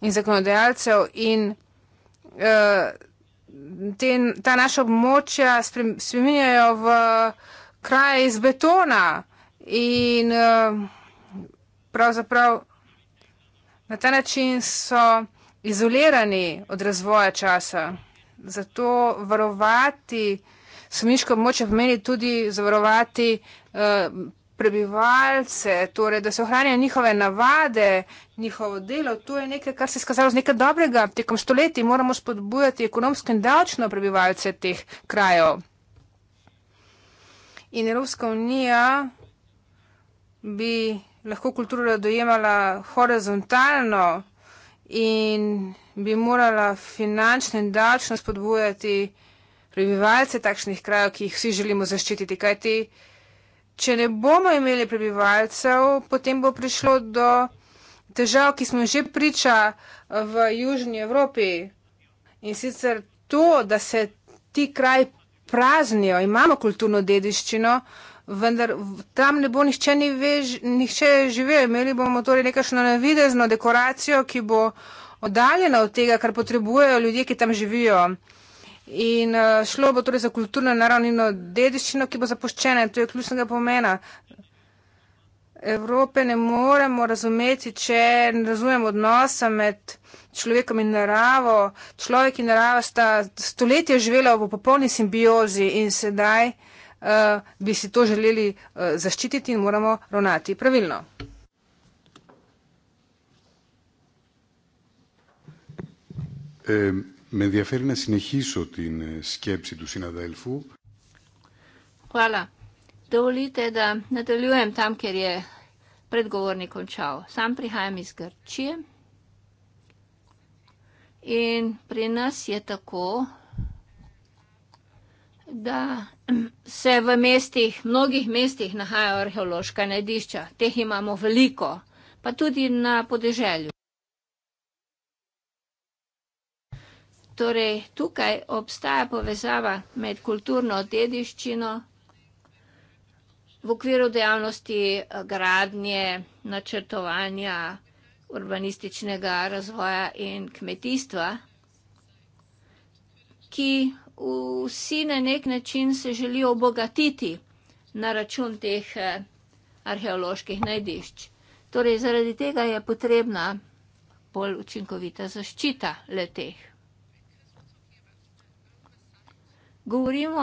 S3: in zakonodajalcev in uh, eh, ten, ta naša območja spreminjajo v kraje iz betona in uh, pravzaprav na ta način so izolirani od razvoja časa. Zato varovati sumniško območje pomeni tudi zavarovati uh, prebivalce, torej, da se ohranijo njihove navade, njihovo delo. To je nekaj, kar se je skazalo z nekaj dobrega. Tekom stoletij moramo spodbujati ekonomsko in davčno prebivalce teh krajev. In Evropska unija bi lahko kulturo dojemala horizontalno in bi morala finančno in davčno spodbujati prebivalce takšnih krajev, ki jih vsi želimo zaščititi. Kajti, če ne bomo imeli prebivalcev, potem bo prišlo do težav, ki smo že priča eh, v Južni Evropi. In sicer to, da se ti kraj praznijo, imamo kulturno dediščino, vendar tam ne bo nihče, ni vež, nihče živel. Imeli bomo torej nekakšno navidezno dekoracijo, ki bo oddaljena od tega, kar potrebujejo ljudje, ki tam živijo. In eh, šlo bo torej za kulturno naravnino dediščino, ki bo zapuščena in to je ključnega pomena. Evrope ne moremo razumeti, če ne razumemo odnosa med človekom in naravo. Človek in narava sta stoletja živela v popolni simbiozi in sedaj uh, bi si to želeli uh, zaščititi in moramo ravnati pravilno.
S2: Ε, με ενδιαφέρει να συνεχίσω την
S3: σκέψη του συναδέλφου.
S2: Voilà. Dovolite, da nadaljujem tam, kjer je predgovornik končal. Sam prihajam iz Grčije in pri nas je tako, da se v mestih, mnogih mestih nahajajo arheološka najdišča. Teh imamo veliko, pa tudi na podeželju. Torej, tukaj obstaja povezava med kulturno dediščino v okviru dejavnosti eh, gradnje, načrtovanja, urbanističnega razvoja in kmetijstva, ki vsi na nek način se želijo obogatiti na račun teh eh, arheoloških najdišč. Torej, zaradi tega je potrebna bolj učinkovita zaščita leteh. Govorimo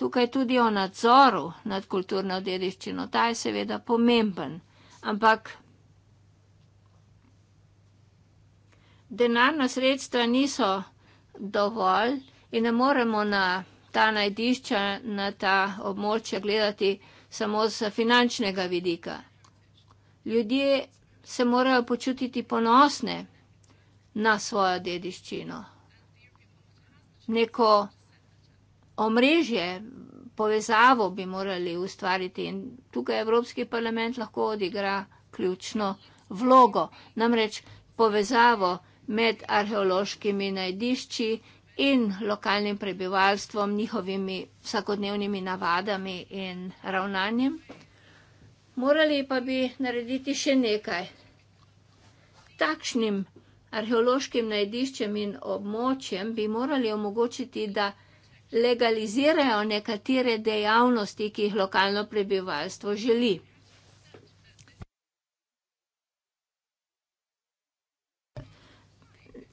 S2: tukaj tudi o nadzoru nad kulturno dediščino. Ta je seveda pomemben, ampak denarna sredstva niso dovolj in ne moremo na ta najdišča, na ta območja gledati samo z finančnega vidika. Ljudje se morajo počutiti ponosne na svojo dediščino. Neko omrežje, povezavo bi morali ustvariti in tukaj Evropski parlament lahko odigra ključno vlogo. Namreč povezavo med arheološkimi najdišči in lokalnim prebivalstvom, njihovimi vsakodnevnimi navadami in ravnanjem. Morali pa bi narediti še nekaj. Takšnim arheološkim najdiščem in območjem bi morali omogočiti, da legalizirajo nekatere dejavnosti, ki jih lokalno prebivalstvo želi.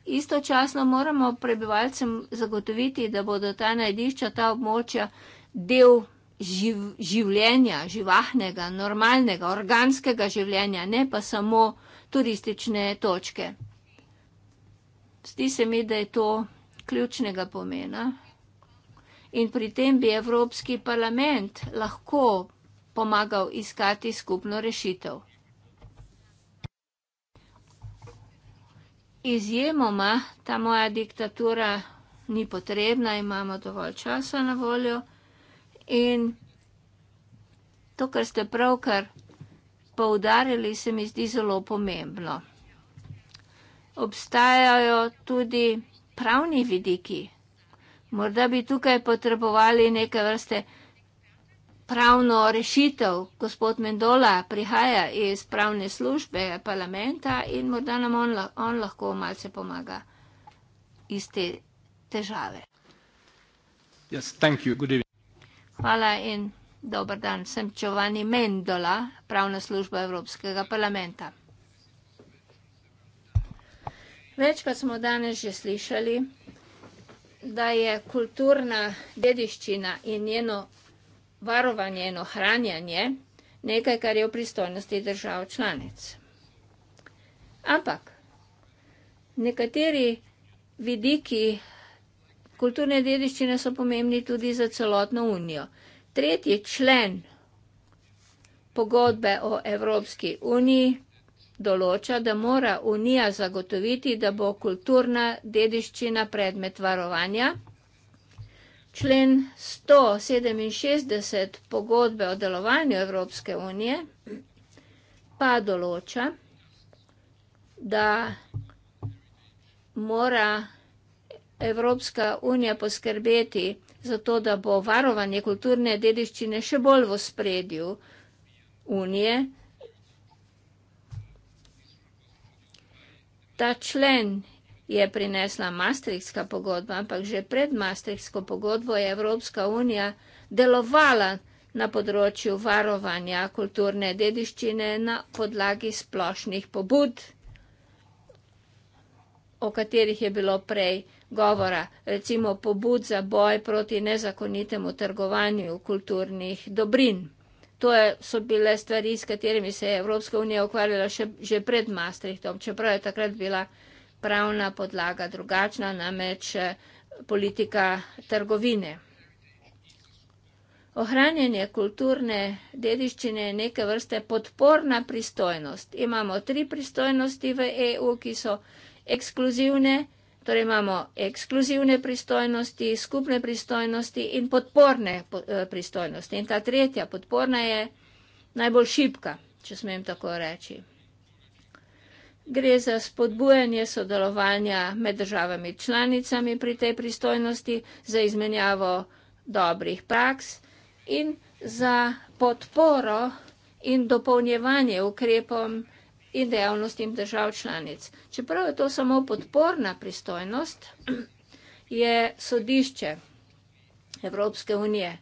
S2: Istočasno moramo prebivalcem zagotoviti, da bodo ta najdišča, ta območja del živ, življenja, živahnega, normalnega, organskega življenja, ne pa samo turistične točke. Zdi se mi, da je to ključnega pomena in pri tem bi Evropski parlament lahko pomagal iskati skupno rešitev. Izjemoma ta moja diktatura ni potrebna, imamo dovolj časa na voljo in to, kar ste pravkar poudarili, se mi zdi zelo pomembno. Obstajajo tudi pravni vidiki Morda bi tukaj potrebovali neke vrste pravno rešitev. Gospod Mendola prihaja iz pravne službe parlamenta in morda nam on, on lahko malce pomaga iz te težave.
S1: Yes, thank you. Good
S2: Hvala in dober dan. Sem Čovani Mendola, pravna služba Evropskega parlamenta. Večkrat smo danes že slišali, da je kulturna dediščina in njeno varovanje in ohranjanje nekaj, kar je v pristojnosti držav članic. Ampak nekateri vidiki kulturne dediščine so pomembni tudi za celotno unijo. Tretji člen pogodbe o Evropski uniji določa, da mora Unija zagotoviti, da bo kulturna dediščina predmet varovanja. Člen 167 pogodbe o delovanju Evropske unije pa določa, da mora Evropska unija poskrbeti za to, da bo varovanje kulturne dediščine še bolj v spredju unije, Ta člen je prinesla Maastrichtska pogodba, ampak že pred Maastrichtsko pogodbo je Evropska unija delovala na področju varovanja kulturne dediščine na podlagi splošnih pobud, o katerih je bilo prej govora, recimo pobud za boj proti nezakonitemu trgovanju kulturnih dobrin. To je, so bile stvari, s katerimi se je Evropska unija ukvarjala še, že pred Maastrichtom, čeprav je takrat bila pravna podlaga drugačna, namreč eh, politika trgovine. Ohranjanje kulturne dediščine je neke vrste podporna pristojnost. Imamo tri pristojnosti v EU, ki so ekskluzivne. Torej imamo ekskluzivne pristojnosti, skupne pristojnosti in podporne eh, pristojnosti. In ta tretja podporna je najbolj šipka, če smem tako reči. Gre za spodbujanje sodelovanja med državami članicami pri tej pristojnosti, za izmenjavo dobrih praks in za podporo in dopolnjevanje ukrepom in dejavnostim držav članic. Čeprav je to samo podporna pristojnost, [clears throat] je sodišče Evropske unije.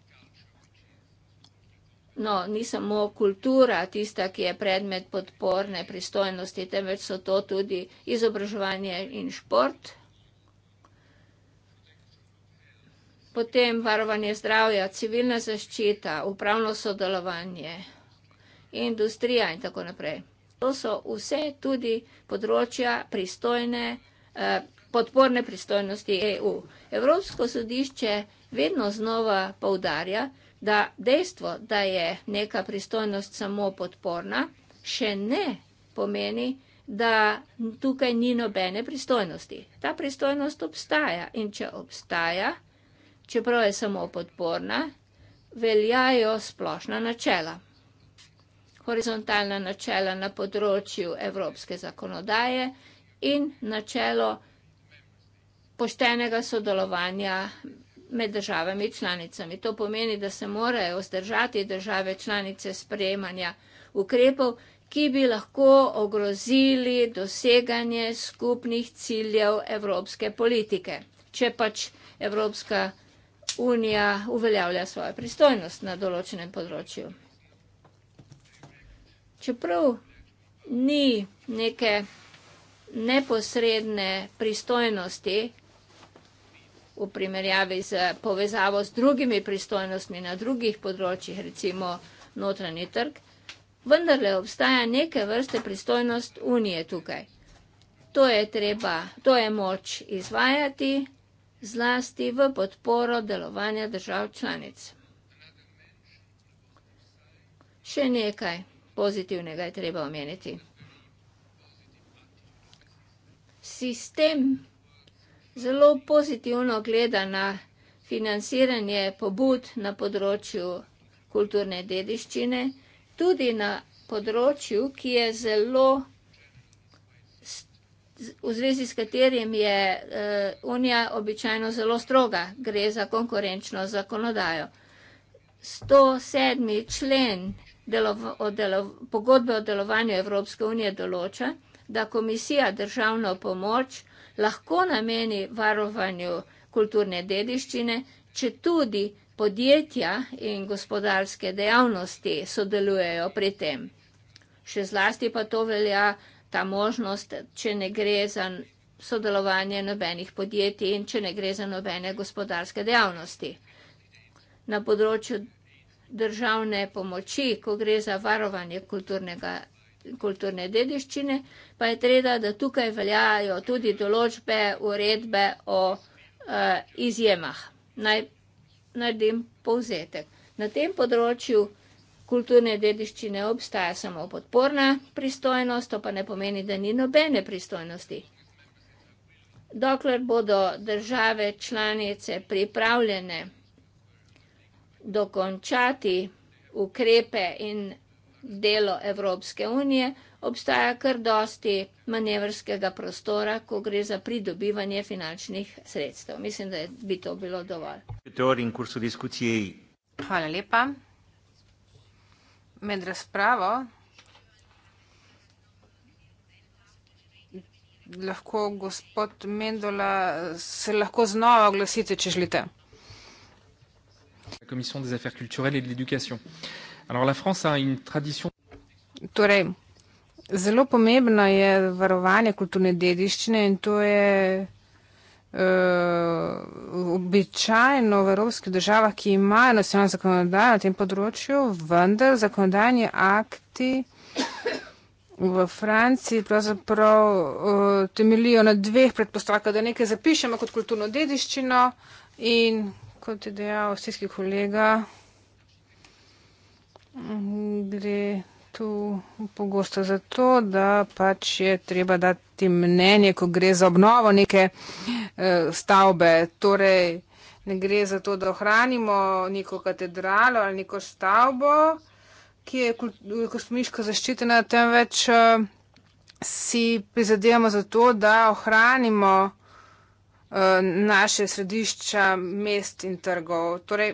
S2: No, ni samo kultura tista, ki je predmet podporne pristojnosti, temveč so to tudi izobraževanje in šport. Potem varovanje zdravja, civilna zaščita, upravno sodelovanje, industrija in tako naprej. To so vse tudi področja pristojne, eh, podporne pristojnosti EU. Evropsko sodišče vedno znova povdarja, da dejstvo, da je neka pristojnost samo podporna, še ne pomeni, da tukaj ni nobene pristojnosti. Ta pristojnost obstaja in če obstaja, čeprav je samo podporna, veljajo splošna načela horizontalna načela na področju evropske zakonodaje in načelo poštenega sodelovanja med državami članicami. To pomeni, da se morajo vzdržati države članice sprejemanja ukrepov, ki bi lahko ogrozili doseganje skupnih ciljev evropske politike, če pač Evropska unija uveljavlja svojo pristojnost na določenem področju čeprav ni neke neposredne pristojnosti v primerjavi z povezavo z drugimi pristojnostmi na drugih področjih, recimo notranji trg, vendarle obstaja neke vrste pristojnost unije tukaj. To je treba, to je moč izvajati zlasti v podporo delovanja držav članic. Še nekaj pozitivnega je treba omeniti. Sistem zelo pozitivno gleda na financiranje pobud na področju kulturne dediščine, tudi na področju, ki je zelo v zvezi s katerim je uh, Unija običajno zelo stroga, gre za konkurenčno zakonodajo. 107. člen delo, delo, pogodbe o delovanju Evropske unije določa, da komisija državno pomoč lahko nameni varovanju kulturne dediščine, če tudi podjetja in gospodarske dejavnosti sodelujejo pri tem. Še zlasti pa to velja ta možnost, če ne gre za sodelovanje nobenih podjetij in če ne gre za nobene gospodarske dejavnosti. Na področju državne pomoči, ko gre za varovanje kulturnega, kulturne dediščine, pa je treba, da tukaj veljajo tudi določbe uredbe o e, izjemah. Naj naredim povzetek. Na tem področju kulturne dediščine obstaja samo podporna pristojnost, to pa ne pomeni, da ni nobene pristojnosti. Dokler bodo države članice pripravljene dokončati ukrepe in delo Evropske unije, obstaja kar dosti manevrskega prostora, ko gre za pridobivanje finančnih sredstev. Mislim, da bi to bilo dovolj. Hvala lepa. Med razpravo
S3: lahko gospod Mendola se lahko znova oglasite, če želite
S1: la commission des affaires culturelles et de l'éducation. Alors la France a une tradition.
S3: Torej, zelo pomembno je varovanje kulturne dediščine in to je uh, običajno v evropskih državah, ki imajo nacionalno zakonodajo na tem področju, vendar zakonodajni akti v Franciji pravzaprav uh, eh, temelijo na dveh predpostavkah, da nekaj zapišemo kot kulturno dediščino in kot je dejal avstrijski kolega, gre tu pogosto za to, da pač je treba dati mnenje, ko gre za obnovo neke eh, stavbe. Torej, ne gre za to, da ohranimo neko katedralo ali neko stavbo, ki je kosmiško zaščitena, temveč eh, si prizadevamo za to, da ohranimo. Eh, naše središča, mest in trgov. Torej,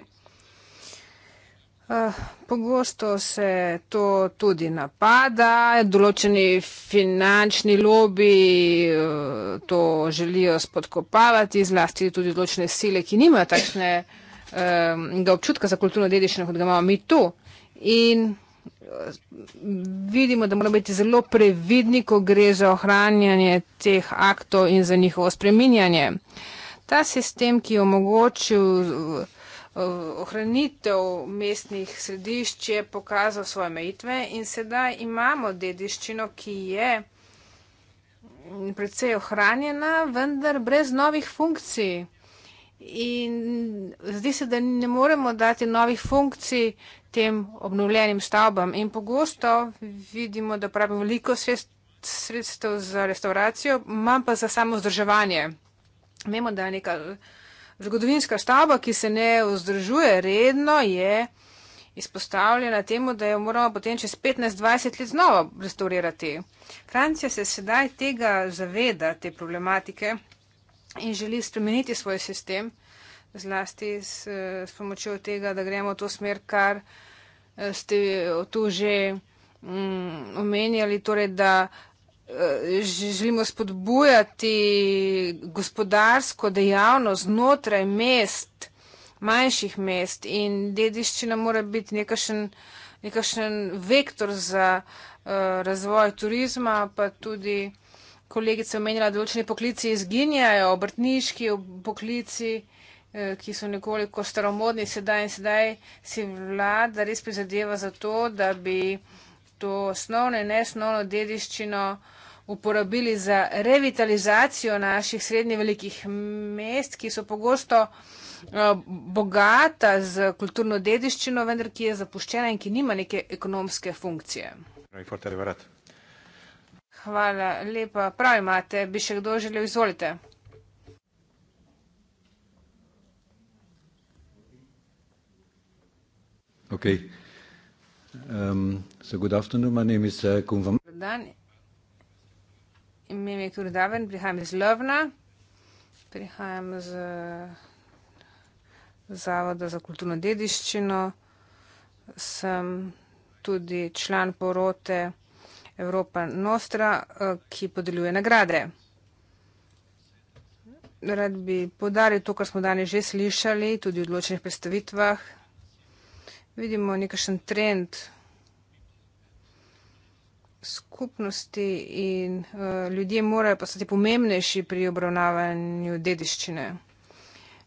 S3: Uh, pogosto se to tudi napada, določeni finančni lobi uh, to želijo spodkopavati, zlasti tudi določene sile, ki nimajo takšnega uh, občutka za kulturno dediščino, kot ga imamo mi tu. In vidimo, da moramo biti zelo previdni, ko gre za ohranjanje teh aktov in za njihovo spreminjanje. Ta sistem, ki je omogočil eh, ohranitev mestnih središč, je pokazal svoje mejitve in sedaj imamo dediščino, ki je predvsej ohranjena, vendar brez novih funkcij. In zdi se, da ne moremo dati novih funkcij tem obnovljenim stavbam in pogosto vidimo, da pravim veliko sredstev za restauracijo, manj pa za samo vzdrževanje. Vemo, da je neka zgodovinska stavba, ki se ne vzdržuje redno, je izpostavljena temu, da jo moramo potem čez 15-20 let znova restaurirati. Francija se sedaj tega zaveda, te problematike in želi spremeniti svoj sistem zlasti s, s pomočjo tega, da gremo v to smer, kar eh, ste tu že mm, omenjali, torej da eh, želimo spodbujati gospodarsko dejavnost znotraj mest, manjših mest in dediščina mora biti nekašen, nekašen vektor za eh, razvoj turizma, pa tudi kolegica omenjala, da določene poklici izginjajo, obrtniški poklici. Eh, ki so nekoliko staromodni sedaj in sedaj si vlada res prizadeva za to, da bi to osnovno in nesnovno dediščino uporabili za revitalizacijo naših srednje velikih mest, ki so pogosto eh, bogata z kulturno dediščino, vendar ki je zapuščena in ki nima neke ekonomske funkcije. Hvala lepa. Prav imate. Bi še kdo želel? Izvolite.
S2: Okay. Um, so good afternoon. My name is uh, Koen van.
S3: Good dan. Ime je Turi Daven, prihajam iz Lovna, prihajam iz uh, Zavoda za kulturno dediščino, sem tudi član porote Evropa Nostra, uh, ki podeljuje nagrade. Rad bi podaril to, kar smo danes že slišali, tudi v odločenih predstavitvah, vidimo nekašen trend skupnosti in eh, ljudje morajo postati pomembnejši pri obravnavanju dediščine.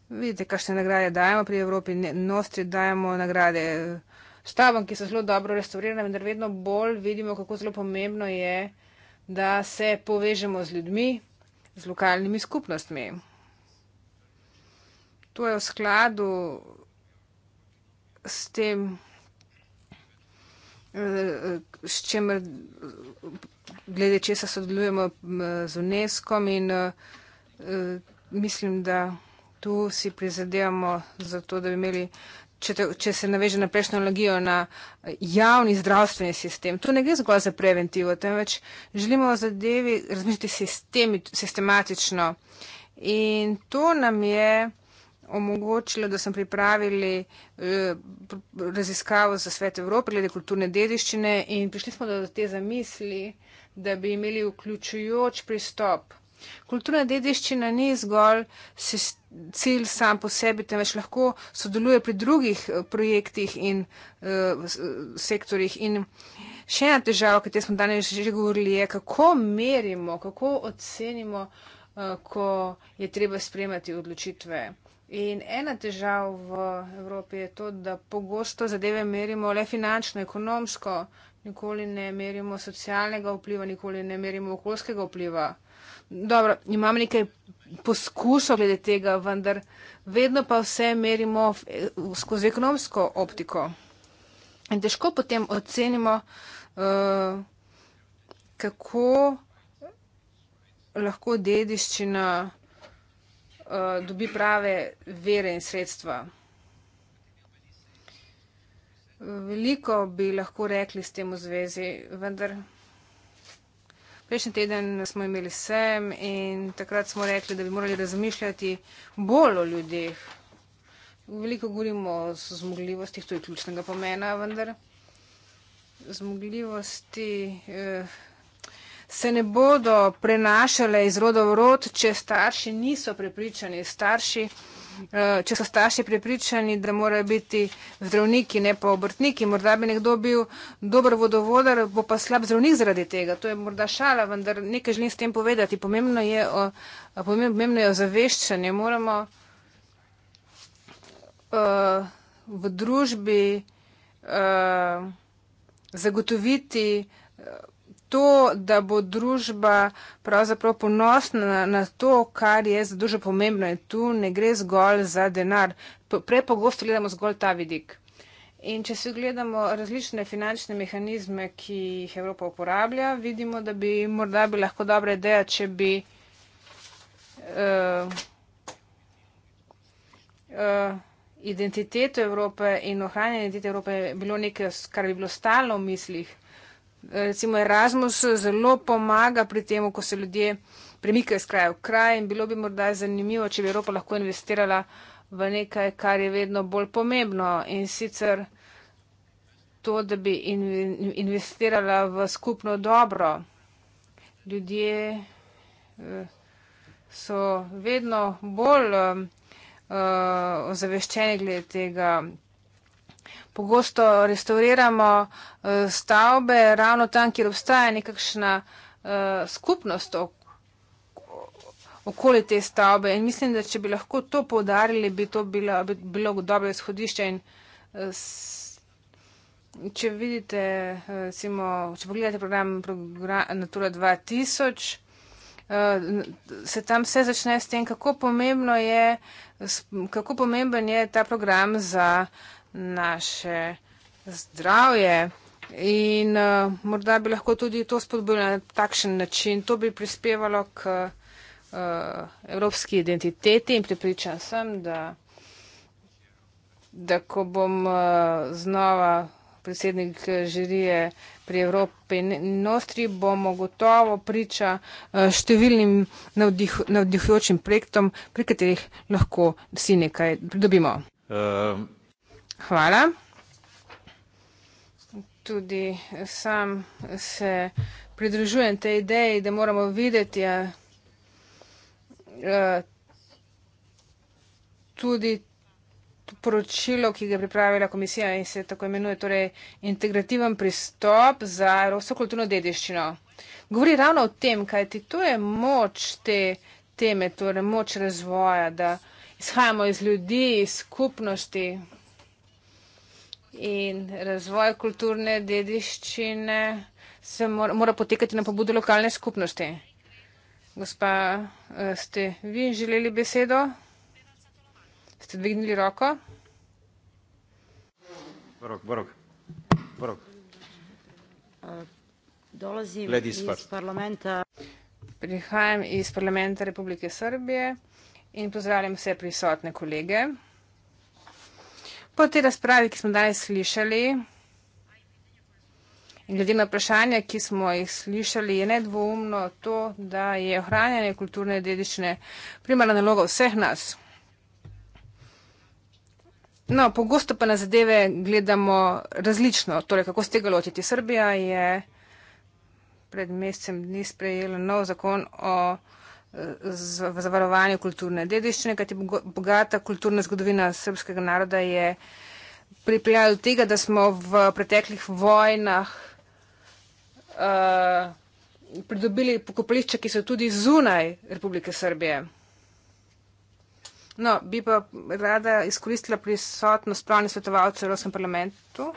S3: Vidite, kakšne nagrade dajemo pri Evropi, nostri dajemo nagrade eh, stavom, ki so zelo dobro restaurirane, vendar vedno bolj vidimo, kako zelo pomembno je, da se povežemo z ljudmi, z lokalnimi skupnostmi. To je v skladu s tem, eh, eh, s čemer, glede česa sodelujemo z UNESCO in eh, mislim, da tu si prizadevamo za to, da bi imeli, če, te, če se naveže na prejšnjo logijo, na javni zdravstveni sistem. Tu ne gre zgolj za preventivo, temveč želimo o zadevi razmišljati sistemi, sistematično. In to nam je omogočilo, da smo pripravili eh, raziskavo za svet Evrope glede kulturne dediščine in prišli smo do te zamisli, da bi imeli vključujoč pristop. Kulturna dediščina ni zgolj cilj sam po sebi, temveč lahko sodeluje pri drugih eh, projektih in eh, sektorjih. In še ena težava, o kateri smo danes že govorili, je, kako merimo, kako ocenimo, ko je treba sprejemati odločitve. In ena težav v Evropi je to, da pogosto zadeve merimo le finančno, ekonomsko, nikoli ne merimo socialnega vpliva, nikoli ne merimo okoljskega vpliva. Dobro, imam nekaj poskusov glede tega, vendar vedno pa vse merimo skozi ekonomsko optiko. In težko potem ocenimo, uh, kako lahko dediščina. Eh, dobi prave vere in sredstva. Veliko bi lahko rekli s tem v zvezi, vendar prejšnji teden smo imeli sem in takrat smo rekli, da bi morali razmišljati bolj o ljudeh. Veliko govorimo o zmogljivostih, to je ključnega pomena, vendar zmogljivosti. Eh, se ne bodo prenašale iz roda v rod, če starši niso prepričani. Starši, eh, če so starši prepričani, da morajo biti zdravniki, ne pa obrtniki, morda bi nekdo bil dober vodovodar, bo pa slab zdravnik zaradi tega. To je morda šala, vendar nekaj želim s tem povedati. Pomembno je, o, pomembno je ozaveščanje. Moramo uh, v družbi uh, zagotoviti. Uh, to, da bo družba pravzaprav ponosna na, na to, kar je za družbo pomembno. In tu ne gre zgolj za denar. Prepogosto gledamo zgolj ta vidik. In če si gledamo različne finančne mehanizme, ki jih Evropa uporablja, vidimo, da bi morda bila lahko dobra ideja, če bi uh, uh, identiteto Evrope in ohranjanje identitete Evrope bilo nekaj, kar bi bilo stalno v mislih recimo Erasmus zelo pomaga pri tem, ko se ljudje premikajo iz kraja v kraj in bilo bi morda zanimivo, če bi Evropa lahko investirala v nekaj, kar je vedno bolj pomembno in sicer to, da bi investirala v skupno dobro. Ljudje eh, so vedno bolj eh, ozaveščeni glede tega, pogosto restauriramo eh, stavbe ravno tam, kjer obstaja nekakšna eh, skupnost okoli te stavbe. In mislim, da če bi lahko to povdarili, bi to bilo, bi bilo dobro izhodišče. In, eh, če vidite, recimo, če pogledate program, program Natura 2000, se tam vse začne s tem, kako, pomembno je, kako pomemben je ta program za, naše zdravje. In uh, morda bi lahko tudi to spodbojilo na takšen način. To bi prispevalo k uh, evropski identiteti in pripričan sem, da, da ko bom uh, znova predsednik žirije pri Evropi in Nostri, bomo gotovo priča uh, številnim navdih, navdihujočim projektom, pri katerih lahko vsi nekaj pridobimo. Uh. Hvala. Tudi sam se pridružujem tej ideji, da moramo videti a, a, tudi poročilo, ki ga je pripravila komisija in se tako imenuje torej, integrativen pristop za evropsko kulturno dediščino. Govori ravno o tem, kaj ti to je moč te teme, torej moč razvoja, da izhajamo iz ljudi, iz skupnosti in razvoj kulturne dediščine se mora, mora potekati na pobudo lokalne skupnosti. Gospa, eh, ste vi želeli besedo? Ste dvignili roko?
S1: Borok, borok, borok.
S3: Eh, dolazim iz parlamenta. Prihajam iz parlamenta Republike Srbije in pozdravljam vse prisotne kolege. Po tej razpravi, ki smo danes slišali, in glede na vprašanja, ki smo jih slišali, je nedvoumno to, da je ohranjanje kulturne dediščine primarna naloga vseh nas. No, pogosto pa na zadeve gledamo različno, torej kako se tega lotiti. Srbija je pred mesecem dni sprejela nov zakon o v zavarovanju kulturne dediščine, kajti bogata kulturna zgodovina srpskega naroda je pripeljala do tega, da smo v preteklih vojnah uh, pridobili pokopališča, ki so tudi zunaj Republike Srbije. No, bi pa rada izkoristila prisotnost pravnih svetovalcev v Evropskem parlamentu,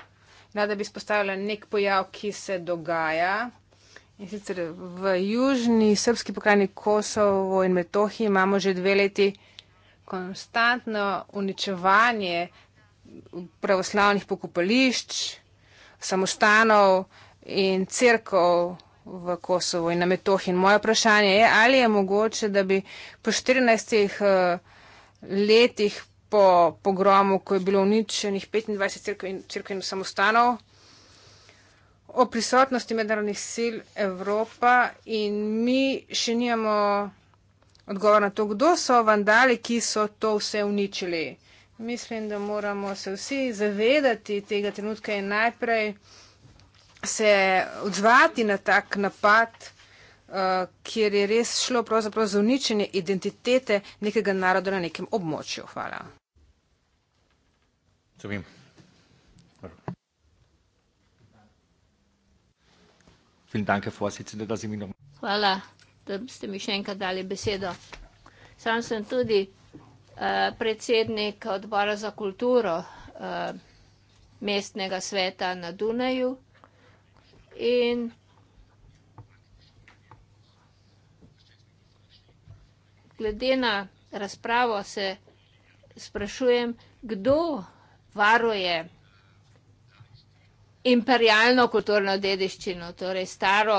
S3: rada bi izpostavila nek pojav, ki se dogaja. In sicer v južni srpski pokrajini Kosovo in Metohi imamo že dve leti konstantno uničevanje pravoslavnih pokopališč, samostanov in crkov v Kosovo in na Metohi. In moje vprašanje je, ali je mogoče, da bi po 14 eh, letih po pogromu, ko je bilo uničenih 25 crkv in, in samostanov, o prisotnosti mednarodnih sil Evropa in mi še nimamo odgovora na to, kdo so vandali, ki so to vse uničili. Mislim, da moramo se vsi zavedati tega trenutka in najprej se odzvati na tak napad, uh, kjer je res šlo pravzaprav za uničenje identitete nekega naroda na nekem območju. Hvala.
S1: Zobim. Vielen Dank, Herr Vorsitzender, dass Sie mich noch.
S2: Hvala, da ste mi še enkrat dali besedo. Sam sem tudi eh, predsednik odbora za kulturo eh, mestnega sveta na Dunaju in glede na razpravo se sprašujem, kdo varuje imperialno kulturno dediščino, torej staro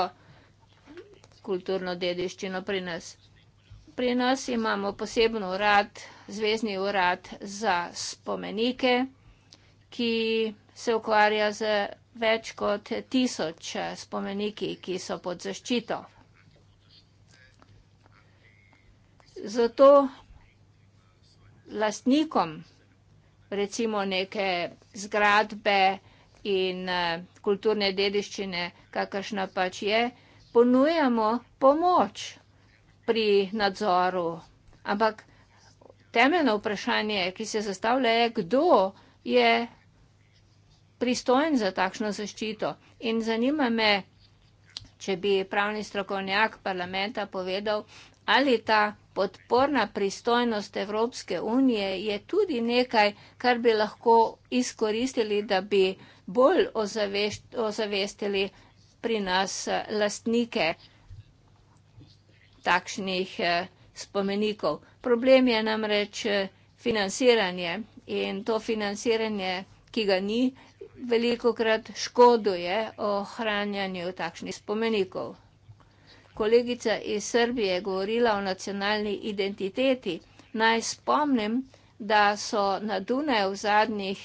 S2: kulturno dediščino pri nas. Pri nas imamo posebno urad, zvezdni urad za spomenike, ki se ukvarja z več kot tisoč spomeniki, ki so pod zaščito. Zato lastnikom recimo neke zgradbe, in eh, kulturne dediščine, kakršna pač je, ponujamo pomoč pri nadzoru. Ampak temeljno vprašanje, ki se zastavlja, je, kdo je pristojen za takšno zaščito. In zanima me, če bi pravni strokovnjak parlamenta povedal, ali ta podporna pristojnost Evropske unije je tudi nekaj, kar bi lahko izkoristili, da bi bolj ozavešt, ozavestili pri nas eh, lastnike takšnih eh, spomenikov. Problem je namreč eh, financiranje in to financiranje, ki ga ni, veliko krat škoduje ohranjanju takšnih spomenikov. Kolegica iz Srbije je govorila o nacionalni identiteti. Naj spomnim, da so na Dunaju v zadnjih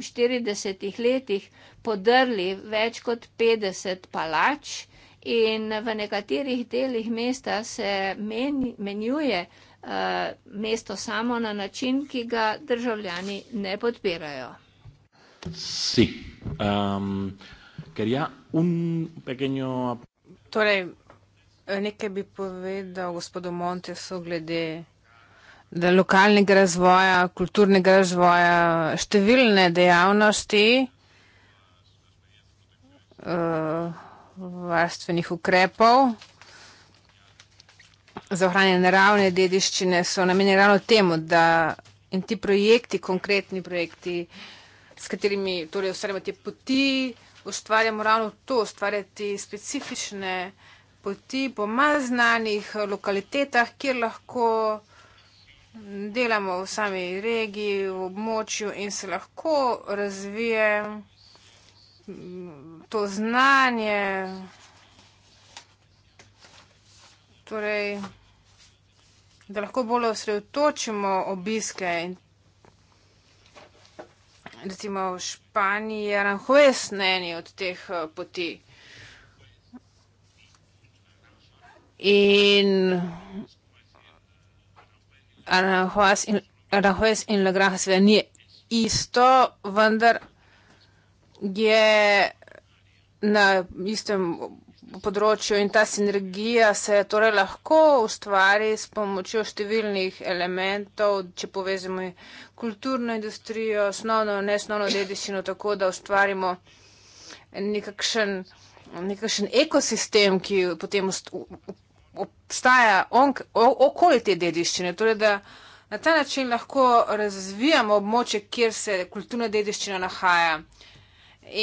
S2: 40 letih podrli več kot 50 palač in v nekaterih delih mesta se men, menjuje uh, mesto samo na način, ki ga državljani ne podpirajo.
S3: Si. Um, torej, nekaj bi povedal gospodu Montesu glede lokalnega razvoja, kulturnega razvoja, številne dejavnosti, eh, varstvenih ukrepov za ohranjanje naravne dediščine so namenjeni ravno temu, da in ti projekti, konkretni projekti, s katerimi torej ustvarjamo te poti, ustvarjamo ravno to, ustvarjati specifične poti po manj znanih lokalitetah, kjer lahko delamo v sami regiji, v območju in se lahko razvije mm, to znanje. Torej, da lahko bolj osredotočimo obiske. Recimo v Španiji je Aranjuez na eni od teh eh, poti. In Aranjuez in, Aranjuez in La Graha sve ni isto, vendar je na istem področju in ta sinergija se torej lahko ustvari s pomočjo številnih elementov, če povezamo kulturno industrijo, osnovno in nesnovno dedišino, tako da ustvarimo nekakšen, nekakšen ekosistem, ki potem ustvari obstaja on, o, okoli te dediščine. Torej, da na ta način lahko razvijamo območje, kjer se kulturna dediščina nahaja.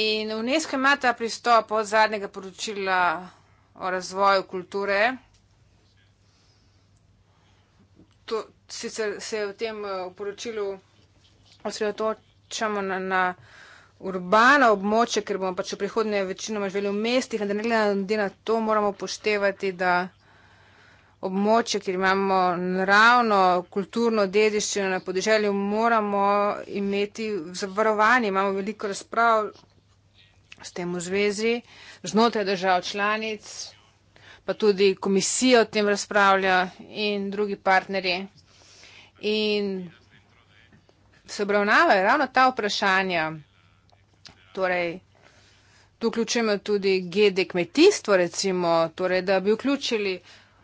S3: In UNESCO ima ta pristop od zadnjega poročila o razvoju kulture. To, sicer se v tem eh, poročilu osredotočamo na, na urbano območje, ker bomo pač v prihodnje večinoma živeli v mestih, ampak ne glede na to moramo poštevati, da območje, kjer imamo naravno kulturno dediščino na podeželju, moramo imeti zavarovanje. Imamo veliko razprav s tem v zvezi, znotraj držav članic, pa tudi komisija o tem razpravlja in drugi partnerji. In se obravnavajo ravno ta vprašanja, torej tu vključujemo tudi GD kmetijstvo, recimo, torej, da bi vključili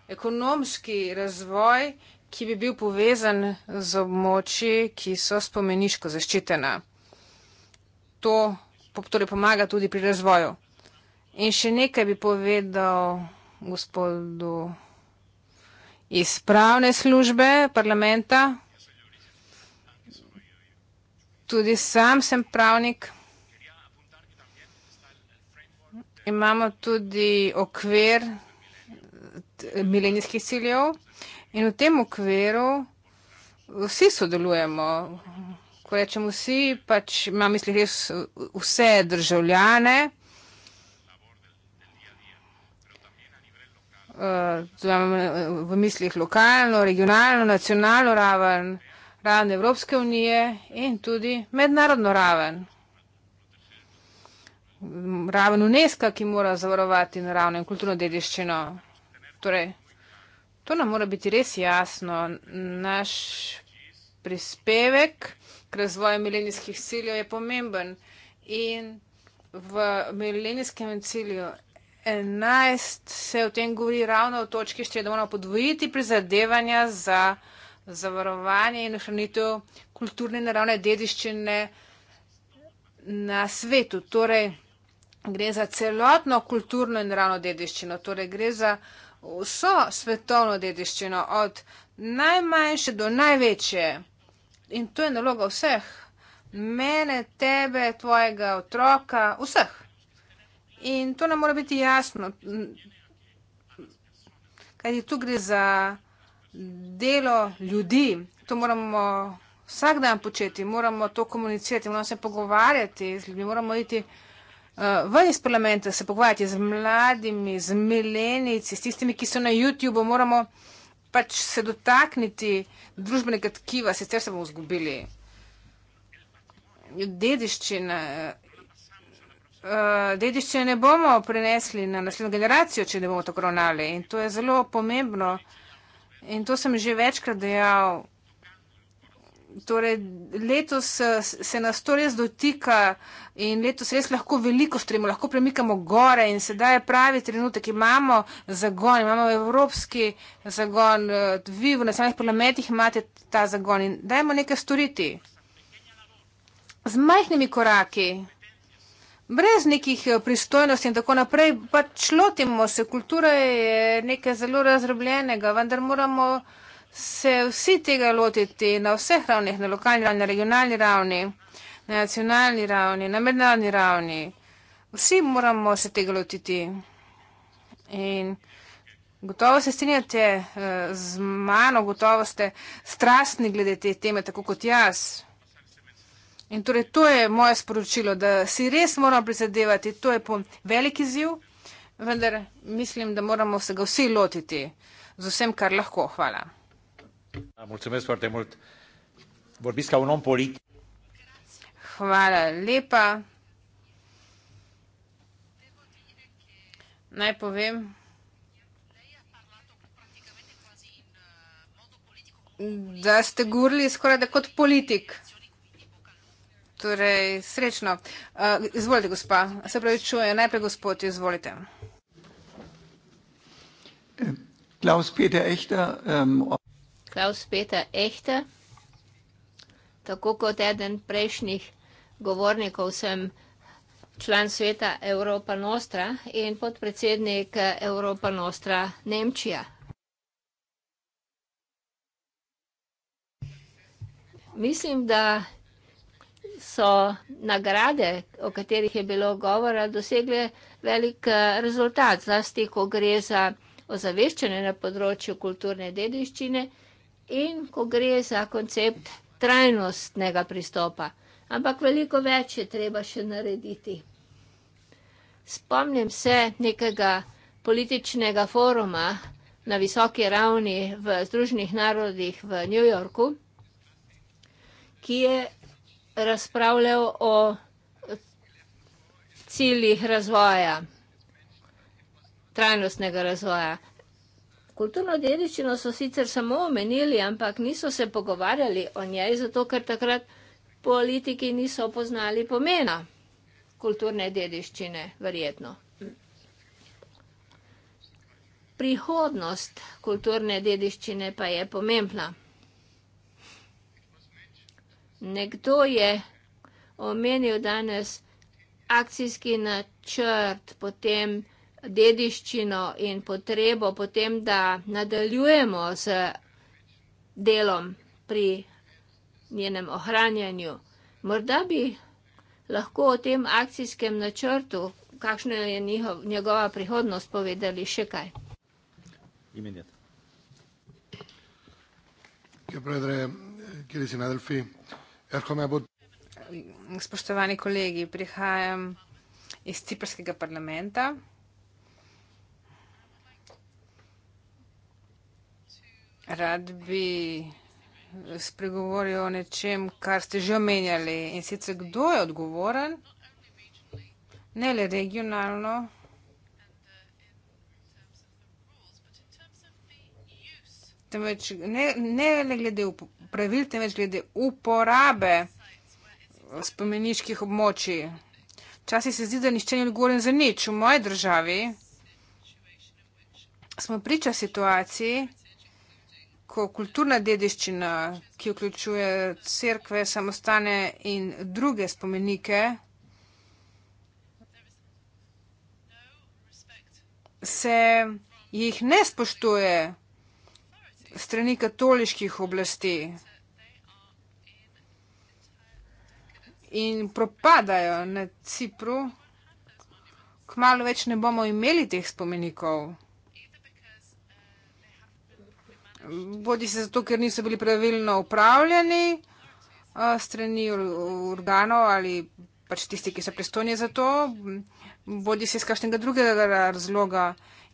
S3: ekonomski razvoj, ki bi bil povezan z območji, ki so spomeniško zaščitena. To torej pomaga tudi pri razvoju. In še nekaj bi povedal gospodu iz pravne službe parlamenta. Tudi sam sem pravnik. Imamo tudi okvir milenijskih ciljev in v tem okviru vsi sodelujemo. Ko rečem vsi, pač imam misli res vse državljane. Eh, eh, v mislih lokalno, regionalno, nacionalno raven, raven Evropske unije in tudi mednarodno raven. Raven UNESCO, ki mora zavarovati naravno in kulturno dediščino. Torej, to nam mora biti res jasno. Naš prispevek k razvoju milenijskih ciljev je pomemben in v milenijskem cilju 11 se o tem govori ravno v točki, še da moramo podvojiti prizadevanja za zavarovanje in ohranitev kulturne naravne dediščine na svetu. Torej, gre za celotno kulturno in naravno dediščino. Torej, gre za uh, vso svetovno dediščino, od najmanjše do največje. In to je naloga vseh, mene, tebe, tvojega otroka, vseh. In to nam mora biti jasno, kajti tu gre za delo ljudi, to moramo vsak dan početi, moramo to komunicirati, moramo se pogovarjati z ljudmi, moramo iti. Uh, ven iz parlamenta se pogovarjati z mladimi, z milenici, s tistimi, ki so na YouTubu, moramo pač se dotakniti družbenega tkiva, sicer se bomo zgubili. Dediščine. Uh, dediščine ne bomo prenesli na naslednjo generacijo, če ne bomo tako ravnali. In to je zelo pomembno. In to sem že večkrat dejal torej letos eh, se nas to res dotika in letos res lahko veliko stremo, lahko premikamo gore in sedaj je pravi trenutek. Imamo zagon, imamo evropski zagon, eh, vi v nacionalnih parlamentih imate ta zagon in dajmo nekaj storiti. Z majhnimi koraki, brez nekih eh, pristojnosti in tako naprej, pač lotimo se. Kultura je nekaj zelo razrobljenega, vendar moramo se vsi tega lotiti na vseh ravnih, na lokalni ravni, na regionalni ravni, na nacionalni ravni, na mednarodni ravni. Vsi moramo se tega lotiti. In gotovo se strinjate eh, z mano, gotovo ste strastni glede te teme, tako kot jaz. In torej to je moje sporočilo, da si res moramo prizadevati, to je po veliki ziv, vendar mislim, da moramo se ga vsi lotiti z vsem, kar lahko. Hvala.
S1: Mulțumesc foarte mult. Vorbiți ca un om politic.
S3: Hvala lepa. Naj povem, da ste govorili skoraj da kot politik. Torej, srečno. Uh, izvolite, gospa. Se pravi, čujem. Najprej, gospod, izvolite.
S2: Klaus Peter Echter. Um, Klaus-Peter Echter. Tako kot eden prejšnjih govornikov sem član sveta Evropa Nostra in podpredsednik Evropa Nostra Nemčija. Mislim, da so nagrade, o katerih je bilo govora, dosegle velik eh, rezultat, zlasti, ko gre za ozaveščanje na področju kulturne dediščine in in ko gre za koncept trajnostnega pristopa. Ampak veliko več je treba še narediti. Spomnim se nekega političnega foruma na visoki ravni v Združenih narodih v New Yorku, ki je razpravljal o ciljih razvoja, trajnostnega razvoja. Kulturno dediščino so sicer samo omenili, ampak niso se pogovarjali o njej, zato ker takrat politiki niso poznali pomena kulturne dediščine, verjetno. Prihodnost kulturne dediščine pa je pomembna. Nekdo je omenil danes akcijski načrt, potem dediščino in potrebo potem, da nadaljujemo z delom pri njenem ohranjanju. Morda bi lahko o tem akcijskem načrtu, kakšna je njihov, njegova prihodnost, povedali še kaj.
S3: Imenjate. Spoštovani kolegi, prihajam iz Ciprskega parlamenta, Rad bi spregovoril o nečem, kar ste že omenjali in sicer kdo je odgovoren, ne le regionalno, temveč ne, ne le glede pravil, temveč glede uporabe spomeniških območij. Včasih se zdi, da nišče ni odgovoren za nič. V moji državi smo priča situaciji, tako kulturna dediščina, ki vključuje cerkve, samostane in druge spomenike, se jih ne spoštuje strani katoliških oblasti in propadajo na Cipru, kmalo več ne bomo imeli teh spomenikov bodi se zato, ker niso bili pravilno upravljeni eh, strani organov ali pač tisti, ki so pristojni za to, bodi se iz kakšnega drugega razloga.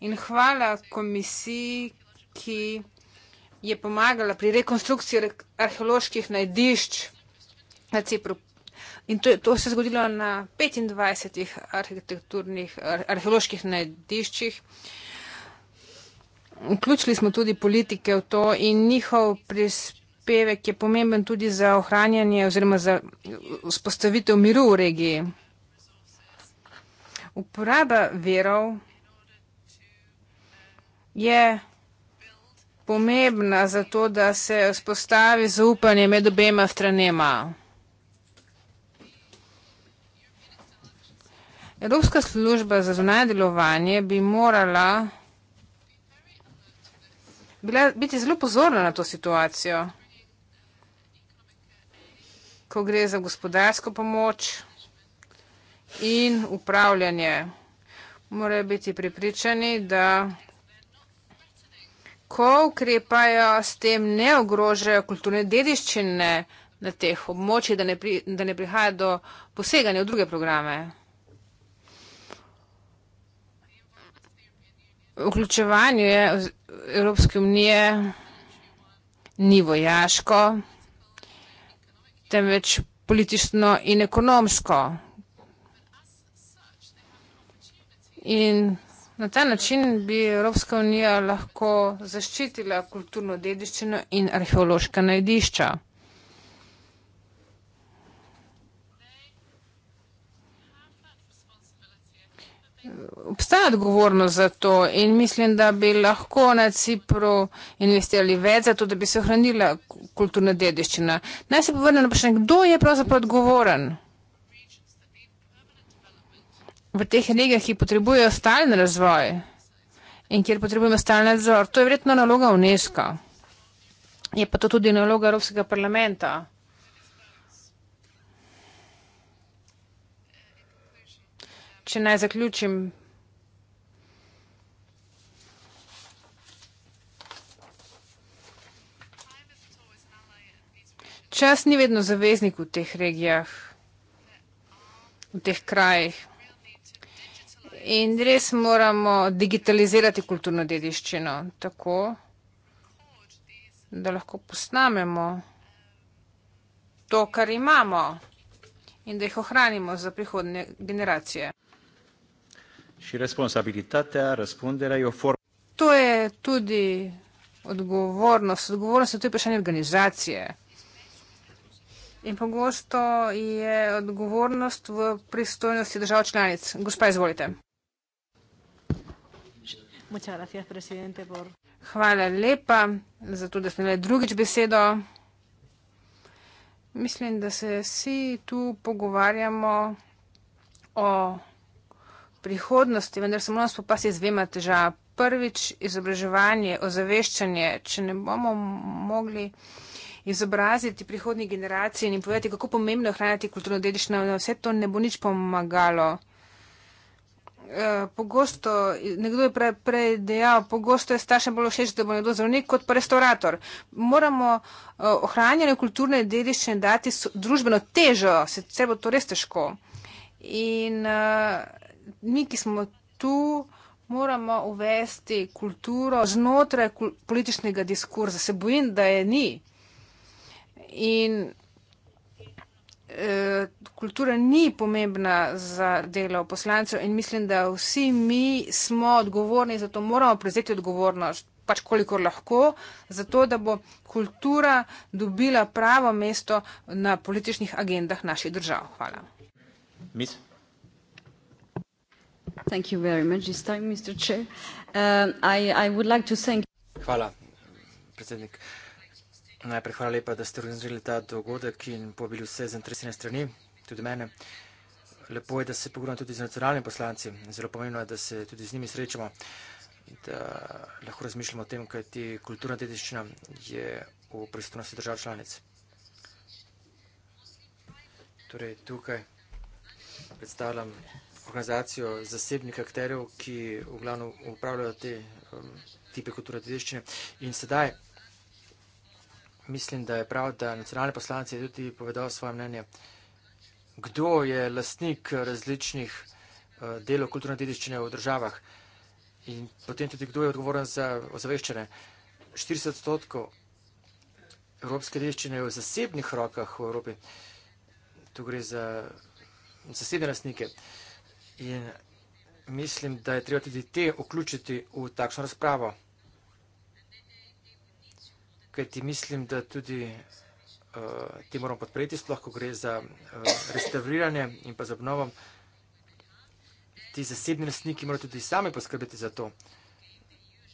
S3: In hvala komisiji, ki je pomagala pri rekonstrukciji arheoloških najdišč na Cipru. In to, to se je zgodilo na 25 arheoloških najdiščih. Uh, vključili smo tudi politike v to in njihov prispevek je pomemben tudi za ohranjanje oziroma za spostavitev miru v regiji. Uporaba verov je pomembna za to, da se spostavi zaupanje med obema stranema. Evropska služba za zunanje delovanje bi morala biti zelo pozorna na to situacijo, ko gre za gospodarsko pomoč in upravljanje. Morajo biti pripričani, da ko ukrepajo, s tem ne ogrožajo kulturne dediščine na teh območjih, da, da ne prihaja do poseganja v druge programe. Vključevanje Evropske unije ni vojaško, temveč politično in ekonomsko. In na ta način bi Evropska unija lahko zaščitila kulturno dediščino in arheološka najdišča. obstaja odgovornost za to in mislim, da bi lahko na Cipru investirali več za to, da bi se ohranila kulturna dediščina. Naj se povrne na vprašanje, kdo je pravzaprav odgovoren? V teh regijah, ki potrebujejo stalen razvoj in kjer potrebujemo stalen nadzor, to je verjetno naloga UNESCO. Je pa to tudi naloga Evropskega parlamenta. Če naj zaključim. Čas ni vedno zaveznik v teh regijah, v teh krajih. In res moramo digitalizirati kulturno dediščino tako, da lahko posnamemo to, kar imamo in da jih ohranimo za prihodne generacije. E to je tudi odgovornost. Odgovornost je tudi vprašanje organizacije. In pogosto je odgovornost v pristojnosti držav članic. Gospa, izvolite. Hvala lepa za to, da ste imeli drugič besedo. Mislim, da se vsi tu pogovarjamo o prihodnosti, vendar se moramo spopasti z dvema težava. Prvič, izobraževanje, ozaveščanje, če ne bomo mogli izobraziti prihodnji generaciji in povedati, kako pomembno je hraniti kulturno dediščino, vse to ne bo nič pomagalo. Eh, pogosto, nekdo je prej, prej dejal, pogosto je staršem bolj všeč, da bo nekdo zdravnik kot pa restaurator. Moramo eh, ohranjanje kulturne dediščine dati družbeno težo, sicer bo to res težko. In uh, mi, ki smo tu, moramo uvesti kulturo znotraj kul političnega diskurza. Se bojim, da je ni. In eh, Kultura ni pomembna za delo poslancev in mislim, da vsi mi smo odgovorni, zato moramo prevzeti odgovornost, pač kolikor lahko, zato da bo kultura dobila pravo mesto na političnih agendah naših držav. Hvala. Mislim. Thank you very much this time, Mr.
S2: Chair. Uh, I, I would like to thank...
S1: Hvala, predsednik. Najprej hvala lepa, da ste organizirali ta dogodek in pobili vse z interesene strani, tudi mene. Lepo je, da se pogledam tudi z nacionalnimi poslanci. Zelo pomembno je, da se tudi z njimi srečamo, da lahko razmišljamo o tem, kaj ti kulturna dediščina je v pristojnosti držav članic. Torej, tukaj predstavljam organizacijo zasebnih akterjev, ki v glavnem upravljajo te um, tipe kulture dediščine. In sedaj mislim, da je prav, da nacionalni poslanec je tudi povedal svoje mnenje, kdo je lastnik različnih uh, delov kulturne dediščine v državah in potem tudi, kdo je odgovoren za ozaveščanje. 40 odstotkov evropske dediščine je v zasebnih rokah v Evropi. Tu gre za zasebne lastnike. Uh, In mislim, da je treba tudi te vključiti v takšno razpravo. Kaj ti mislim, da tudi eh, ti moramo podpreti, sploh, ko gre za eh, restauriranje in pa za obnovo. Ti zasebni lastniki morajo tudi sami poskrbeti za to.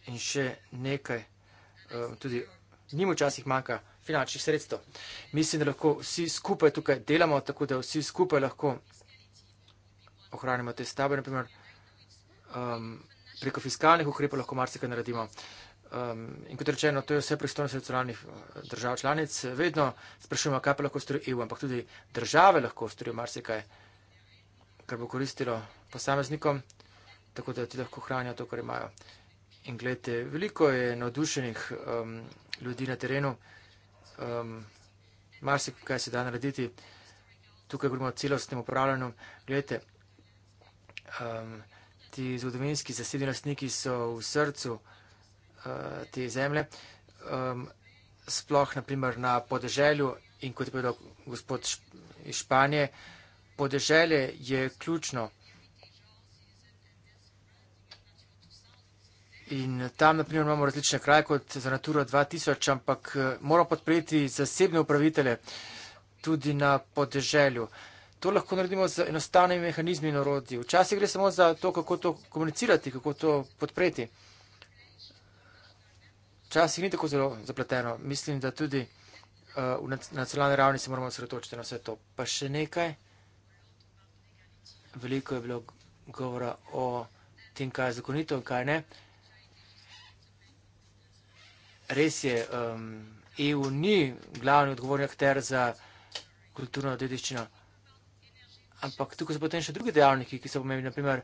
S1: In še nekaj, eh, tudi njim včasih manjka finančnih sredstev. Mislim, da lahko vsi skupaj tukaj delamo, tako da vsi skupaj lahko ohranimo te stave, naprimer, um, preko fiskalnih ukrepov lahko marsikaj naredimo. Um, in kot rečeno, to je vse pristojnost nacionalnih uh, držav članic. Vedno sprašujemo, kaj pa lahko stori EU, ampak tudi države lahko storijo marsikaj, kar bo koristilo posameznikom, tako da ti lahko hranijo to, kar imajo. In gledajte, veliko je navdušenih um, ljudi na terenu, um, marsikaj se da narediti. Tukaj govorimo o celostnem upravljanju. Gledajte, um, ti zgodovinski zasebni lastniki so v srcu uh, te zemlje, um, sploh naprimer na podeželju in kot je povedal gospod iz Španije, podeželje je ključno. In tam, naprimer, imamo različne kraje kot za Natura 2000, ampak eh, moramo podpreti zasebne upravitele tudi na podeželju. Uh, To lahko naredimo z enostavnimi mehanizmi in orodji. Včasih gre samo za to, kako to komunicirati, kako to podpreti. Včasih ni tako zelo zapleteno. Mislim, da tudi uh, na nacionalni ravni se moramo osredotočiti na vse to. Pa še nekaj. Veliko je bilo govora o tem, kaj je zakonito in kaj ne. Res je, um, EU ni glavni odgovorni akter za kulturno dediščino. Ampak tukaj so potem še drugi dejavniki, ki so pomembni, naprimer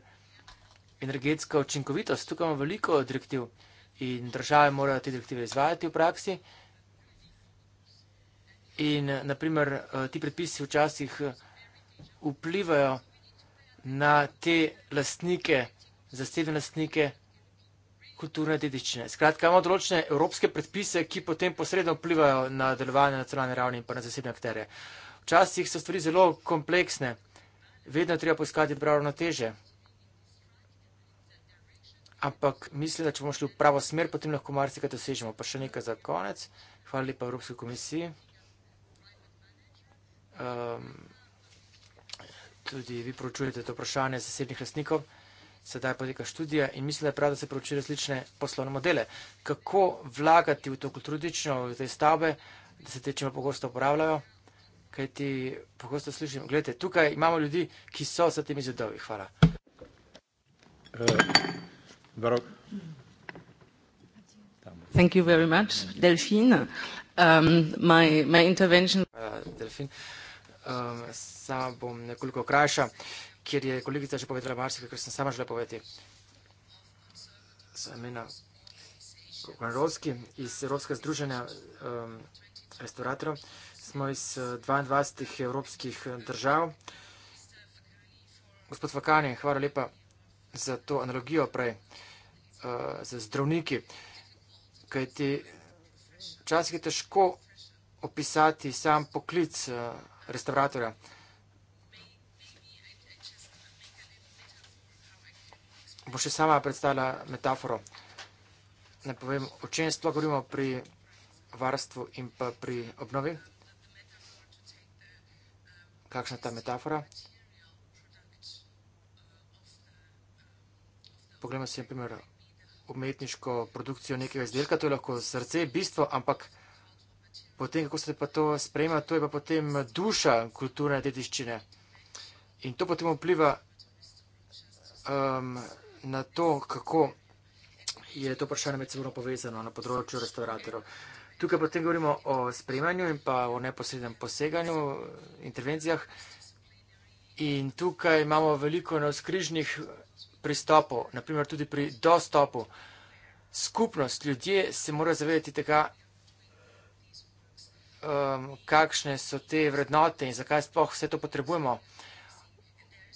S1: energetska učinkovitost. Tukaj imamo veliko direktiv in države morajo te direktive izvajati v praksi. In naprimer eh, ti predpisi včasih eh, vplivajo na te lastnike, zasebne lastnike kulturne dedičine. Skratka, imamo določene evropske predpise, ki potem posredno vplivajo na delovanje na nacionalne ravni in pa na zasebne akterje. Včasih so stvari zelo kompleksne vedno je treba poiskati pravo na teže. Ampak mislim, da če bomo šli v pravo smer, potem lahko marsikaj dosežemo. Pa še nekaj za konec. Hvala lepa Evropski komisiji. Um, tudi vi proučujete to vprašanje zasebnih lastnikov. Sedaj poteka študija in mislim, da je prav, da se proučijo različne poslovne modele. Kako vlagati v to kulturno, v te stavbe, da se te čim pogosto uporabljajo? kaj ti pogosto slišim. Glede, tukaj imamo ljudi, ki so za temi zidovi. Hvala.
S2: Uh,
S3: Thank you very much, Delfin. Um, my, my intervention... Hvala, eh, Delfin. Um, sama bom
S1: nekoliko krajša, ker je kolegica že povedala marsikaj, ker sem sama želela povedati. Samina Kogranrovski iz Evropska združenja um, restauratorov smo iz 22 eh, evropskih eh, držav. Gospod Vakani, hvala lepa za to analogijo prej, eh, za zdravniki, kaj ti včasih je težko opisati sam poklic restauratora. Bo še sama predstavila metaforo. Ne povem, o čem sploh govorimo pri varstvu in pa pri obnovi kakšna ta metafora. Poglejmo si, na primer, umetniško produkcijo nekega izdelka, to je lahko srce, bistvo, ampak potem, kako se pa to sprejema, to je pa potem duša kulturne dediščine. In to potem vpliva um, na to, kako je to vprašanje med seboj povezano na področju restauratorjev. Uh, Tukaj potem govorimo o spremanju in pa o neposrednem poseganju, intervencijah. In tukaj imamo veliko navskrižnih pristopov, naprimer tudi pri dostopu. Skupnost, ljudje se morajo zavedati tega, um, kakšne so te vrednote in zakaj sploh vse to potrebujemo.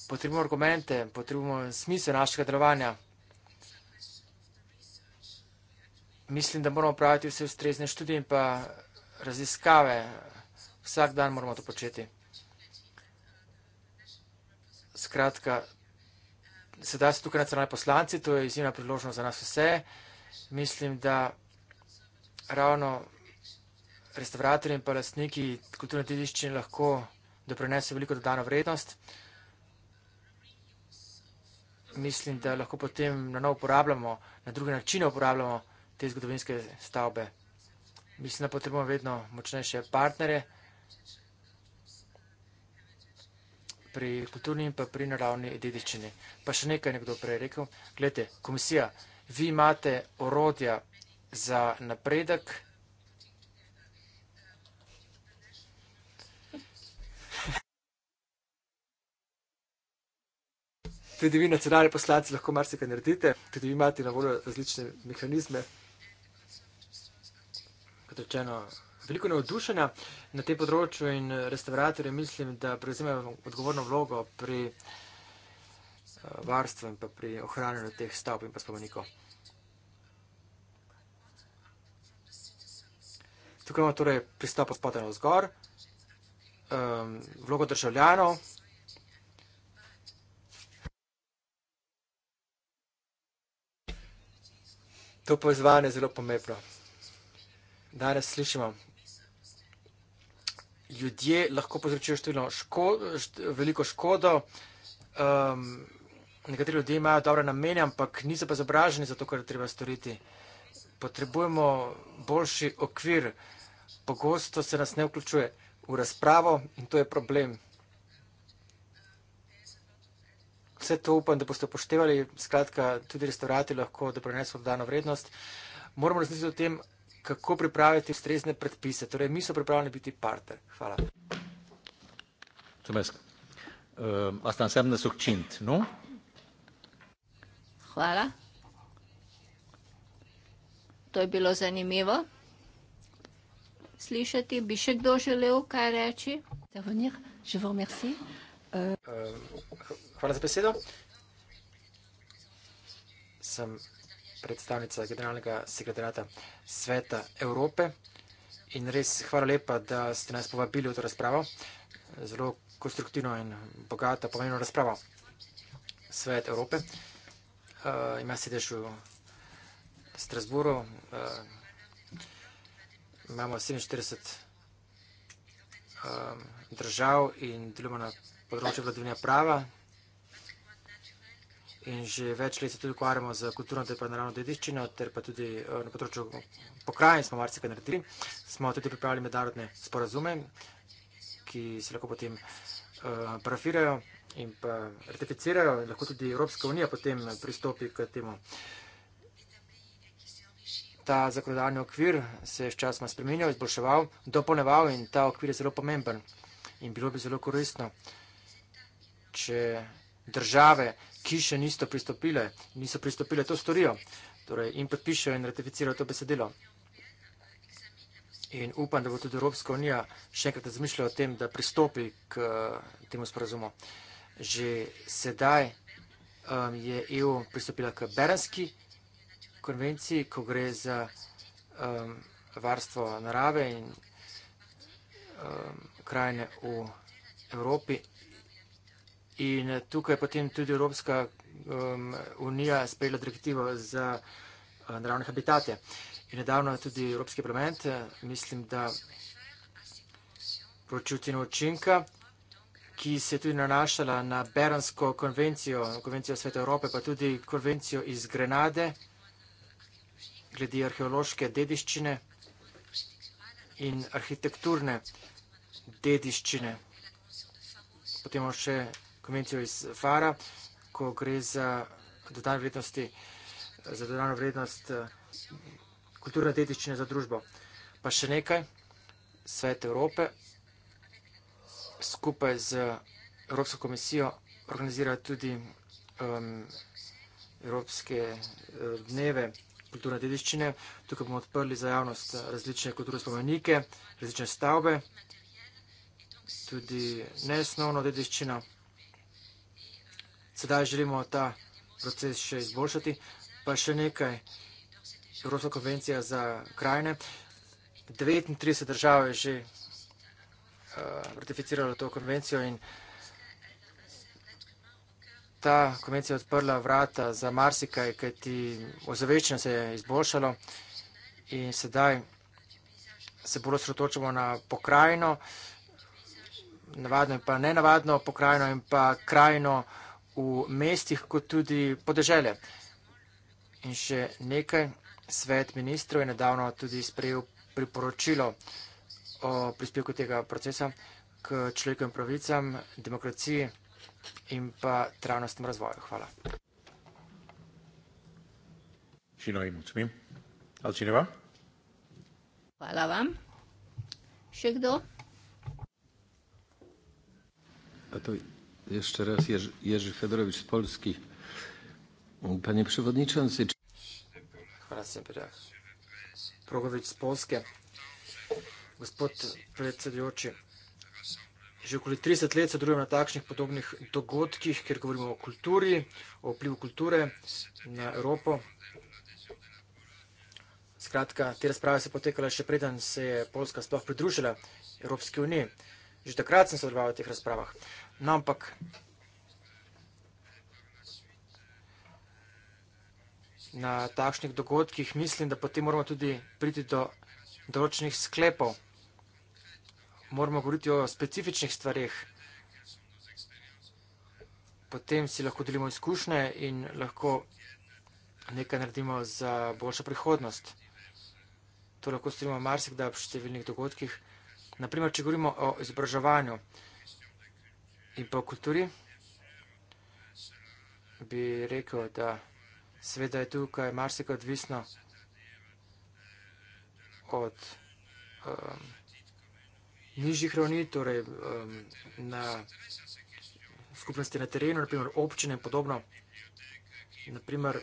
S1: Potrebujemo argumente, potrebujemo smisel našega delovanja. mislim, da moramo praviti vse ustrezne študije in pa raziskave. Vsak dan moramo to početi. Skratka, sedaj so tukaj nacionalni poslanci, to je izjemna priložnost za nas vse. Mislim, da ravno restauratorji in pa lastniki kulturne dediščine lahko doprinesejo veliko dodano vrednost. Mislim, da lahko potem na novo uporabljamo, na druge načine uporabljamo te zgodovinske stavbe. Mislim, da potrebujemo vedno močnejše partnere pri kulturni in pa pri naravni dediščini. Pa še nekaj nekdo prej rekel. Glede, komisija, vi imate orodja za napredek. Tudi vi, nacionalni poslanci, lahko marsikaj naredite, tudi vi imate na voljo različne mehanizme rečeno, veliko navdušenja na tem področju in restauratorje mislim, da prevzemajo odgovorno vlogo pri eh, varstvu in pa pri ohranjanju teh stavb in pa spomenikov. Tukaj imamo torej pristop od spodaj navzgor, ehm, vlogo državljanov, To povezovanje je zelo pomembno danes slišimo. Ljudje lahko povzročijo ško, veliko škodo. Um, nekateri ljudje imajo dobre namene, ampak niso pa zobraženi za to, kar treba storiti. Potrebujemo boljši okvir. Pogosto se nas ne vključuje v razpravo in to je problem. Vse to upam, da boste upoštevali. Skratka, tudi restaurati lahko doprinesemo dodano vrednost. Moramo razmisliti o tem, kako pripraviti ustrezne predpise. Torej, mi smo pripravljeni biti partner. Hvala. Ehm, no?
S2: Hvala. To je bilo zanimivo slišati. Bi še kdo želel kaj reči? Ehm,
S1: hvala za besedo. Sem predstavnica generalnega sekretarata Sveta Evrope. In res hvala lepa, da ste nas povabili v to razpravo. Zelo konstruktivno in bogato pomenilo razpravo Svet Evrope. Eh, ima sedež v Strasburu. Eh, imamo 47 eh, držav in delujemo na področju vladovnja prava, in že več let se tudi ukvarjamo z kulturno in naravno dediščino, ter pa tudi eh, na področju pokrajin smo marsikaj naredili. Smo tudi pripravili mednarodne sporazume, ki se lahko potem eh, parafirajo in pa ratificirajo, lahko tudi Evropska unija potem pristopi k temu. Ta zakonodajni okvir se je sčasoma spremenjal, izboljševal, dopolneval in ta okvir je zelo pomemben in bilo bi zelo koristno, če države, ki še niso pristopile, niso pristopile, to storijo torej, in podpišejo in ratificirajo to besedilo. In upam, da bo tudi Evropska unija še enkrat razmišljala o tem, da pristopi k temu sporazumu. Že sedaj um, je EU pristopila k Berenski konvenciji, ko gre za um, varstvo narave in um, krajine v Evropi In eh, tukaj je potem tudi Evropska um, unija sprejela direktivo za eh, naravne habitate. In nedavno je tudi Evropski parlament, eh, mislim, da počutino učinka, ki se je tudi nanašala na Beransko konvencijo, konvencijo Sveta Evrope, pa tudi konvencijo iz Grenade glede arheološke dediščine in arhitekturne dediščine. Potem še konvencijo iz FARA, ko gre za dodano vrednost, za dodano vrednost eh, kulturne dediščine za družbo. Pa še nekaj, Svet Evrope skupaj z Evropsko komisijo organizira tudi um, Evropske eh, dneve kulturne dediščine. Tukaj bomo odprli za javnost različne kulturne spomenike, različne stavbe, tudi neosnovno dediščino sedaj želimo ta proces še izboljšati. Pa še nekaj, Evropska konvencija za krajine. 39 držav je že uh, ratificiralo to konvencijo in ta konvencija je odprla vrata za marsikaj, kajti ozaveščanje se je izboljšalo in sedaj se bolj osredotočamo na pokrajino, navadno in pa nenavadno pokrajino in pa krajino. Uh, v mestih kot tudi podeželje. In še nekaj, svet ministrov je nedavno tudi sprejel priporočilo o prispevku tega procesa k človekovim pravicam, demokraciji in pa trajnostnem razvoju. Hvala. Šinoji, mučim. Alčineva?
S2: Hvala vam. Še kdo?
S1: A to je. Jeszcze raz Jerzy, Jerzy Fedorowicz z Polski. Panie Przewodniczący, czy... Prowadzić z Polski. Gospodzie Že okoli 30 let se družimo na takšnih podobnih dogodkih, kjer govorimo o kulturi, o vplivu kulture na Evropo. Skratka, te razprave so potekale še preden se je Polska sploh pridružila Evropski uniji. Že takrat sem sodeloval v teh razpravah. No, ampak na takšnih dogodkih mislim, da potem moramo tudi priti do določenih sklepov. Moramo govoriti o specifičnih stvarih. Potem si lahko delimo izkušnje in lahko nekaj naredimo za boljšo prihodnost. To lahko storimo marsikdaj ob številnih dogodkih. Naprimer, če govorimo o izobraževanju in pa v kulturi, bi rekel, da sveda je tukaj marsika odvisno od um, nižjih ravni, torej um, na skupnosti na terenu, naprimer občine in podobno. Naprimer,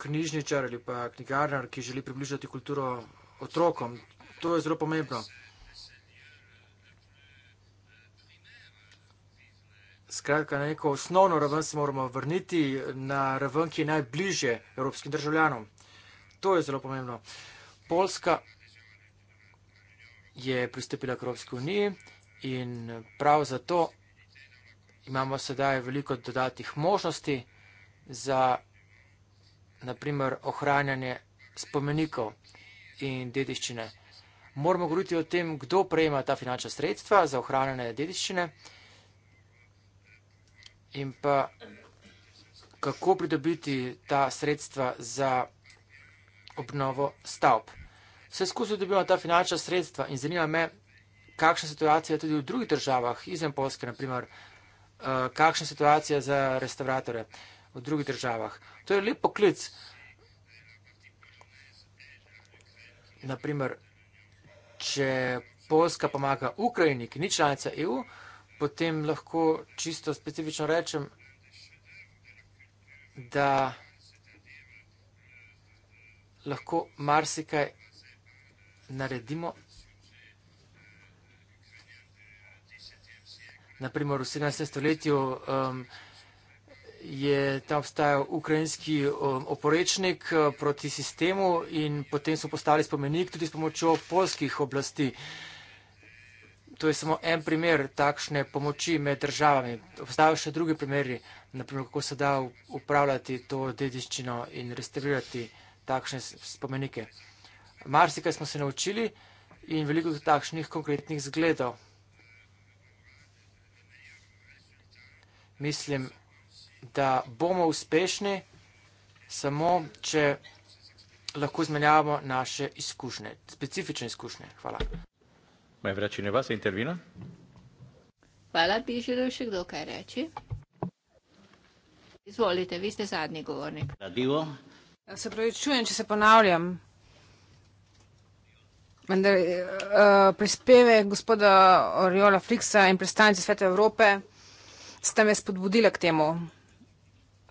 S1: knjižničar ali pa knjigarnar, ki želi približati kulturo otrokom, to je zelo pomembno. Skratka, na neko osnovno raven se moramo vrniti na raven, ki je najbližje evropskim državljanom. To je zelo pomembno. Polska je pristopila k Evropski uniji in prav zato imamo sedaj veliko dodatnih možnosti za naprimer ohranjanje spomenikov in dediščine. Moramo govoriti o tem, kdo prejema ta finančna sredstva za ohranjanje dediščine in pa kako pridobiti ta sredstva za obnovo stavb. Vse skozi dobimo ta finančna sredstva in zanima me, kakšna situacija je tudi v drugih državah, izven Polske, naprimer, eh, kakšna situacija za restauratore v drugih državah. To je lep poklic. Naprimer, če Polska pomaga Ukrajini, ki ni članica EU, potem lahko čisto specifično rečem, da lahko marsikaj naredimo. Naprimer, v 17. stoletju um, je tam obstajal ukrajinski um, oporečnik uh, proti sistemu in potem so postali spomenik tudi s pomočjo polskih oblasti. Uh, To je samo en primer takšne pomoči med državami. Obstajajo še drugi primeri, naprimer, kako se da upravljati to dediščino in restaurirati takšne spomenike. Marsikaj smo se naučili in veliko takšnih konkretnih zgledov. Mislim, da bomo uspešni samo, če lahko zmenjamo naše izkušnje, specifične izkušnje. Hvala. Mai vrea cineva să intervină?
S2: Hvala, bi želel še kdo kaj reči. Izvolite, vi ste zadnji govornik. Radivo. Ja, se pravi, čujem, če se ponavljam.
S3: Vendar, uh, eh, eh, prispeve gospoda Oriola Friksa in predstavnice Sveta Evrope sta me spodbudila k temu.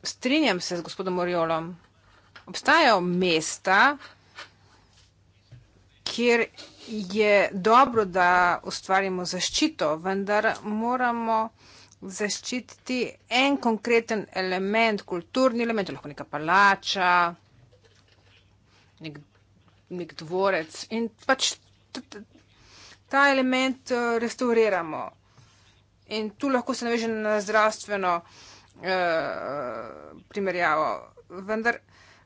S3: Strinjam se z gospodom Oriolom. Obstajajo mesta, kjer je dobro, da ustvarimo zaščito, vendar moramo zaščititi en konkreten element, kulturni element, lahko neka palača, nek, nek dvorec in pač ta element eh, restauriramo. In tu lahko se naveže na zdravstveno eh, primerjavo. Vendar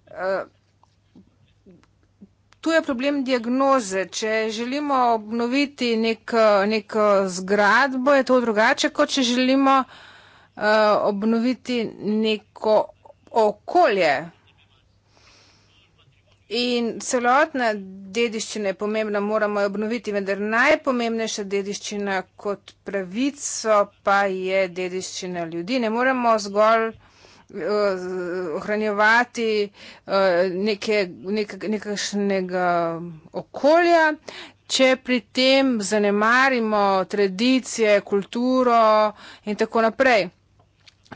S3: eh, tu je problem diagnoze. Če želimo obnoviti neko, neko eh, zgradbo, je to drugače, kot če želimo uh, obnoviti neko okolje. In celotna dediščina je pomembna, moramo jo obnoviti, vendar najpomembnejša dediščina kot pravico pa je dediščina ljudi. Ne moremo zgolj. Eh, ohranjevati eh, nekakšnega okolja, če pri tem zanemarimo tradicije, kulturo in tako naprej.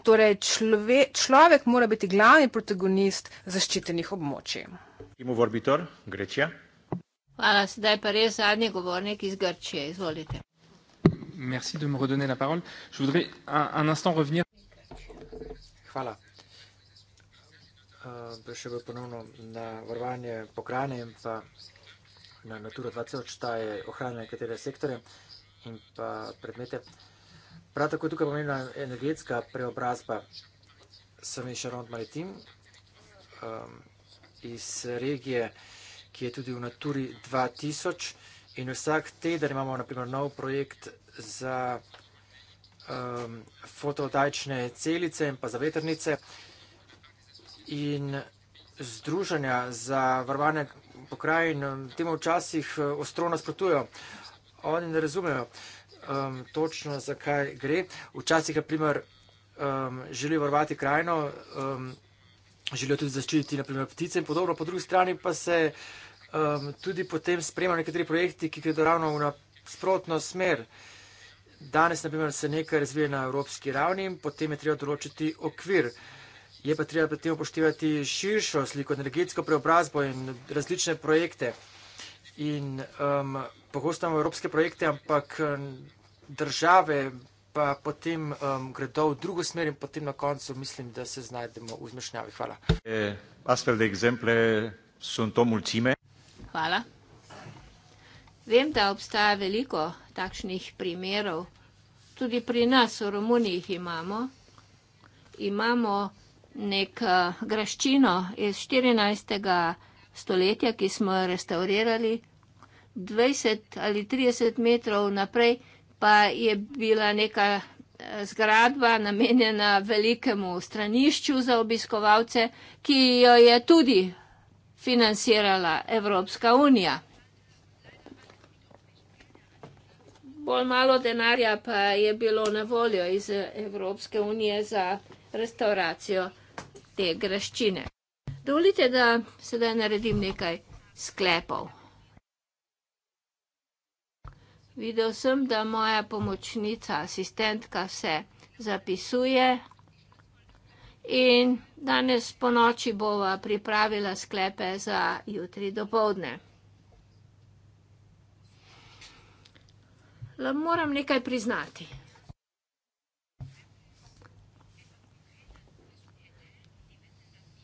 S3: Torej, člove, človek mora biti glavni protagonist zaščitenih območij.
S1: Imo Vorbitor, Grečija.
S2: Hvala, sedaj pa res zadnji govornik iz Grčije. Izvolite.
S1: Merci de me redonner la parole. Je voudrais un, un instant revenir Hvala. Prišel eh, bi ponovno na varovanje pokrajine in pa na Natura 2000, ta je ohranjena nekatere sektore in pa predmete. Prav tako tukaj pomembna energetska preobrazba. Sem iz Šarond Maritim, ehm, um, iz regije, ki je tudi v Naturi 2000 in vsak teden imamo naprimer nov projekt za Um, fotovoltaične celice in pa za veternice in združenja za varovanje pokrajin um, temu včasih uh, ostro nasprotujejo. Oni ne razumejo um, točno, zakaj gre. Včasih, na primer, um, želijo varovati krajino, um, želijo tudi zaščititi, na primer, ptice in podobno, po drugi strani pa se um, tudi potem sprema nekateri projekti, ki gredo ravno v nasprotno smer. Danes, na primer, se nekaj razvije na evropski ravni in potem je treba določiti okvir. Je pa treba pri tem upoštevati širšo sliko, energetsko preobrazbo in različne projekte. In um, pogosto imamo evropske projekte, ampak um, države pa potem um, gredo v drugo smer in potem na koncu mislim, da se znajdemo v zmešnjavi. Hvala. Eh,
S2: Hvala. Vem, da obstaja veliko takšnih primerov. Tudi pri nas v Romuniji jih imamo. Imamo nek eh, graščino iz 14. stoletja, ki smo jo restaurirali. 20 ali 30 metrov naprej pa je bila neka eh, zgradba namenjena velikemu stranišču za obiskovalce, ki jo je tudi financirala Evropska unija. bolj malo denarja pa je bilo na voljo iz Evropske unije za restauracijo te graščine. Dovolite, da sedaj naredim nekaj sklepov. Videl sem, da moja pomočnica, asistentka se zapisuje in danes po noči bova pripravila sklepe za jutri do povdne. le moram nekaj priznati.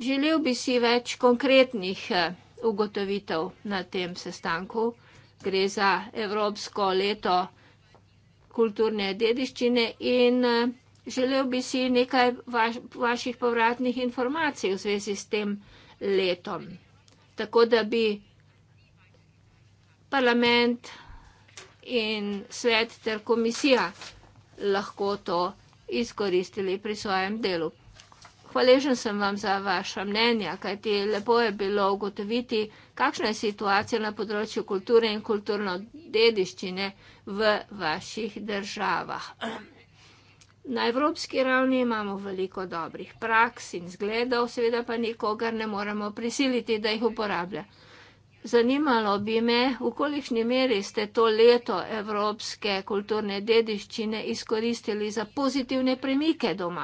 S2: Želel bi si več konkretnih eh, ugotovitev na tem sestanku. Gre za Evropsko leto kulturne dediščine in eh, želel bi si nekaj vaš, vaših povratnih informacij v zvezi s tem letom. Tako da bi parlament in svet ter komisija lahko to izkoristili pri svojem delu. Hvaležen sem vam za vaša mnenja, kajti lepo je bilo ugotoviti, kakšna je situacija na področju kulture in kulturno dediščine v vaših državah. Na evropski ravni imamo veliko dobrih praks in zgledov, seveda pa nikogar ne moremo prisiliti, da jih uporablja. Zanimalo bi me, v kolikšni meri ste to leto evropske kulturne dediščine izkoristili za pozitivne premike doma?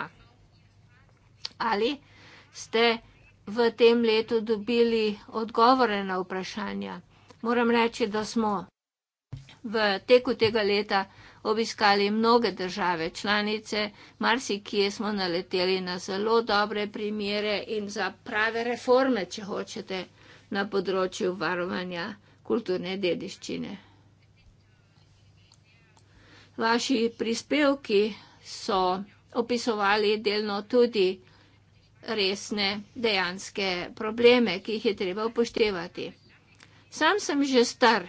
S2: Ali ste v tem letu dobili odgovore na vprašanja? Moram reči, da smo v teku tega leta obiskali mnoge države članice, marsikje smo naleteli na zelo dobre primere in za prave reforme, če hočete na področju varovanja kulturne dediščine. Vaši prispevki so opisovali delno tudi resne dejanske probleme, ki jih je treba upoštevati. Sam sem že star,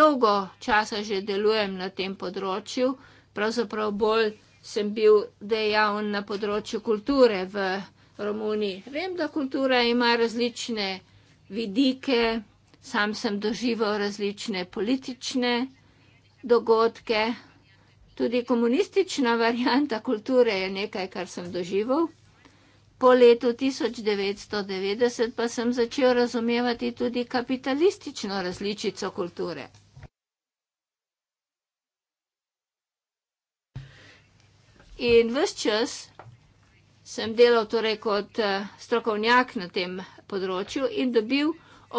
S2: dolgo časa že delujem na tem področju, pravzaprav bolj sem bil dejavn na področju kulture v Evropi. Romuni. Vem, da kultura ima različne vidike, sam sem doživel različne politične dogodke, tudi komunistična varijanta kulture je nekaj, kar sem doživel. Po letu 1990 pa sem začel razumevati tudi kapitalistično različico kulture. In vse čas sem delal torej kot eh, strokovnjak na tem področju in dobil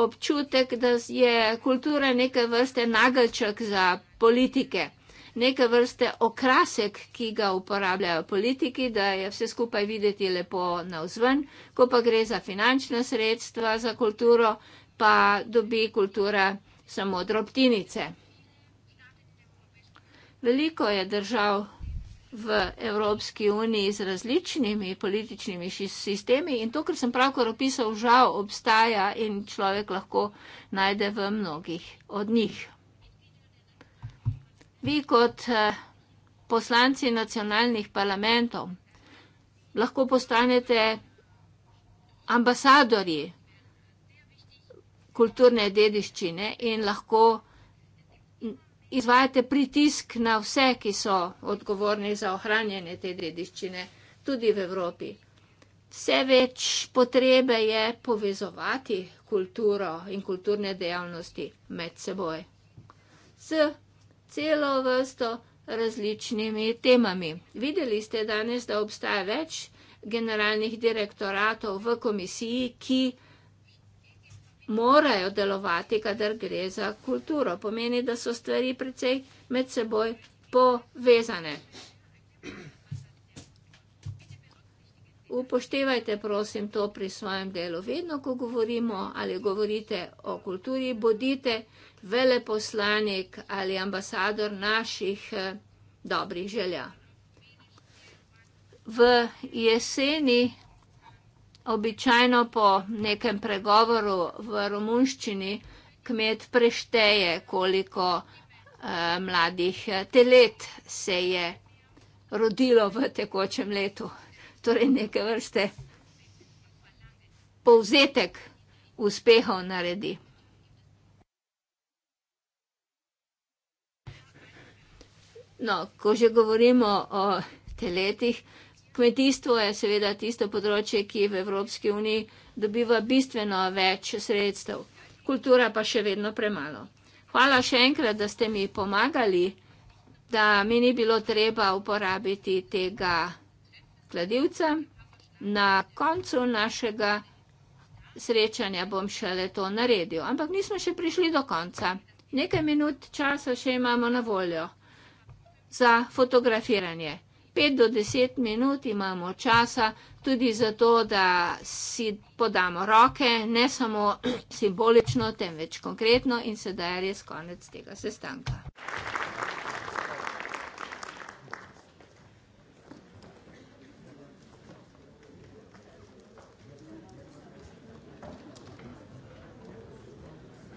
S2: občutek, da je kultura neke vrste nagelček za politike, neke vrste okrasek, ki ga uporabljajo politiki, da je vse skupaj videti lepo navzven, ko pa gre za finančna sredstva za kulturo, pa dobi kultura samo drobtinice. Veliko je držav, v Evropski uniji z različnimi političnimi sistemi in to, kar sem pravkar opisal, žal obstaja in človek lahko najde v mnogih od njih. Vi kot poslanci nacionalnih parlamentov lahko postanete ambasadorji kulturne dediščine in lahko izvajate pritisk na vse, ki so odgovorni za ohranjanje te dediščine, tudi v Evropi. Vse več potrebe je povezovati kulturo in kulturne dejavnosti med seboj s celo vrsto različnimi temami. Videli ste danes, da obstaja več generalnih direktoratov v komisiji, ki morajo delovati, kadar gre za kulturo. Pomeni, da so stvari precej med seboj povezane. Upoštevajte, prosim, to pri svojem delu. Vedno, ko govorimo ali govorite o kulturi, bodite veleposlanik ali ambasador naših eh, dobrih želja. V jeseni običajno po nekem pregovoru v romunščini kmet prešteje, koliko eh, mladih eh, telet se je rodilo v tekočem letu. Torej neke vrste povzetek uspehov naredi. No, ko že govorimo o teletih, Kmetijstvo je seveda tisto področje, ki v Evropski uniji dobiva bistveno več sredstev, kultura pa še vedno premalo. Hvala še enkrat, da ste mi pomagali, da mi ni bilo treba uporabiti tega kladivca. Na koncu našega srečanja bom šele to naredil, ampak nismo še prišli do konca. Nekaj minut časa še imamo na voljo za fotografiranje. 5 do 10 minut imamo časa tudi zato, da si podamo roke, ne samo [clears throat] simbolično, temveč konkretno in sedaj je res konec tega sestanka.